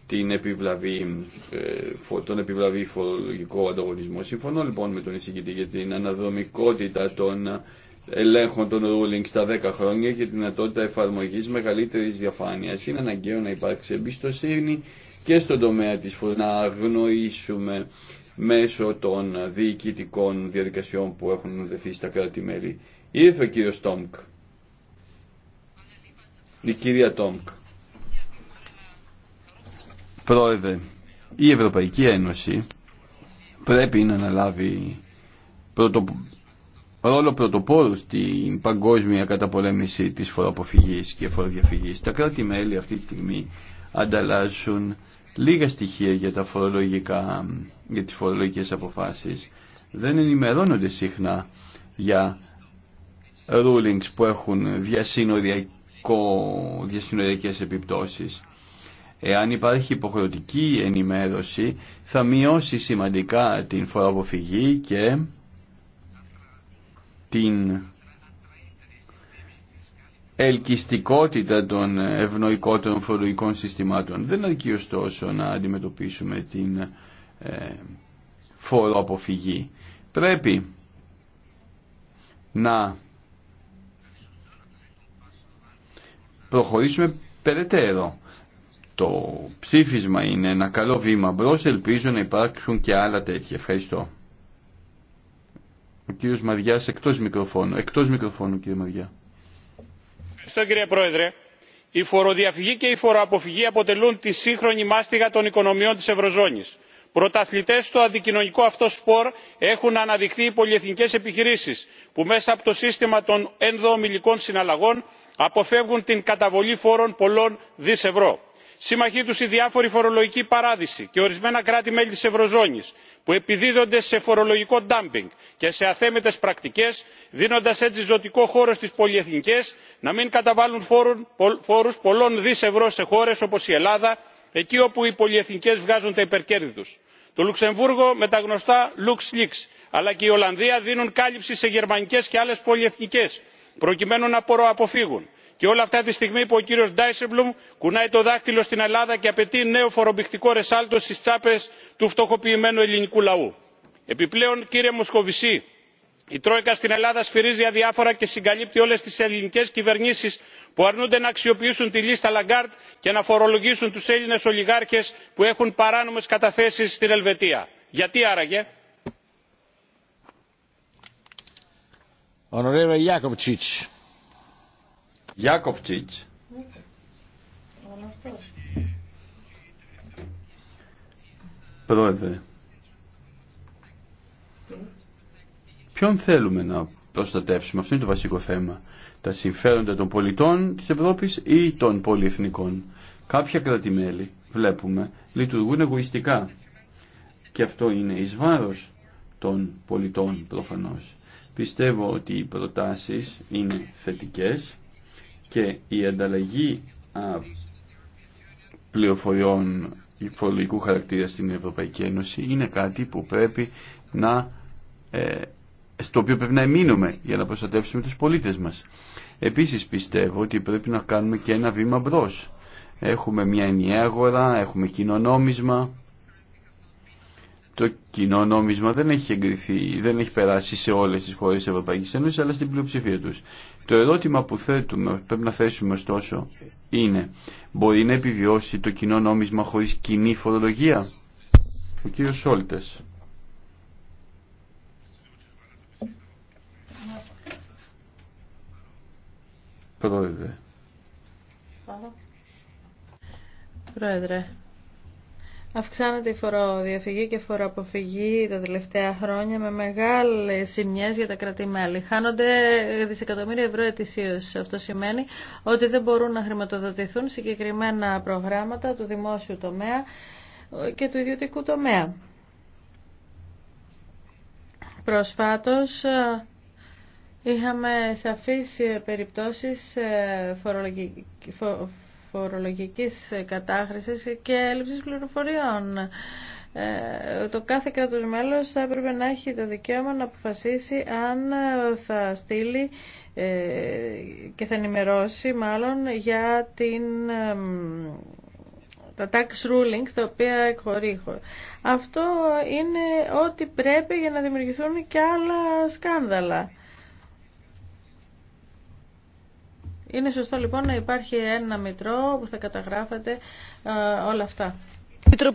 Speaker 4: την επιβλαβή, ε, τον επιβλαβή φορολογικό ανταγωνισμό. Συμφωνώ λοιπόν με τον εισηγητή για την αναδρομικότητα των ελέγχων των ruling στα 10 χρόνια και τη δυνατότητα εφαρμογή μεγαλύτερη διαφάνεια Είναι αναγκαίο να υπάρξει εμπιστοσύνη και στον τομέα της φορολογίας να αγνοήσουμε μέσω των διοικητικών διαδικασιών που έχουν δεθεί στα κράτη-μέλη Ήρθε ο κύριος Τόμκ. Η κυρία Τόμκ. Πρόεδρε, η Ευρωπαϊκή Ένωση πρέπει να αναλάβει πρωτο... ρόλο πρωτοπόρου στην παγκόσμια καταπολέμηση της φοροαποφυγής και φοροδιαφυγής. Τα κράτη-μέλη αυτή τη στιγμή ανταλλάσσουν λίγα στοιχεία για, τα φορολογικά, για τις φορολογικές αποφάσεις. Δεν ενημερώνονται συχνά για rulings που έχουν διασυνοριακές επιπτώσεις. Εάν υπάρχει υποχρεωτική ενημέρωση θα μειώσει σημαντικά την φοροαποφυγή και την ελκυστικότητα των ευνοϊκότερων φορολογικών συστημάτων. Δεν αρκεί ωστόσο να αντιμετωπίσουμε την ε, φοροαποφυγή. Πρέπει να προχωρήσουμε περαιτέρω. Το ψήφισμα είναι ένα καλό βήμα μπρος, ελπίζω να υπάρξουν και άλλα τέτοια. Ευχαριστώ. Ο κύριο Μαριά εκτό μικροφώνου. Εκτό μικροφώνου κύριε Μαριά.
Speaker 2: Ευχαριστώ κύριε Πρόεδρε. Η φοροδιαφυγή και η φοροαποφυγή αποτελούν τη σύγχρονη μάστιγα των οικονομιών τη Ευρωζώνη. Πρωταθλητέ στο αντικοινωνικό αυτό σπορ έχουν αναδειχθεί οι πολυεθνικέ επιχειρήσει που μέσα από το σύστημα των ενδοομιλικών συναλλαγών αποφεύγουν την καταβολή φόρων πολλών δις ευρώ. σύμμαχοί τους οι διάφοροι φορολογικοί παράδεισοι και ορισμένα κράτη μέλη της ευρωζώνης που επιδίδονται σε φορολογικό ντάμπινγκ και σε αθέμητες πρακτικές δίνοντας έτσι ζωτικό χώρο στις πολυεθνικές να μην καταβάλουν φόρους πολλών δις ευρώ σε χώρες όπως η ελλάδα εκεί όπου οι πολυεθνικές βγάζουν τα υπερκέρδη τους. το λουξεμβούργο με τα γνωστά luxleaks αλλά και η ολλανδία δίνουν κάλυψη σε γερμανικές και άλλες πολυεθνικές προκειμένου να προαποφύγουν και όλα αυτά τη στιγμή που ο κύριος Ντάισεμπλουμ κουνάει το δάχτυλο στην ελλάδα και απαιτεί νέο φορομπηχτικό ρεσάλτο στις τσάπε του φτωχοποιημένου ελληνικού λαού. επιπλέον κύριε μοσχοβησί η τρόικα στην ελλάδα σφυρίζει αδιάφορα και συγκαλύπτει όλες τις ελληνικές κυβερνήσεις που αρνούνται να αξιοποιήσουν τη λίστα λαγκάρτ και να φορολογήσουν τους έλληνες ολιγάρχες που έχουν παράνομες καταθέσεις στην ελβετία. γιατί άραγε;
Speaker 4: Πρόεδρε, ποιον θέλουμε να προστατεύσουμε, αυτό είναι το βασικό θέμα. Τα συμφέροντα των πολιτών της Ευρώπης ή των πολυεθνικών. Κάποια κρατημέλη, βλέπουμε, λειτουργούν εγωιστικά. Και αυτό είναι εις βάρος των πολιτών προφανώς. Πιστεύω ότι οι προτάσεις είναι θετικές και η ανταλλαγή πληροφοριών υπολογικού χαρακτήρα στην Ευρωπαϊκή Ένωση είναι κάτι που πρέπει να, ε, στο οποίο πρέπει να εμείνουμε για να προστατεύσουμε τους πολίτες μας. Επίσης πιστεύω ότι πρέπει να κάνουμε και ένα βήμα μπρος. Έχουμε μια ενιαία αγορά, έχουμε κοινωνόμισμα, το κοινό νόμισμα δεν έχει εγκριθεί, δεν έχει περάσει σε όλες τις χώρε τη Ευρωπαϊκής αλλά στην πλειοψηφία τους. Το ερώτημα που θέτουμε, πρέπει να θέσουμε ωστόσο, είναι μπορεί να επιβιώσει το κοινό νόμισμα χωρίς κοινή φορολογία. Ο κύριο Σόλτε. Πρόεδρε.
Speaker 3: Πρόεδρε, Αυξάνεται η φοροδιαφυγή και η φοροαποφυγή τα τελευταία χρόνια με μεγάλε ζημιέ για τα κρατημέλη. Χάνονται δισεκατομμύρια ευρώ ετησίω. Αυτό σημαίνει ότι δεν μπορούν να χρηματοδοτηθούν συγκεκριμένα προγράμματα του δημόσιου τομέα και του ιδιωτικού τομέα. Προσφάτως ε, είχαμε σαφείς ε, περιπτώσεις ε, φορολογικής κατάχρησης και έλλειψης πληροφοριών. Ε, το κάθε κράτος μέλος θα έπρεπε να έχει το δικαίωμα να αποφασίσει αν θα στείλει ε, και θα ενημερώσει μάλλον για την τα tax rulings τα οποία εκχωρήχω. Αυτό είναι ό,τι πρέπει για να δημιουργηθούν και άλλα σκάνδαλα. Είναι σωστό λοιπόν να υπάρχει ένα μητρό που θα καταγράφεται ε, όλα αυτά.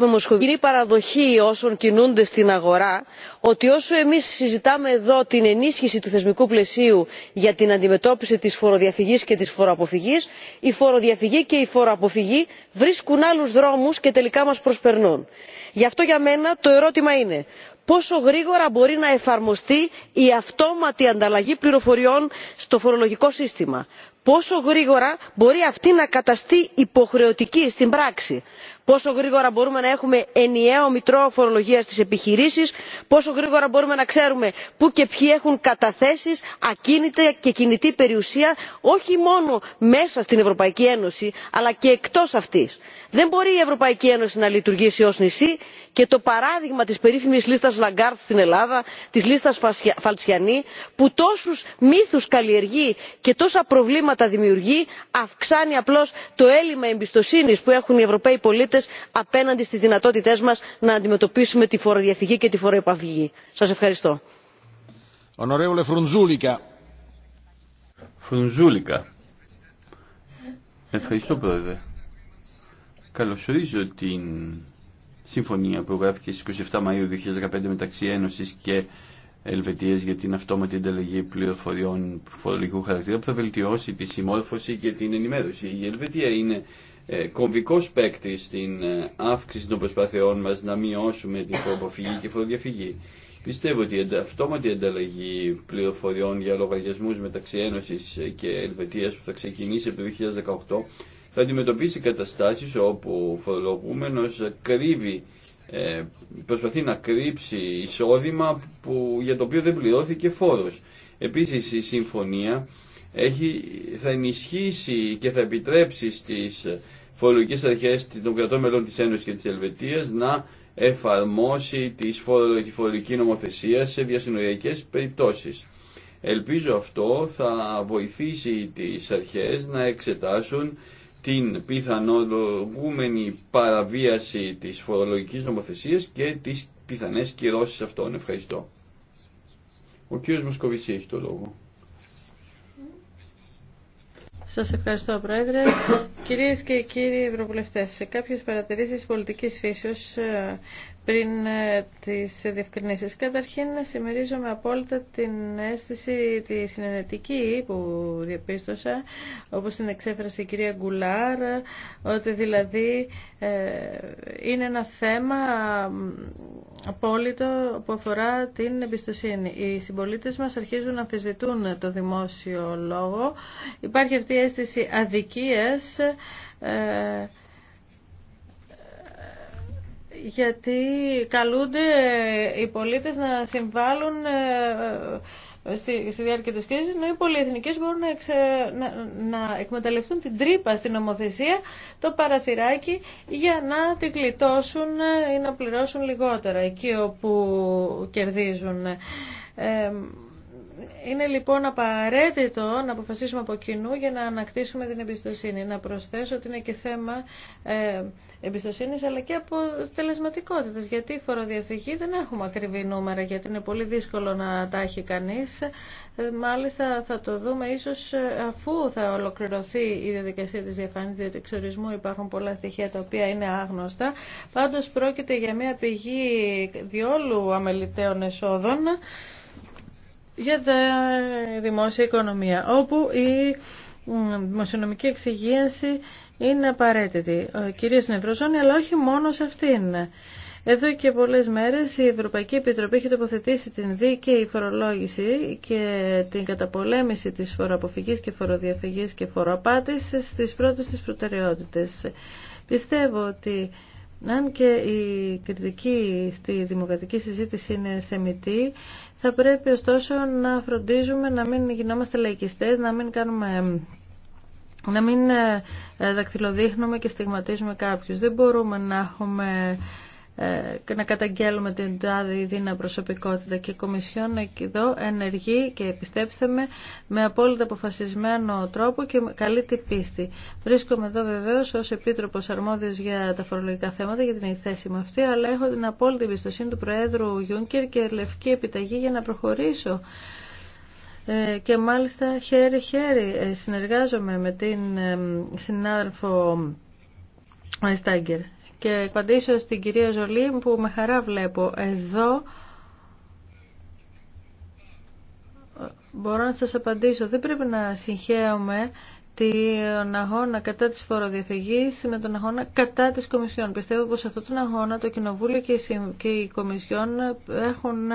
Speaker 5: Μοσχοβή, είναι η παραδοχή όσων κινούνται στην αγορά ότι όσο εμείς συζητάμε εδώ την ενίσχυση του θεσμικού πλαισίου για την αντιμετώπιση της φοροδιαφυγής και της φοροαποφυγής, η φοροδιαφυγή και η φοροαποφυγή βρίσκουν άλλους δρόμους και τελικά μας προσπερνούν. Γι' αυτό για μένα το ερώτημα είναι πόσο γρήγορα μπορεί να εφαρμοστεί η αυτόματη ανταλλαγή πληροφοριών στο φορολογικό σύστημα πόσο γρήγορα μπορεί αυτή να καταστεί υποχρεωτική στην πράξη πόσο γρήγορα μπορούμε να έχουμε ενιαίο μητρό φορολογία στις επιχειρήσεις πόσο γρήγορα μπορούμε να ξέρουμε πού και ποιοι έχουν καταθέσεις ακίνητη και κινητή περιουσία όχι μόνο μέσα στην ευρωπαϊκή ένωση αλλά και εκτός αυτής. δεν μπορεί η ευρωπαϊκή ένωση να λειτουργήσει ως νησί και το παράδειγμα της περίφημης λίστας λαγκάρτ στην ελλάδα της λίστας φαλτσιανή που τόσους μύθους καλλιεργεί και τόσα προβλήματα δημιουργεί αυξάνει απλώς το έλλειμμα εμπιστοσύνης που έχουν οι ευρωπαίοι πολίτες απέναντι στι δυνατότητε μα να αντιμετωπίσουμε τη φοροδιαφυγή και τη φοροεπαφυγή. Σας ευχαριστώ.
Speaker 4: Ευχαριστώ πρόεδρε. Καλωσορίζω την συμφωνία που γράφηκε στις 27 Μαΐου 2015 μεταξύ Ένωσης και Ελβετίας για την αυτόματη ανταλλαγή πληροφοριών φορολογικού χαρακτήρα που θα βελτιώσει τη συμμόρφωση και την ενημέρωση. Η Ελβετία είναι ε, κομβικός παίκτη στην ε, αύξηση των προσπάθειών μας να μειώσουμε την φοροποφυγή και φοροδιαφυγή. Πιστεύω ότι η αυτόματη ανταλλαγή πληροφοριών για λογαριασμούς μεταξύ Ένωση ε, και Ελβετίας που θα ξεκινήσει από το 2018 θα αντιμετωπίσει καταστάσεις όπου ο φορολογούμενος κρύβει, προσπαθεί να κρύψει εισόδημα που, για το οποίο δεν πληρώθηκε φόρος. Επίσης η συμφωνία έχει, θα ενισχύσει και θα επιτρέψει στις φορολογικές αρχές των κρατών μελών της Ένωσης και της Ελβετίας να εφαρμόσει τη φορολογική νομοθεσία σε διασυνοριακές περιπτώσεις. Ελπίζω αυτό θα βοηθήσει τις αρχές να εξετάσουν την πιθανολογούμενη παραβίαση της φορολογικής νομοθεσίας και τις πιθανές κυρώσεις αυτών. Ευχαριστώ. Ο κύριος Μοσκοβισή έχει το λόγο.
Speaker 3: Σας ευχαριστώ, Πρόεδρε. Κυρίες και κύριοι Ευρωβουλευτές, σε κάποιες παρατηρήσεις πολιτικής φύσεως πριν ε, τις διευκρινήσεις. Καταρχήν, συμμερίζομαι απόλυτα την αίσθηση τη συνενετική που διαπίστωσα, όπως την εξέφρασε η κυρία Γκουλάρ, ότι δηλαδή ε, είναι ένα θέμα απόλυτο που αφορά την εμπιστοσύνη. Οι συμπολίτες μας αρχίζουν να αμφισβητούν το δημόσιο λόγο. Υπάρχει αυτή η αίσθηση αδικίας ε, γιατί καλούνται οι πολίτες να συμβάλλουν ε, ε, στη, στη διάρκεια της κρίσης, ενώ οι πολυεθνικές μπορούν να, εξε, να, εκμεταλλευτούν την τρύπα στην νομοθεσία, το παραθυράκι, για να την κλειτώσουν ε, ή να πληρώσουν λιγότερα εκεί όπου κερδίζουν. Είναι λοιπόν απαραίτητο να αποφασίσουμε από κοινού για να ανακτήσουμε την εμπιστοσύνη. Να προσθέσω ότι είναι και θέμα ε, εμπιστοσύνης αλλά και αποτελεσματικότητας. Γιατί η φοροδιαφυγή δεν έχουμε ακριβή νούμερα γιατί είναι πολύ δύσκολο να τα έχει κανείς. Ε, μάλιστα θα το δούμε ίσως ε, αφού θα ολοκληρωθεί η διαδικασία της διαφάνειας διότι εξορισμού υπάρχουν πολλά στοιχεία τα οποία είναι άγνωστα. Πάντως πρόκειται για μια πηγή διόλου αμεληταίων εσόδων για τα δημόσια οικονομία, όπου η δημοσιονομική εξυγίαση είναι απαραίτητη, κυρίως στην Ευρωζώνη, αλλά όχι μόνο σε αυτήν. Εδώ και πολλές μέρες η Ευρωπαϊκή Επιτροπή έχει τοποθετήσει την δίκαιη φορολόγηση και την καταπολέμηση της φοροαποφυγής και φοροδιαφυγής και φοροαπάτης στις πρώτες της προτεραιότητες. Πιστεύω ότι αν και η κριτική στη δημοκρατική συζήτηση είναι θεμητή, θα πρέπει ωστόσο να φροντίζουμε να μην γινόμαστε λαϊκιστές, να μην κάνουμε να μην ε, ε, δακτυλοδείχνουμε και στιγματίζουμε κάποιους. Δεν μπορούμε να έχουμε ε, και να καταγγέλουμε την τάδη δίνα προσωπικότητα και η Κομισιόν εδώ ενεργεί και πιστέψτε με με απόλυτα αποφασισμένο τρόπο και καλή την πίστη. Βρίσκομαι εδώ βεβαίω ω Επίτροπο Αρμόδιο για τα φορολογικά θέματα για την θέση μου αυτή, αλλά έχω την απόλυτη εμπιστοσύνη του Προέδρου Γιούνκερ και λευκή επιταγή για να προχωρήσω ε, και μάλιστα χέρι-χέρι ε, συνεργάζομαι με την συνάδελφο Στάγκερ και απαντήσω στην κυρία Ζολή που με χαρά βλέπω εδώ. Ε, μπορώ να σας απαντήσω. Δεν πρέπει να συγχαίομαι τον αγώνα κατά της φοροδιαφυγής με τον αγώνα κατά της Κομισιόν. Πιστεύω πως σε αυτόν τον αγώνα το Κοινοβούλιο και η Κομισιόν έχουν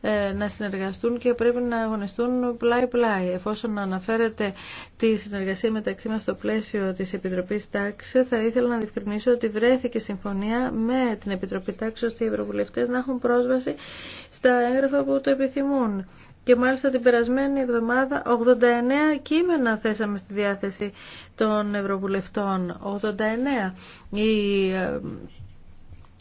Speaker 3: ε, να συνεργαστούν και πρέπει να αγωνιστούν πλάι-πλάι. Εφόσον αναφέρεται τη συνεργασία μεταξύ μας στο πλαίσιο της Επιτροπής Τάξη, θα ήθελα να διευκρινίσω ότι βρέθηκε συμφωνία με την Επιτροπή Τάξη ώστε οι Ευρωβουλευτές να έχουν πρόσβαση στα έγγραφα που το επιθυμούν. Και μάλιστα την περασμένη εβδομάδα 89 κείμενα θέσαμε στη διάθεση των Ευρωβουλευτών. 89. Η ε,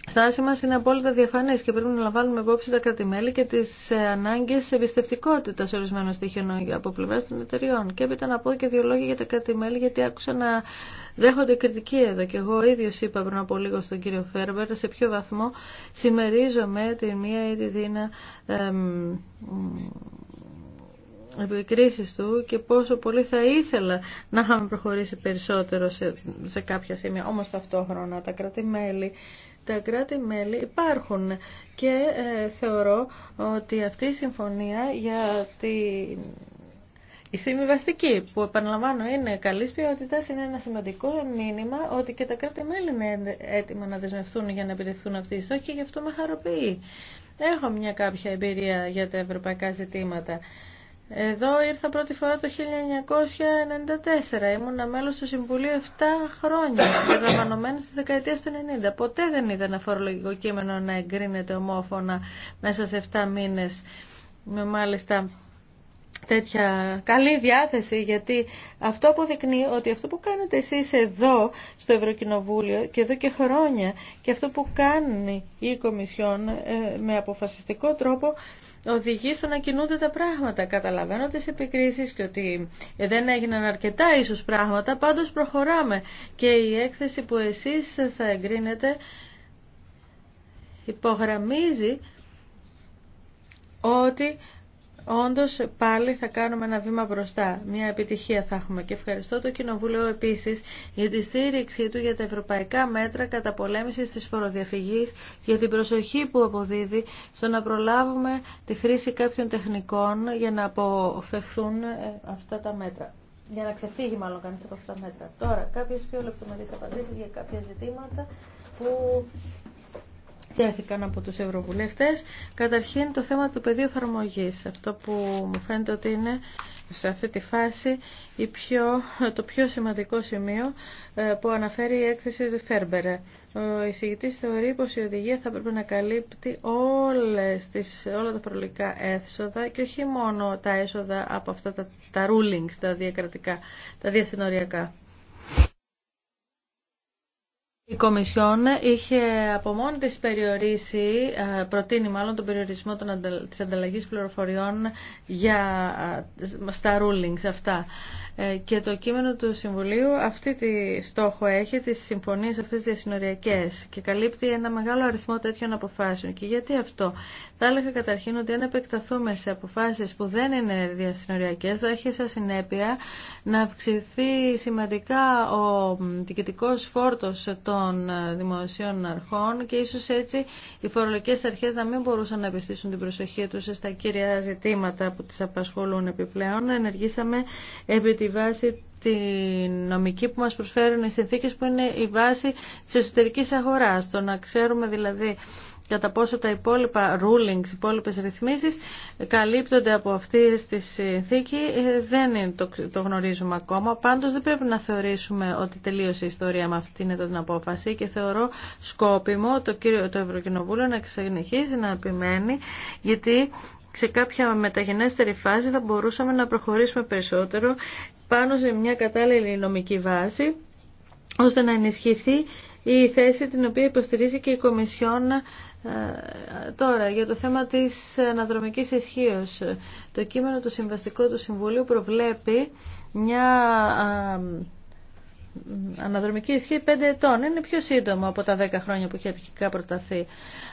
Speaker 3: στάση μας είναι απόλυτα διαφανής και πρέπει να λαμβάνουμε υπόψη τα κρατημέλη και τις ε, ανάγκες εμπιστευτικότητας ορισμένων στοιχείων από πλευρά των εταιριών. Και έπειτα να πω και δύο λόγια για τα κρατημέλη γιατί άκουσα να δέχονται κριτική εδώ και εγώ ίδιο είπα πριν από λίγο στον κύριο Φέρμπερ σε ποιο βαθμό συμμερίζομαι τη μία ή τη δίνα επικρίσεις του και πόσο πολύ θα ήθελα να είχαμε προχωρήσει περισσότερο σε, σε κάποια σημεία. Όμως ταυτόχρονα τα κρατημέλη τα κράτη-μέλη υπάρχουν και ε, θεωρώ ότι αυτή η συμφωνία για τη η συμβιβαστική που επαναλαμβάνω είναι καλής ποιότητας είναι ένα σημαντικό μήνυμα ότι και τα κράτη-μέλη είναι έτοιμα να δεσμευτούν για να επιτευχθούν αυτοί οι στόχοι και γι' αυτό με χαροποιεί. Έχω μια κάποια εμπειρία για τα ευρωπαϊκά ζητήματα. Εδώ ήρθα πρώτη φορά το 1994. Ήμουν μέλος του Συμβουλίου 7 χρόνια, περιλαμβανομένη στις δεκαετίες του 90. Ποτέ δεν είδα ένα φορολογικό κείμενο να εγκρίνεται ομόφωνα μέσα σε 7 μήνες. Με μάλιστα τέτοια καλή διάθεση γιατί αυτό αποδεικνύει ότι αυτό που κάνετε εσείς εδώ στο Ευρωκοινοβούλιο και εδώ και χρόνια και αυτό που κάνει η Κομισιόν ε, με αποφασιστικό τρόπο οδηγεί στο να κινούνται τα πράγματα. Καταλαβαίνω τις επικρίσεις και ότι δεν έγιναν αρκετά ίσως πράγματα, πάντως προχωράμε. Και η έκθεση που εσείς θα εγκρίνετε υπογραμμίζει ότι όντως πάλι θα κάνουμε ένα βήμα μπροστά. Μια επιτυχία θα έχουμε. Και ευχαριστώ το Κοινοβούλιο επίσης για τη στήριξή του για τα ευρωπαϊκά μέτρα κατά πολέμησης της φοροδιαφυγής, για την προσοχή που αποδίδει στο να προλάβουμε τη χρήση κάποιων τεχνικών για να αποφευθούν ε, αυτά τα μέτρα. Για να ξεφύγει μάλλον κανεί από αυτά τα μέτρα. Τώρα, κάποιες πιο λεπτομερεί απαντήσεις για κάποια ζητήματα που τέθηκαν από τους Ευρωβουλευτές. Καταρχήν το θέμα του πεδίου εφαρμογή. Αυτό που μου φαίνεται ότι είναι σε αυτή τη φάση η πιο, το πιο σημαντικό σημείο ε, που αναφέρει η έκθεση του Φέρμπερε. Ο εισηγητής θεωρεί πως η οδηγία θα πρέπει να καλύπτει όλες τις, όλα τα προλογικά έσοδα και όχι μόνο τα έσοδα από αυτά τα, τα rulings, τα διακρατικά, τα διασυνοριακά. Η Κομισιόν είχε από μόνη της περιορίσει, ε, προτείνει μάλλον τον περιορισμό των, της ανταλλαγής πληροφοριών για, ε, στα rulings αυτά. Ε, και το κείμενο του Συμβουλίου αυτή τη στόχο έχει τις συμφωνίες αυτές διασυνοριακές και καλύπτει ένα μεγάλο αριθμό τέτοιων αποφάσεων. Και γιατί αυτό. Θα έλεγα καταρχήν ότι αν επεκταθούμε σε αποφάσεις που δεν είναι διασυνοριακές θα έχει σαν συνέπεια να αυξηθεί σημαντικά ο φόρτος των των ε, δημοσίων αρχών και ίσως έτσι οι φορολογικές αρχές να μην μπορούσαν να επιστήσουν την προσοχή τους στα κύρια ζητήματα που τις απασχολούν επιπλέον. Ενεργήσαμε επί τη βάση τη νομική που μας προσφέρουν οι συνθήκες που είναι η βάση της εσωτερικής αγοράς. Το να ξέρουμε δηλαδή κατά πόσο τα υπόλοιπα rulings, οι υπόλοιπε ρυθμίσεις ε, καλύπτονται από αυτή τη συνθήκη ε, δεν είναι, το, γνωρίζουμε ακόμα. Πάντως δεν πρέπει να θεωρήσουμε ότι τελείωσε η ιστορία με αυτήν την απόφαση και θεωρώ σκόπιμο το, κύριο, το Ευρωκοινοβούλιο να ξεκινήσει να επιμένει γιατί σε κάποια μεταγενέστερη φάση θα μπορούσαμε να προχωρήσουμε περισσότερο πάνω σε μια κατάλληλη νομική βάση ώστε να ενισχυθεί η θέση την οποία υποστηρίζει και η Κομισιόν Τώρα, για το θέμα της αναδρομικής ισχύω. Το κείμενο του συμβαστικού του Συμβουλίου προβλέπει μια αναδρομική ισχύ 5 ετών. Είναι πιο σύντομο από τα 10 χρόνια που έχει αρχικά προταθεί.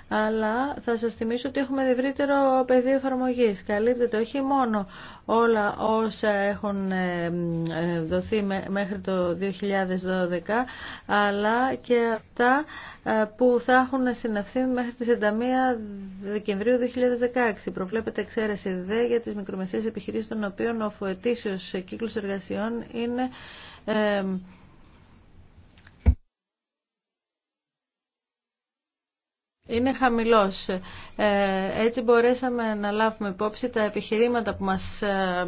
Speaker 3: Αλλά θα σας θυμίσω ότι έχουμε ευρύτερο πεδίο εφαρμογή. Καλύπτεται όχι μόνο όλα όσα έχουν ε, ε, δοθεί μέχρι το 2012, αλλά και αυτά ε, που θα έχουν συναυθεί μέχρι τη 31 Δεκεμβρίου 2016. Προβλέπεται εξαίρεση δε για τις μικρομεσαίες επιχειρήσεις των οποίων ο φοετήσιος κύκλος εργασιών είναι είναι χαμηλός. Ε, έτσι μπορέσαμε να λάβουμε υπόψη τα επιχειρήματα που μας ε,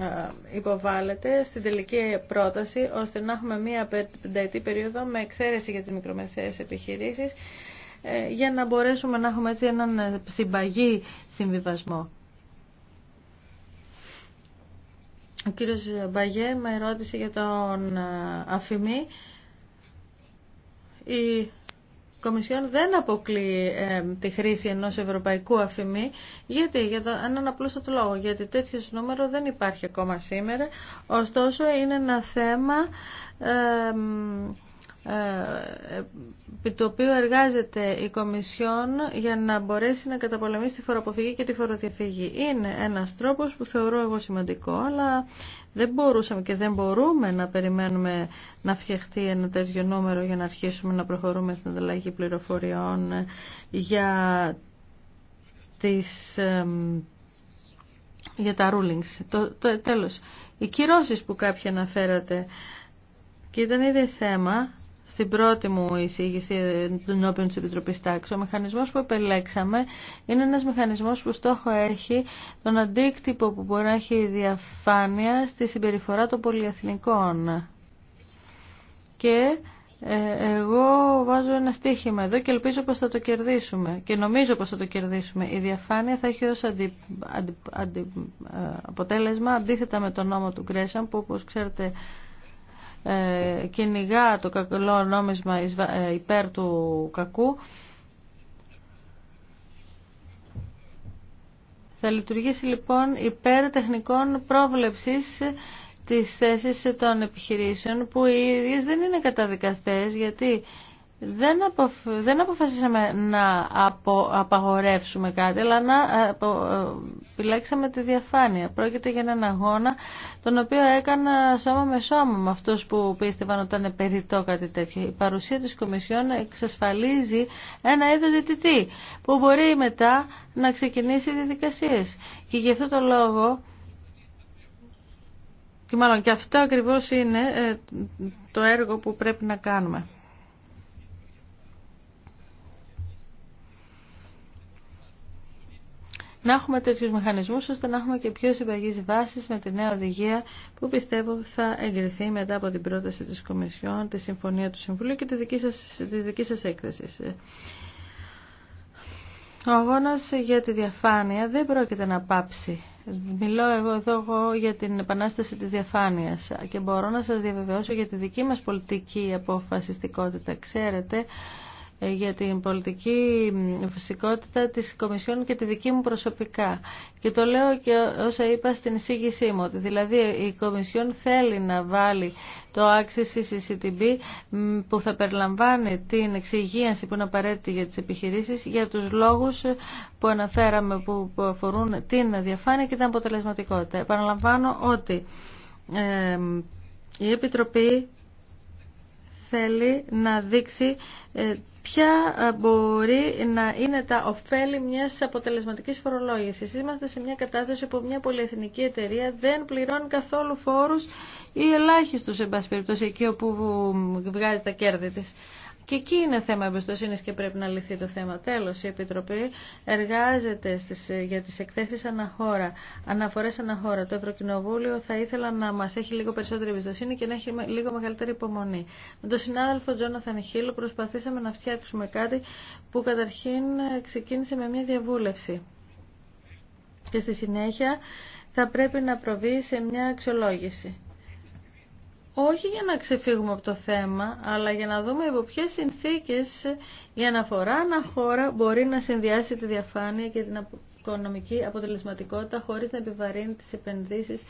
Speaker 3: ε, υποβάλλεται στην τελική πρόταση, ώστε να έχουμε μία πενταετή περίοδο με εξαίρεση για τις μικρομεσαίες επιχειρήσεις, για να μπορέσουμε να έχουμε έτσι έναν συμπαγή συμβιβασμό. Ο κύριος Μπαγέ με ερώτηση για τον Αφημή. Κομισιόν δεν αποκλεί τη χρήση ενός ευρωπαϊκού αφημί, γιατί, για το, έναν απλούστατο λόγο, γιατί τέτοιο νούμερο δεν υπάρχει ακόμα σήμερα, ωστόσο είναι ένα θέμα ε, επί εργάζεται η Κομισιόν για να μπορέσει να καταπολεμήσει τη φοροποφυγή και τη φοροδιαφυγή. Είναι ένας τρόπος που θεωρώ εγώ σημαντικό, αλλά δεν μπορούσαμε και δεν μπορούμε να περιμένουμε να φτιαχτεί ένα τέτοιο νούμερο για να αρχίσουμε να προχωρούμε στην ανταλλαγή πληροφοριών για, τις, για τα rulings. Το, το, τέλος, οι κυρώσεις που κάποιοι αναφέρατε και ήταν ήδη θέμα στην πρώτη μου εισήγηση ενώπιον της Επιτροπής Τάξη. Ο μηχανισμός που επελέξαμε είναι ένας μηχανισμός που στόχο έχει τον αντίκτυπο που μπορεί να έχει η διαφάνεια στη συμπεριφορά των πολυεθνικών. Και ε, εγώ βάζω ένα στίχημα εδώ και ελπίζω πως θα το κερδίσουμε και νομίζω πως θα το κερδίσουμε. Η διαφάνεια θα έχει ως αντι, αντι, ε, αποτέλεσμα αντίθετα με τον νόμο του Γκρέσαν που όπως ξέρετε ε, κυνηγά το κακό νόμισμα ε, υπέρ του κακού Θα λειτουργήσει λοιπόν υπέρ τεχνικών πρόβλεψης της θέσης των επιχειρήσεων που οι ίδιες δεν είναι καταδικαστές γιατί δεν, δεν αποφασίσαμε να απο... απαγορεύσουμε κάτι, αλλά να ε, απο... Ε, επιλέξαμε τη διαφάνεια. Πρόκειται για έναν αγώνα, τον οποίο έκανα σώμα με σώμα με αυτούς που πίστευαν ότι ήταν περιττό κάτι τέτοιο. Η παρουσία της Κομισιόν εξασφαλίζει ένα είδο διτητή, που μπορεί μετά να ξεκινήσει διαδικασίες. Και γι' αυτό το λόγο... Και μάλλον και αυτό ακριβώς είναι ε, το έργο που πρέπει να κάνουμε. να έχουμε τέτοιους μηχανισμούς ώστε να έχουμε και πιο συμπαγείς βάσεις με τη νέα οδηγία που πιστεύω θα εγκριθεί μετά από την πρόταση της Κομισιόν, τη Συμφωνία του Συμβουλίου και τη δική σας, της δικής σας έκθεσης. Ο αγώνας για τη διαφάνεια δεν πρόκειται να πάψει. Μιλώ εγώ εδώ για την επανάσταση της διαφάνειας και μπορώ να σας διαβεβαιώσω για τη δική μας πολιτική αποφασιστικότητα. Ξέρετε, ε, για την πολιτική φυσικότητα της Κομισιόν και τη δική μου προσωπικά. Και το λέω και όσα είπα στην εισήγησή μου, ότι δηλαδή η Κομισιόν θέλει να βάλει το άξιση CCTB που θα περιλαμβάνει την εξυγίανση που είναι απαραίτητη για τις επιχειρήσεις για τους λόγους που αναφέραμε που αφορούν την διαφάνεια και την αποτελεσματικότητα. Επαναλαμβάνω ότι ε, η Επιτροπή θέλει να δείξει ε, ποια ε, μπορεί να είναι τα ωφέλη μιας αποτελεσματικής φορολόγησης. Είμαστε σε μια κατάσταση που μια πολυεθνική εταιρεία δεν πληρώνει καθόλου φόρους ή ελάχιστος εν εκεί όπου βγάζει τα κέρδη της. Και εκεί είναι θέμα εμπιστοσύνη και πρέπει να λυθεί το θέμα. Τέλο, η Επιτροπή εργάζεται στις, για τι εκθέσει αναχώρα, αναφορέ αναχώρα. Το Ευρωκοινοβούλιο θα ήθελα να μα έχει λίγο περισσότερη εμπιστοσύνη και να έχει λίγο μεγαλύτερη υπομονή. Με τον συνάδελφο Τζόναθαν Χίλ προσπαθήσαμε να φτιάξουμε κάτι που καταρχήν ξεκίνησε με μια διαβούλευση. Και στη συνέχεια θα πρέπει να προβεί σε μια αξιολόγηση όχι για να ξεφύγουμε από το θέμα, αλλά για να δούμε υπό ποιε συνθήκες η αναφορά ανά χώρα μπορεί να συνδυάσει τη διαφάνεια και την οικονομική αποτελεσματικότητα χωρίς να επιβαρύνει τις επενδύσεις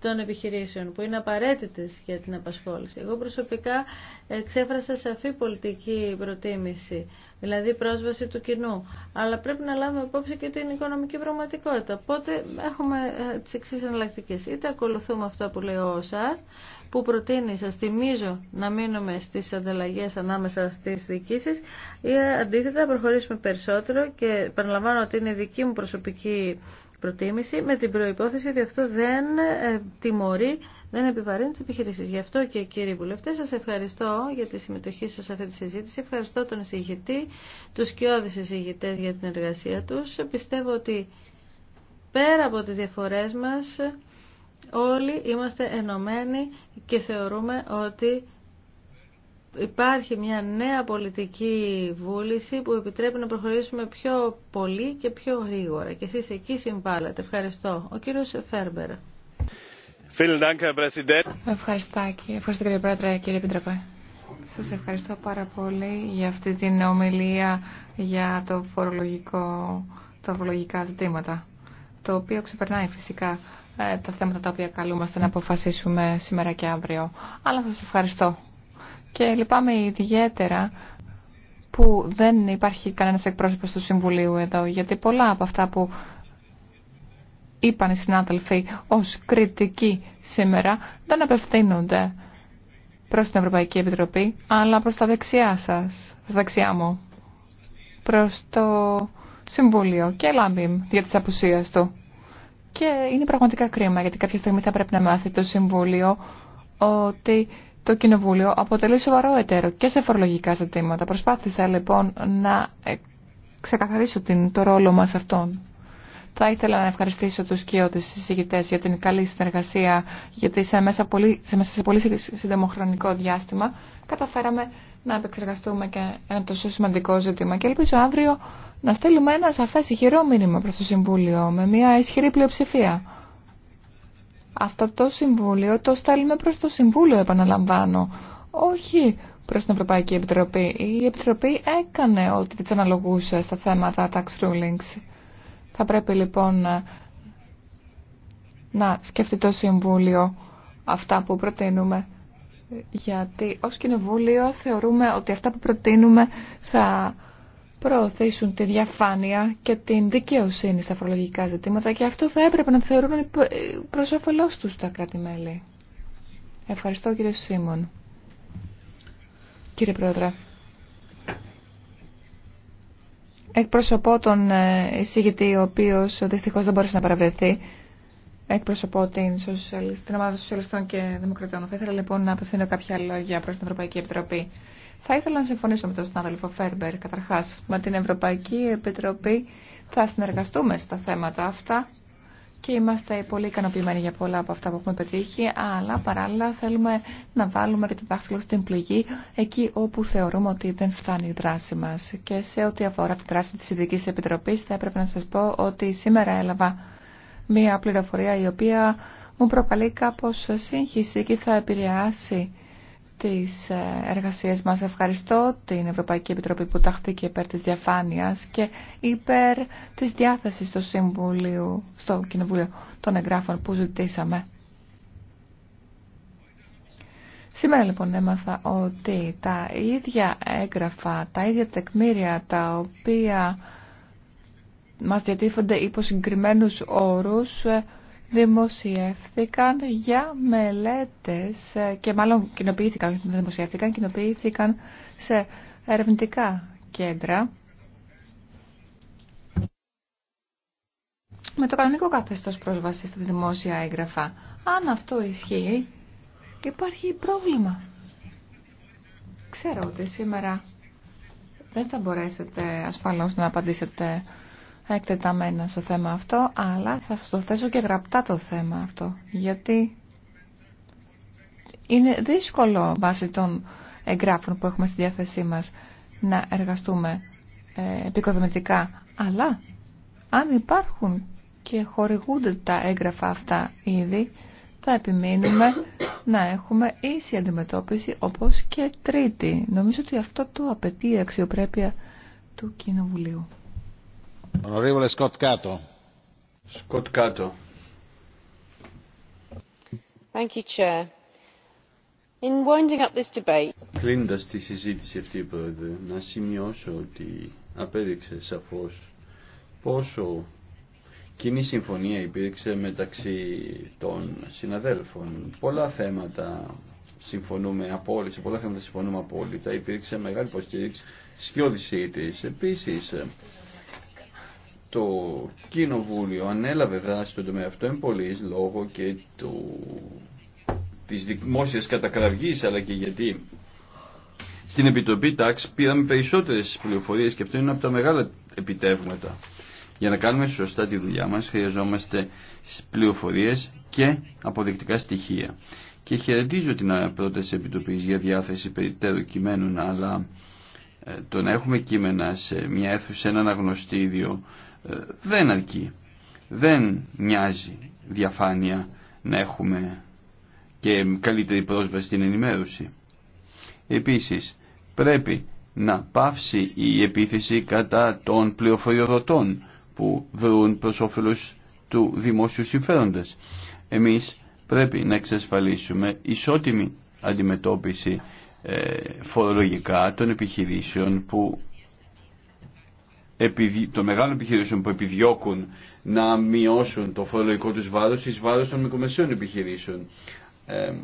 Speaker 3: των επιχειρήσεων, που είναι απαραίτητες για την απασχόληση. Εγώ προσωπικά εξέφρασα σαφή πολιτική προτίμηση, δηλαδή πρόσβαση του κοινού, αλλά πρέπει να λάβουμε υπόψη και την οικονομική πραγματικότητα. Οπότε έχουμε ε, τις εξή εναλλακτικέ. Είτε ακολουθούμε αυτό που λέει ο που προτείνει, σα θυμίζω, να μείνουμε στις ανταλλαγέ ανάμεσα στις διοικήσεις ή αντίθετα να προχωρήσουμε περισσότερο και παραλαμβάνω ότι είναι δική μου προσωπική προτίμηση με την προϋπόθεση ότι αυτό δεν ε, τιμωρεί, δεν επιβαρύνει τις επιχειρήσεις. Γι' αυτό και κύριοι βουλευτές σας ευχαριστώ για τη συμμετοχή σας σε αυτή τη συζήτηση. Ευχαριστώ τον εισηγητή, τους σκιώδη εισηγητές για την εργασία τους. Πιστεύω ότι πέρα από τις διαφορές μας όλοι είμαστε ενωμένοι και θεωρούμε ότι υπάρχει μια νέα πολιτική βούληση που επιτρέπει να προχωρήσουμε πιο πολύ και πιο γρήγορα. Και εσείς εκεί συμβάλλατε. Ευχαριστώ. Ο κύριος Φέρμπερ. Ευχαριστώ, ευχαριστώ κύριε Πρόεδρε, κύριε Επιτροπέ. Σας ευχαριστώ πάρα
Speaker 1: πολύ για αυτή την ομιλία για το φορολογικό, τα φορολογικά ζητήματα, το οποίο ξεπερνάει φυσικά ε, τα θέματα τα οποία καλούμαστε να αποφασίσουμε σήμερα και αύριο. Αλλά σας ευχαριστώ. Και λυπάμαι ιδιαίτερα που δεν υπάρχει κανένας εκπρόσωπος του Συμβουλίου εδώ, γιατί πολλά από αυτά που είπαν οι συνάδελφοι ως κριτική σήμερα δεν απευθύνονται προς την Ευρωπαϊκή Επιτροπή, αλλά προς τα δεξιά σας, τα δεξιά μου, προς το Συμβούλιο και Λάμπιμ για τις απουσίες του. Και είναι πραγματικά κρίμα, γιατί κάποια στιγμή θα πρέπει να μάθει το Συμβούλιο ότι το Κοινοβούλιο αποτελεί σοβαρό εταίρο και σε φορολογικά ζητήματα. Προσπάθησα λοιπόν να ε, ξεκαθαρίσω την, το ρόλο μας αυτόν. Θα ήθελα να ευχαριστήσω τους και τους συζητητές για την καλή συνεργασία, γιατί σε μέσα, πολύ, σε, μέσα σε πολύ σύντομο χρονικό διάστημα καταφέραμε να επεξεργαστούμε και ένα τόσο σημαντικό ζήτημα. Και ελπίζω αύριο να στέλνουμε ένα σαφές ηχηρό μήνυμα προς το Συμβούλιο με μια ισχυρή πλειοψηφία. Αυτό το Συμβούλιο το στέλνουμε προς το Συμβούλιο, επαναλαμβάνω, όχι προς την Ευρωπαϊκή Επιτροπή. Η Επιτροπή έκανε ό,τι της αναλογούσε στα θέματα tax rulings. Θα πρέπει λοιπόν να σκεφτεί το Συμβούλιο αυτά που προτείνουμε. Γιατί ως Κοινοβούλιο θεωρούμε ότι αυτά που προτείνουμε θα προωθήσουν τη διαφάνεια και την δικαιοσύνη στα φορολογικά ζητήματα και αυτό θα έπρεπε να θεωρούν ε, προς όφελός τους τα κράτη-μέλη. Ευχαριστώ κύριε Σίμων. Κύριε Πρόεδρε, εκπροσωπώ τον ε, εισηγητή ο οποίος δυστυχώς δεν μπορούσε να παραβρεθεί. Εκπροσωπώ την, την ομάδα Σοσιαλιστών και Δημοκρατών. Θα ήθελα λοιπόν να απευθύνω κάποια λόγια προς την Ευρωπαϊκή Επιτροπή. Θα ήθελα να συμφωνήσω με τον συνάδελφο Φέρμπερ καταρχά, Με την Ευρωπαϊκή Επιτροπή θα συνεργαστούμε στα θέματα αυτά και είμαστε πολύ ικανοποιημένοι για πολλά από αυτά που έχουμε πετύχει, αλλά παράλληλα θέλουμε να βάλουμε και το δάχτυλο στην πληγή εκεί όπου θεωρούμε ότι δεν φτάνει η δράση μα. Και σε ό,τι αφορά τη δράση τη Ειδική Επιτροπή, θα έπρεπε να σα πω ότι σήμερα έλαβα μία πληροφορία η οποία μου προκαλεί κάπω σύγχυση και θα επηρεάσει τις ε, εργασίες μας. Ευχαριστώ την Ευρωπαϊκή Επιτροπή που ταχθήκε υπέρ της διαφάνειας και υπέρ της διάθεσης στο, Συμβουλίο, στο Κοινοβούλιο των εγγράφων που ζητήσαμε. Σήμερα λοιπόν έμαθα ότι τα ίδια έγγραφα, τα ίδια τεκμήρια τα οποία μας διατίθονται υπό συγκεκριμένου όρους ε, δημοσιεύθηκαν για μελέτες ε, και μάλλον κοινοποιήθηκαν, δημοσιεύθηκαν, κοινοποιήθηκαν σε ερευνητικά κέντρα με το κανονικό καθεστώς πρόσβαση στα δημόσια έγγραφα. Αν αυτό ισχύει, υπάρχει πρόβλημα. Ξέρω ότι σήμερα δεν θα μπορέσετε ασφαλώς να απαντήσετε εκτεταμένα στο θέμα αυτό, αλλά θα σας το θέσω και γραπτά το θέμα αυτό, γιατί είναι δύσκολο βάσει των εγγράφων που έχουμε στη διάθεσή μας να εργαστούμε ε, επικοδομητικά. Αλλά αν υπάρχουν και χορηγούνται τα έγγραφα αυτά ήδη, θα επιμείνουμε να έχουμε ίση αντιμετώπιση όπως και τρίτη. Νομίζω ότι αυτό το απαιτεί η αξιοπρέπεια του Κοινοβουλίου.
Speaker 2: Σκοτ
Speaker 4: Κλείνοντας τη συζήτηση αυτή, Πρόεδρε, να σημειώσω ότι απέδειξε σαφώς πόσο κοινή συμφωνία υπήρξε μεταξύ των συναδέλφων. Πολλά θέματα συμφωνούμε απόλυτα, πολλά θέματα συμφωνούμε απόλυτα. Υπήρξε μεγάλη υποστήριξη σκιώδησή της. Επίσης, το Κοινοβούλιο ανέλαβε δράση στον τομέα αυτό εν λόγω και του, της δημόσιας κατακραυγής αλλά και γιατί στην Επιτροπή Τάξ πήραμε περισσότερες πληροφορίες και αυτό είναι από τα μεγάλα επιτεύγματα. Για να κάνουμε σωστά τη δουλειά μας χρειαζόμαστε πληροφορίες και αποδεικτικά στοιχεία. Και χαιρετίζω την πρόταση της Επιτροπής για διάθεση περιττέρου κειμένων αλλά ε, το να έχουμε κείμενα σε μια αίθουσα, ένα αναγνωστήριο δεν αρκεί. Δεν μοιάζει διαφάνεια να έχουμε και καλύτερη πρόσβαση στην ενημέρωση. Επίσης, πρέπει να πάυσει η επίθεση κατά των πληροφοριοδοτών που βρουν προς όφελος του δημόσιου συμφέροντας. Εμείς πρέπει να εξασφαλίσουμε ισότιμη αντιμετώπιση ε, φορολογικά των επιχειρήσεων που των μεγάλων επιχειρήσεων που επιδιώκουν να μειώσουν το φορολογικό τους βάρος εις βάρος των μικρομεσαίων επιχειρήσεων. Ε,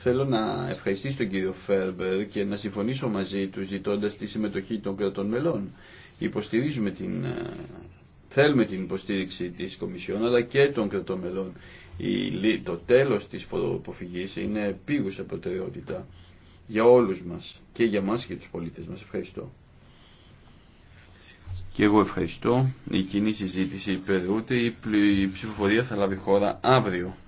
Speaker 4: θέλω να ευχαριστήσω τον κύριο Φέρμπερ και να συμφωνήσω μαζί του ζητώντας τη συμμετοχή των κρατών μελών. Υποστηρίζουμε την, ε, θέλουμε την υποστήριξη της Κομισιόν αλλά και των κρατών μελών. το τέλος της φοροποφυγής είναι πήγουσα προτεραιότητα για όλους μας και για μας και τους πολίτες μας. Ευχαριστώ. Και εγώ ευχαριστώ. Η κοινή συζήτηση ούτε Η ψηφοφορία θα λάβει χώρα αύριο.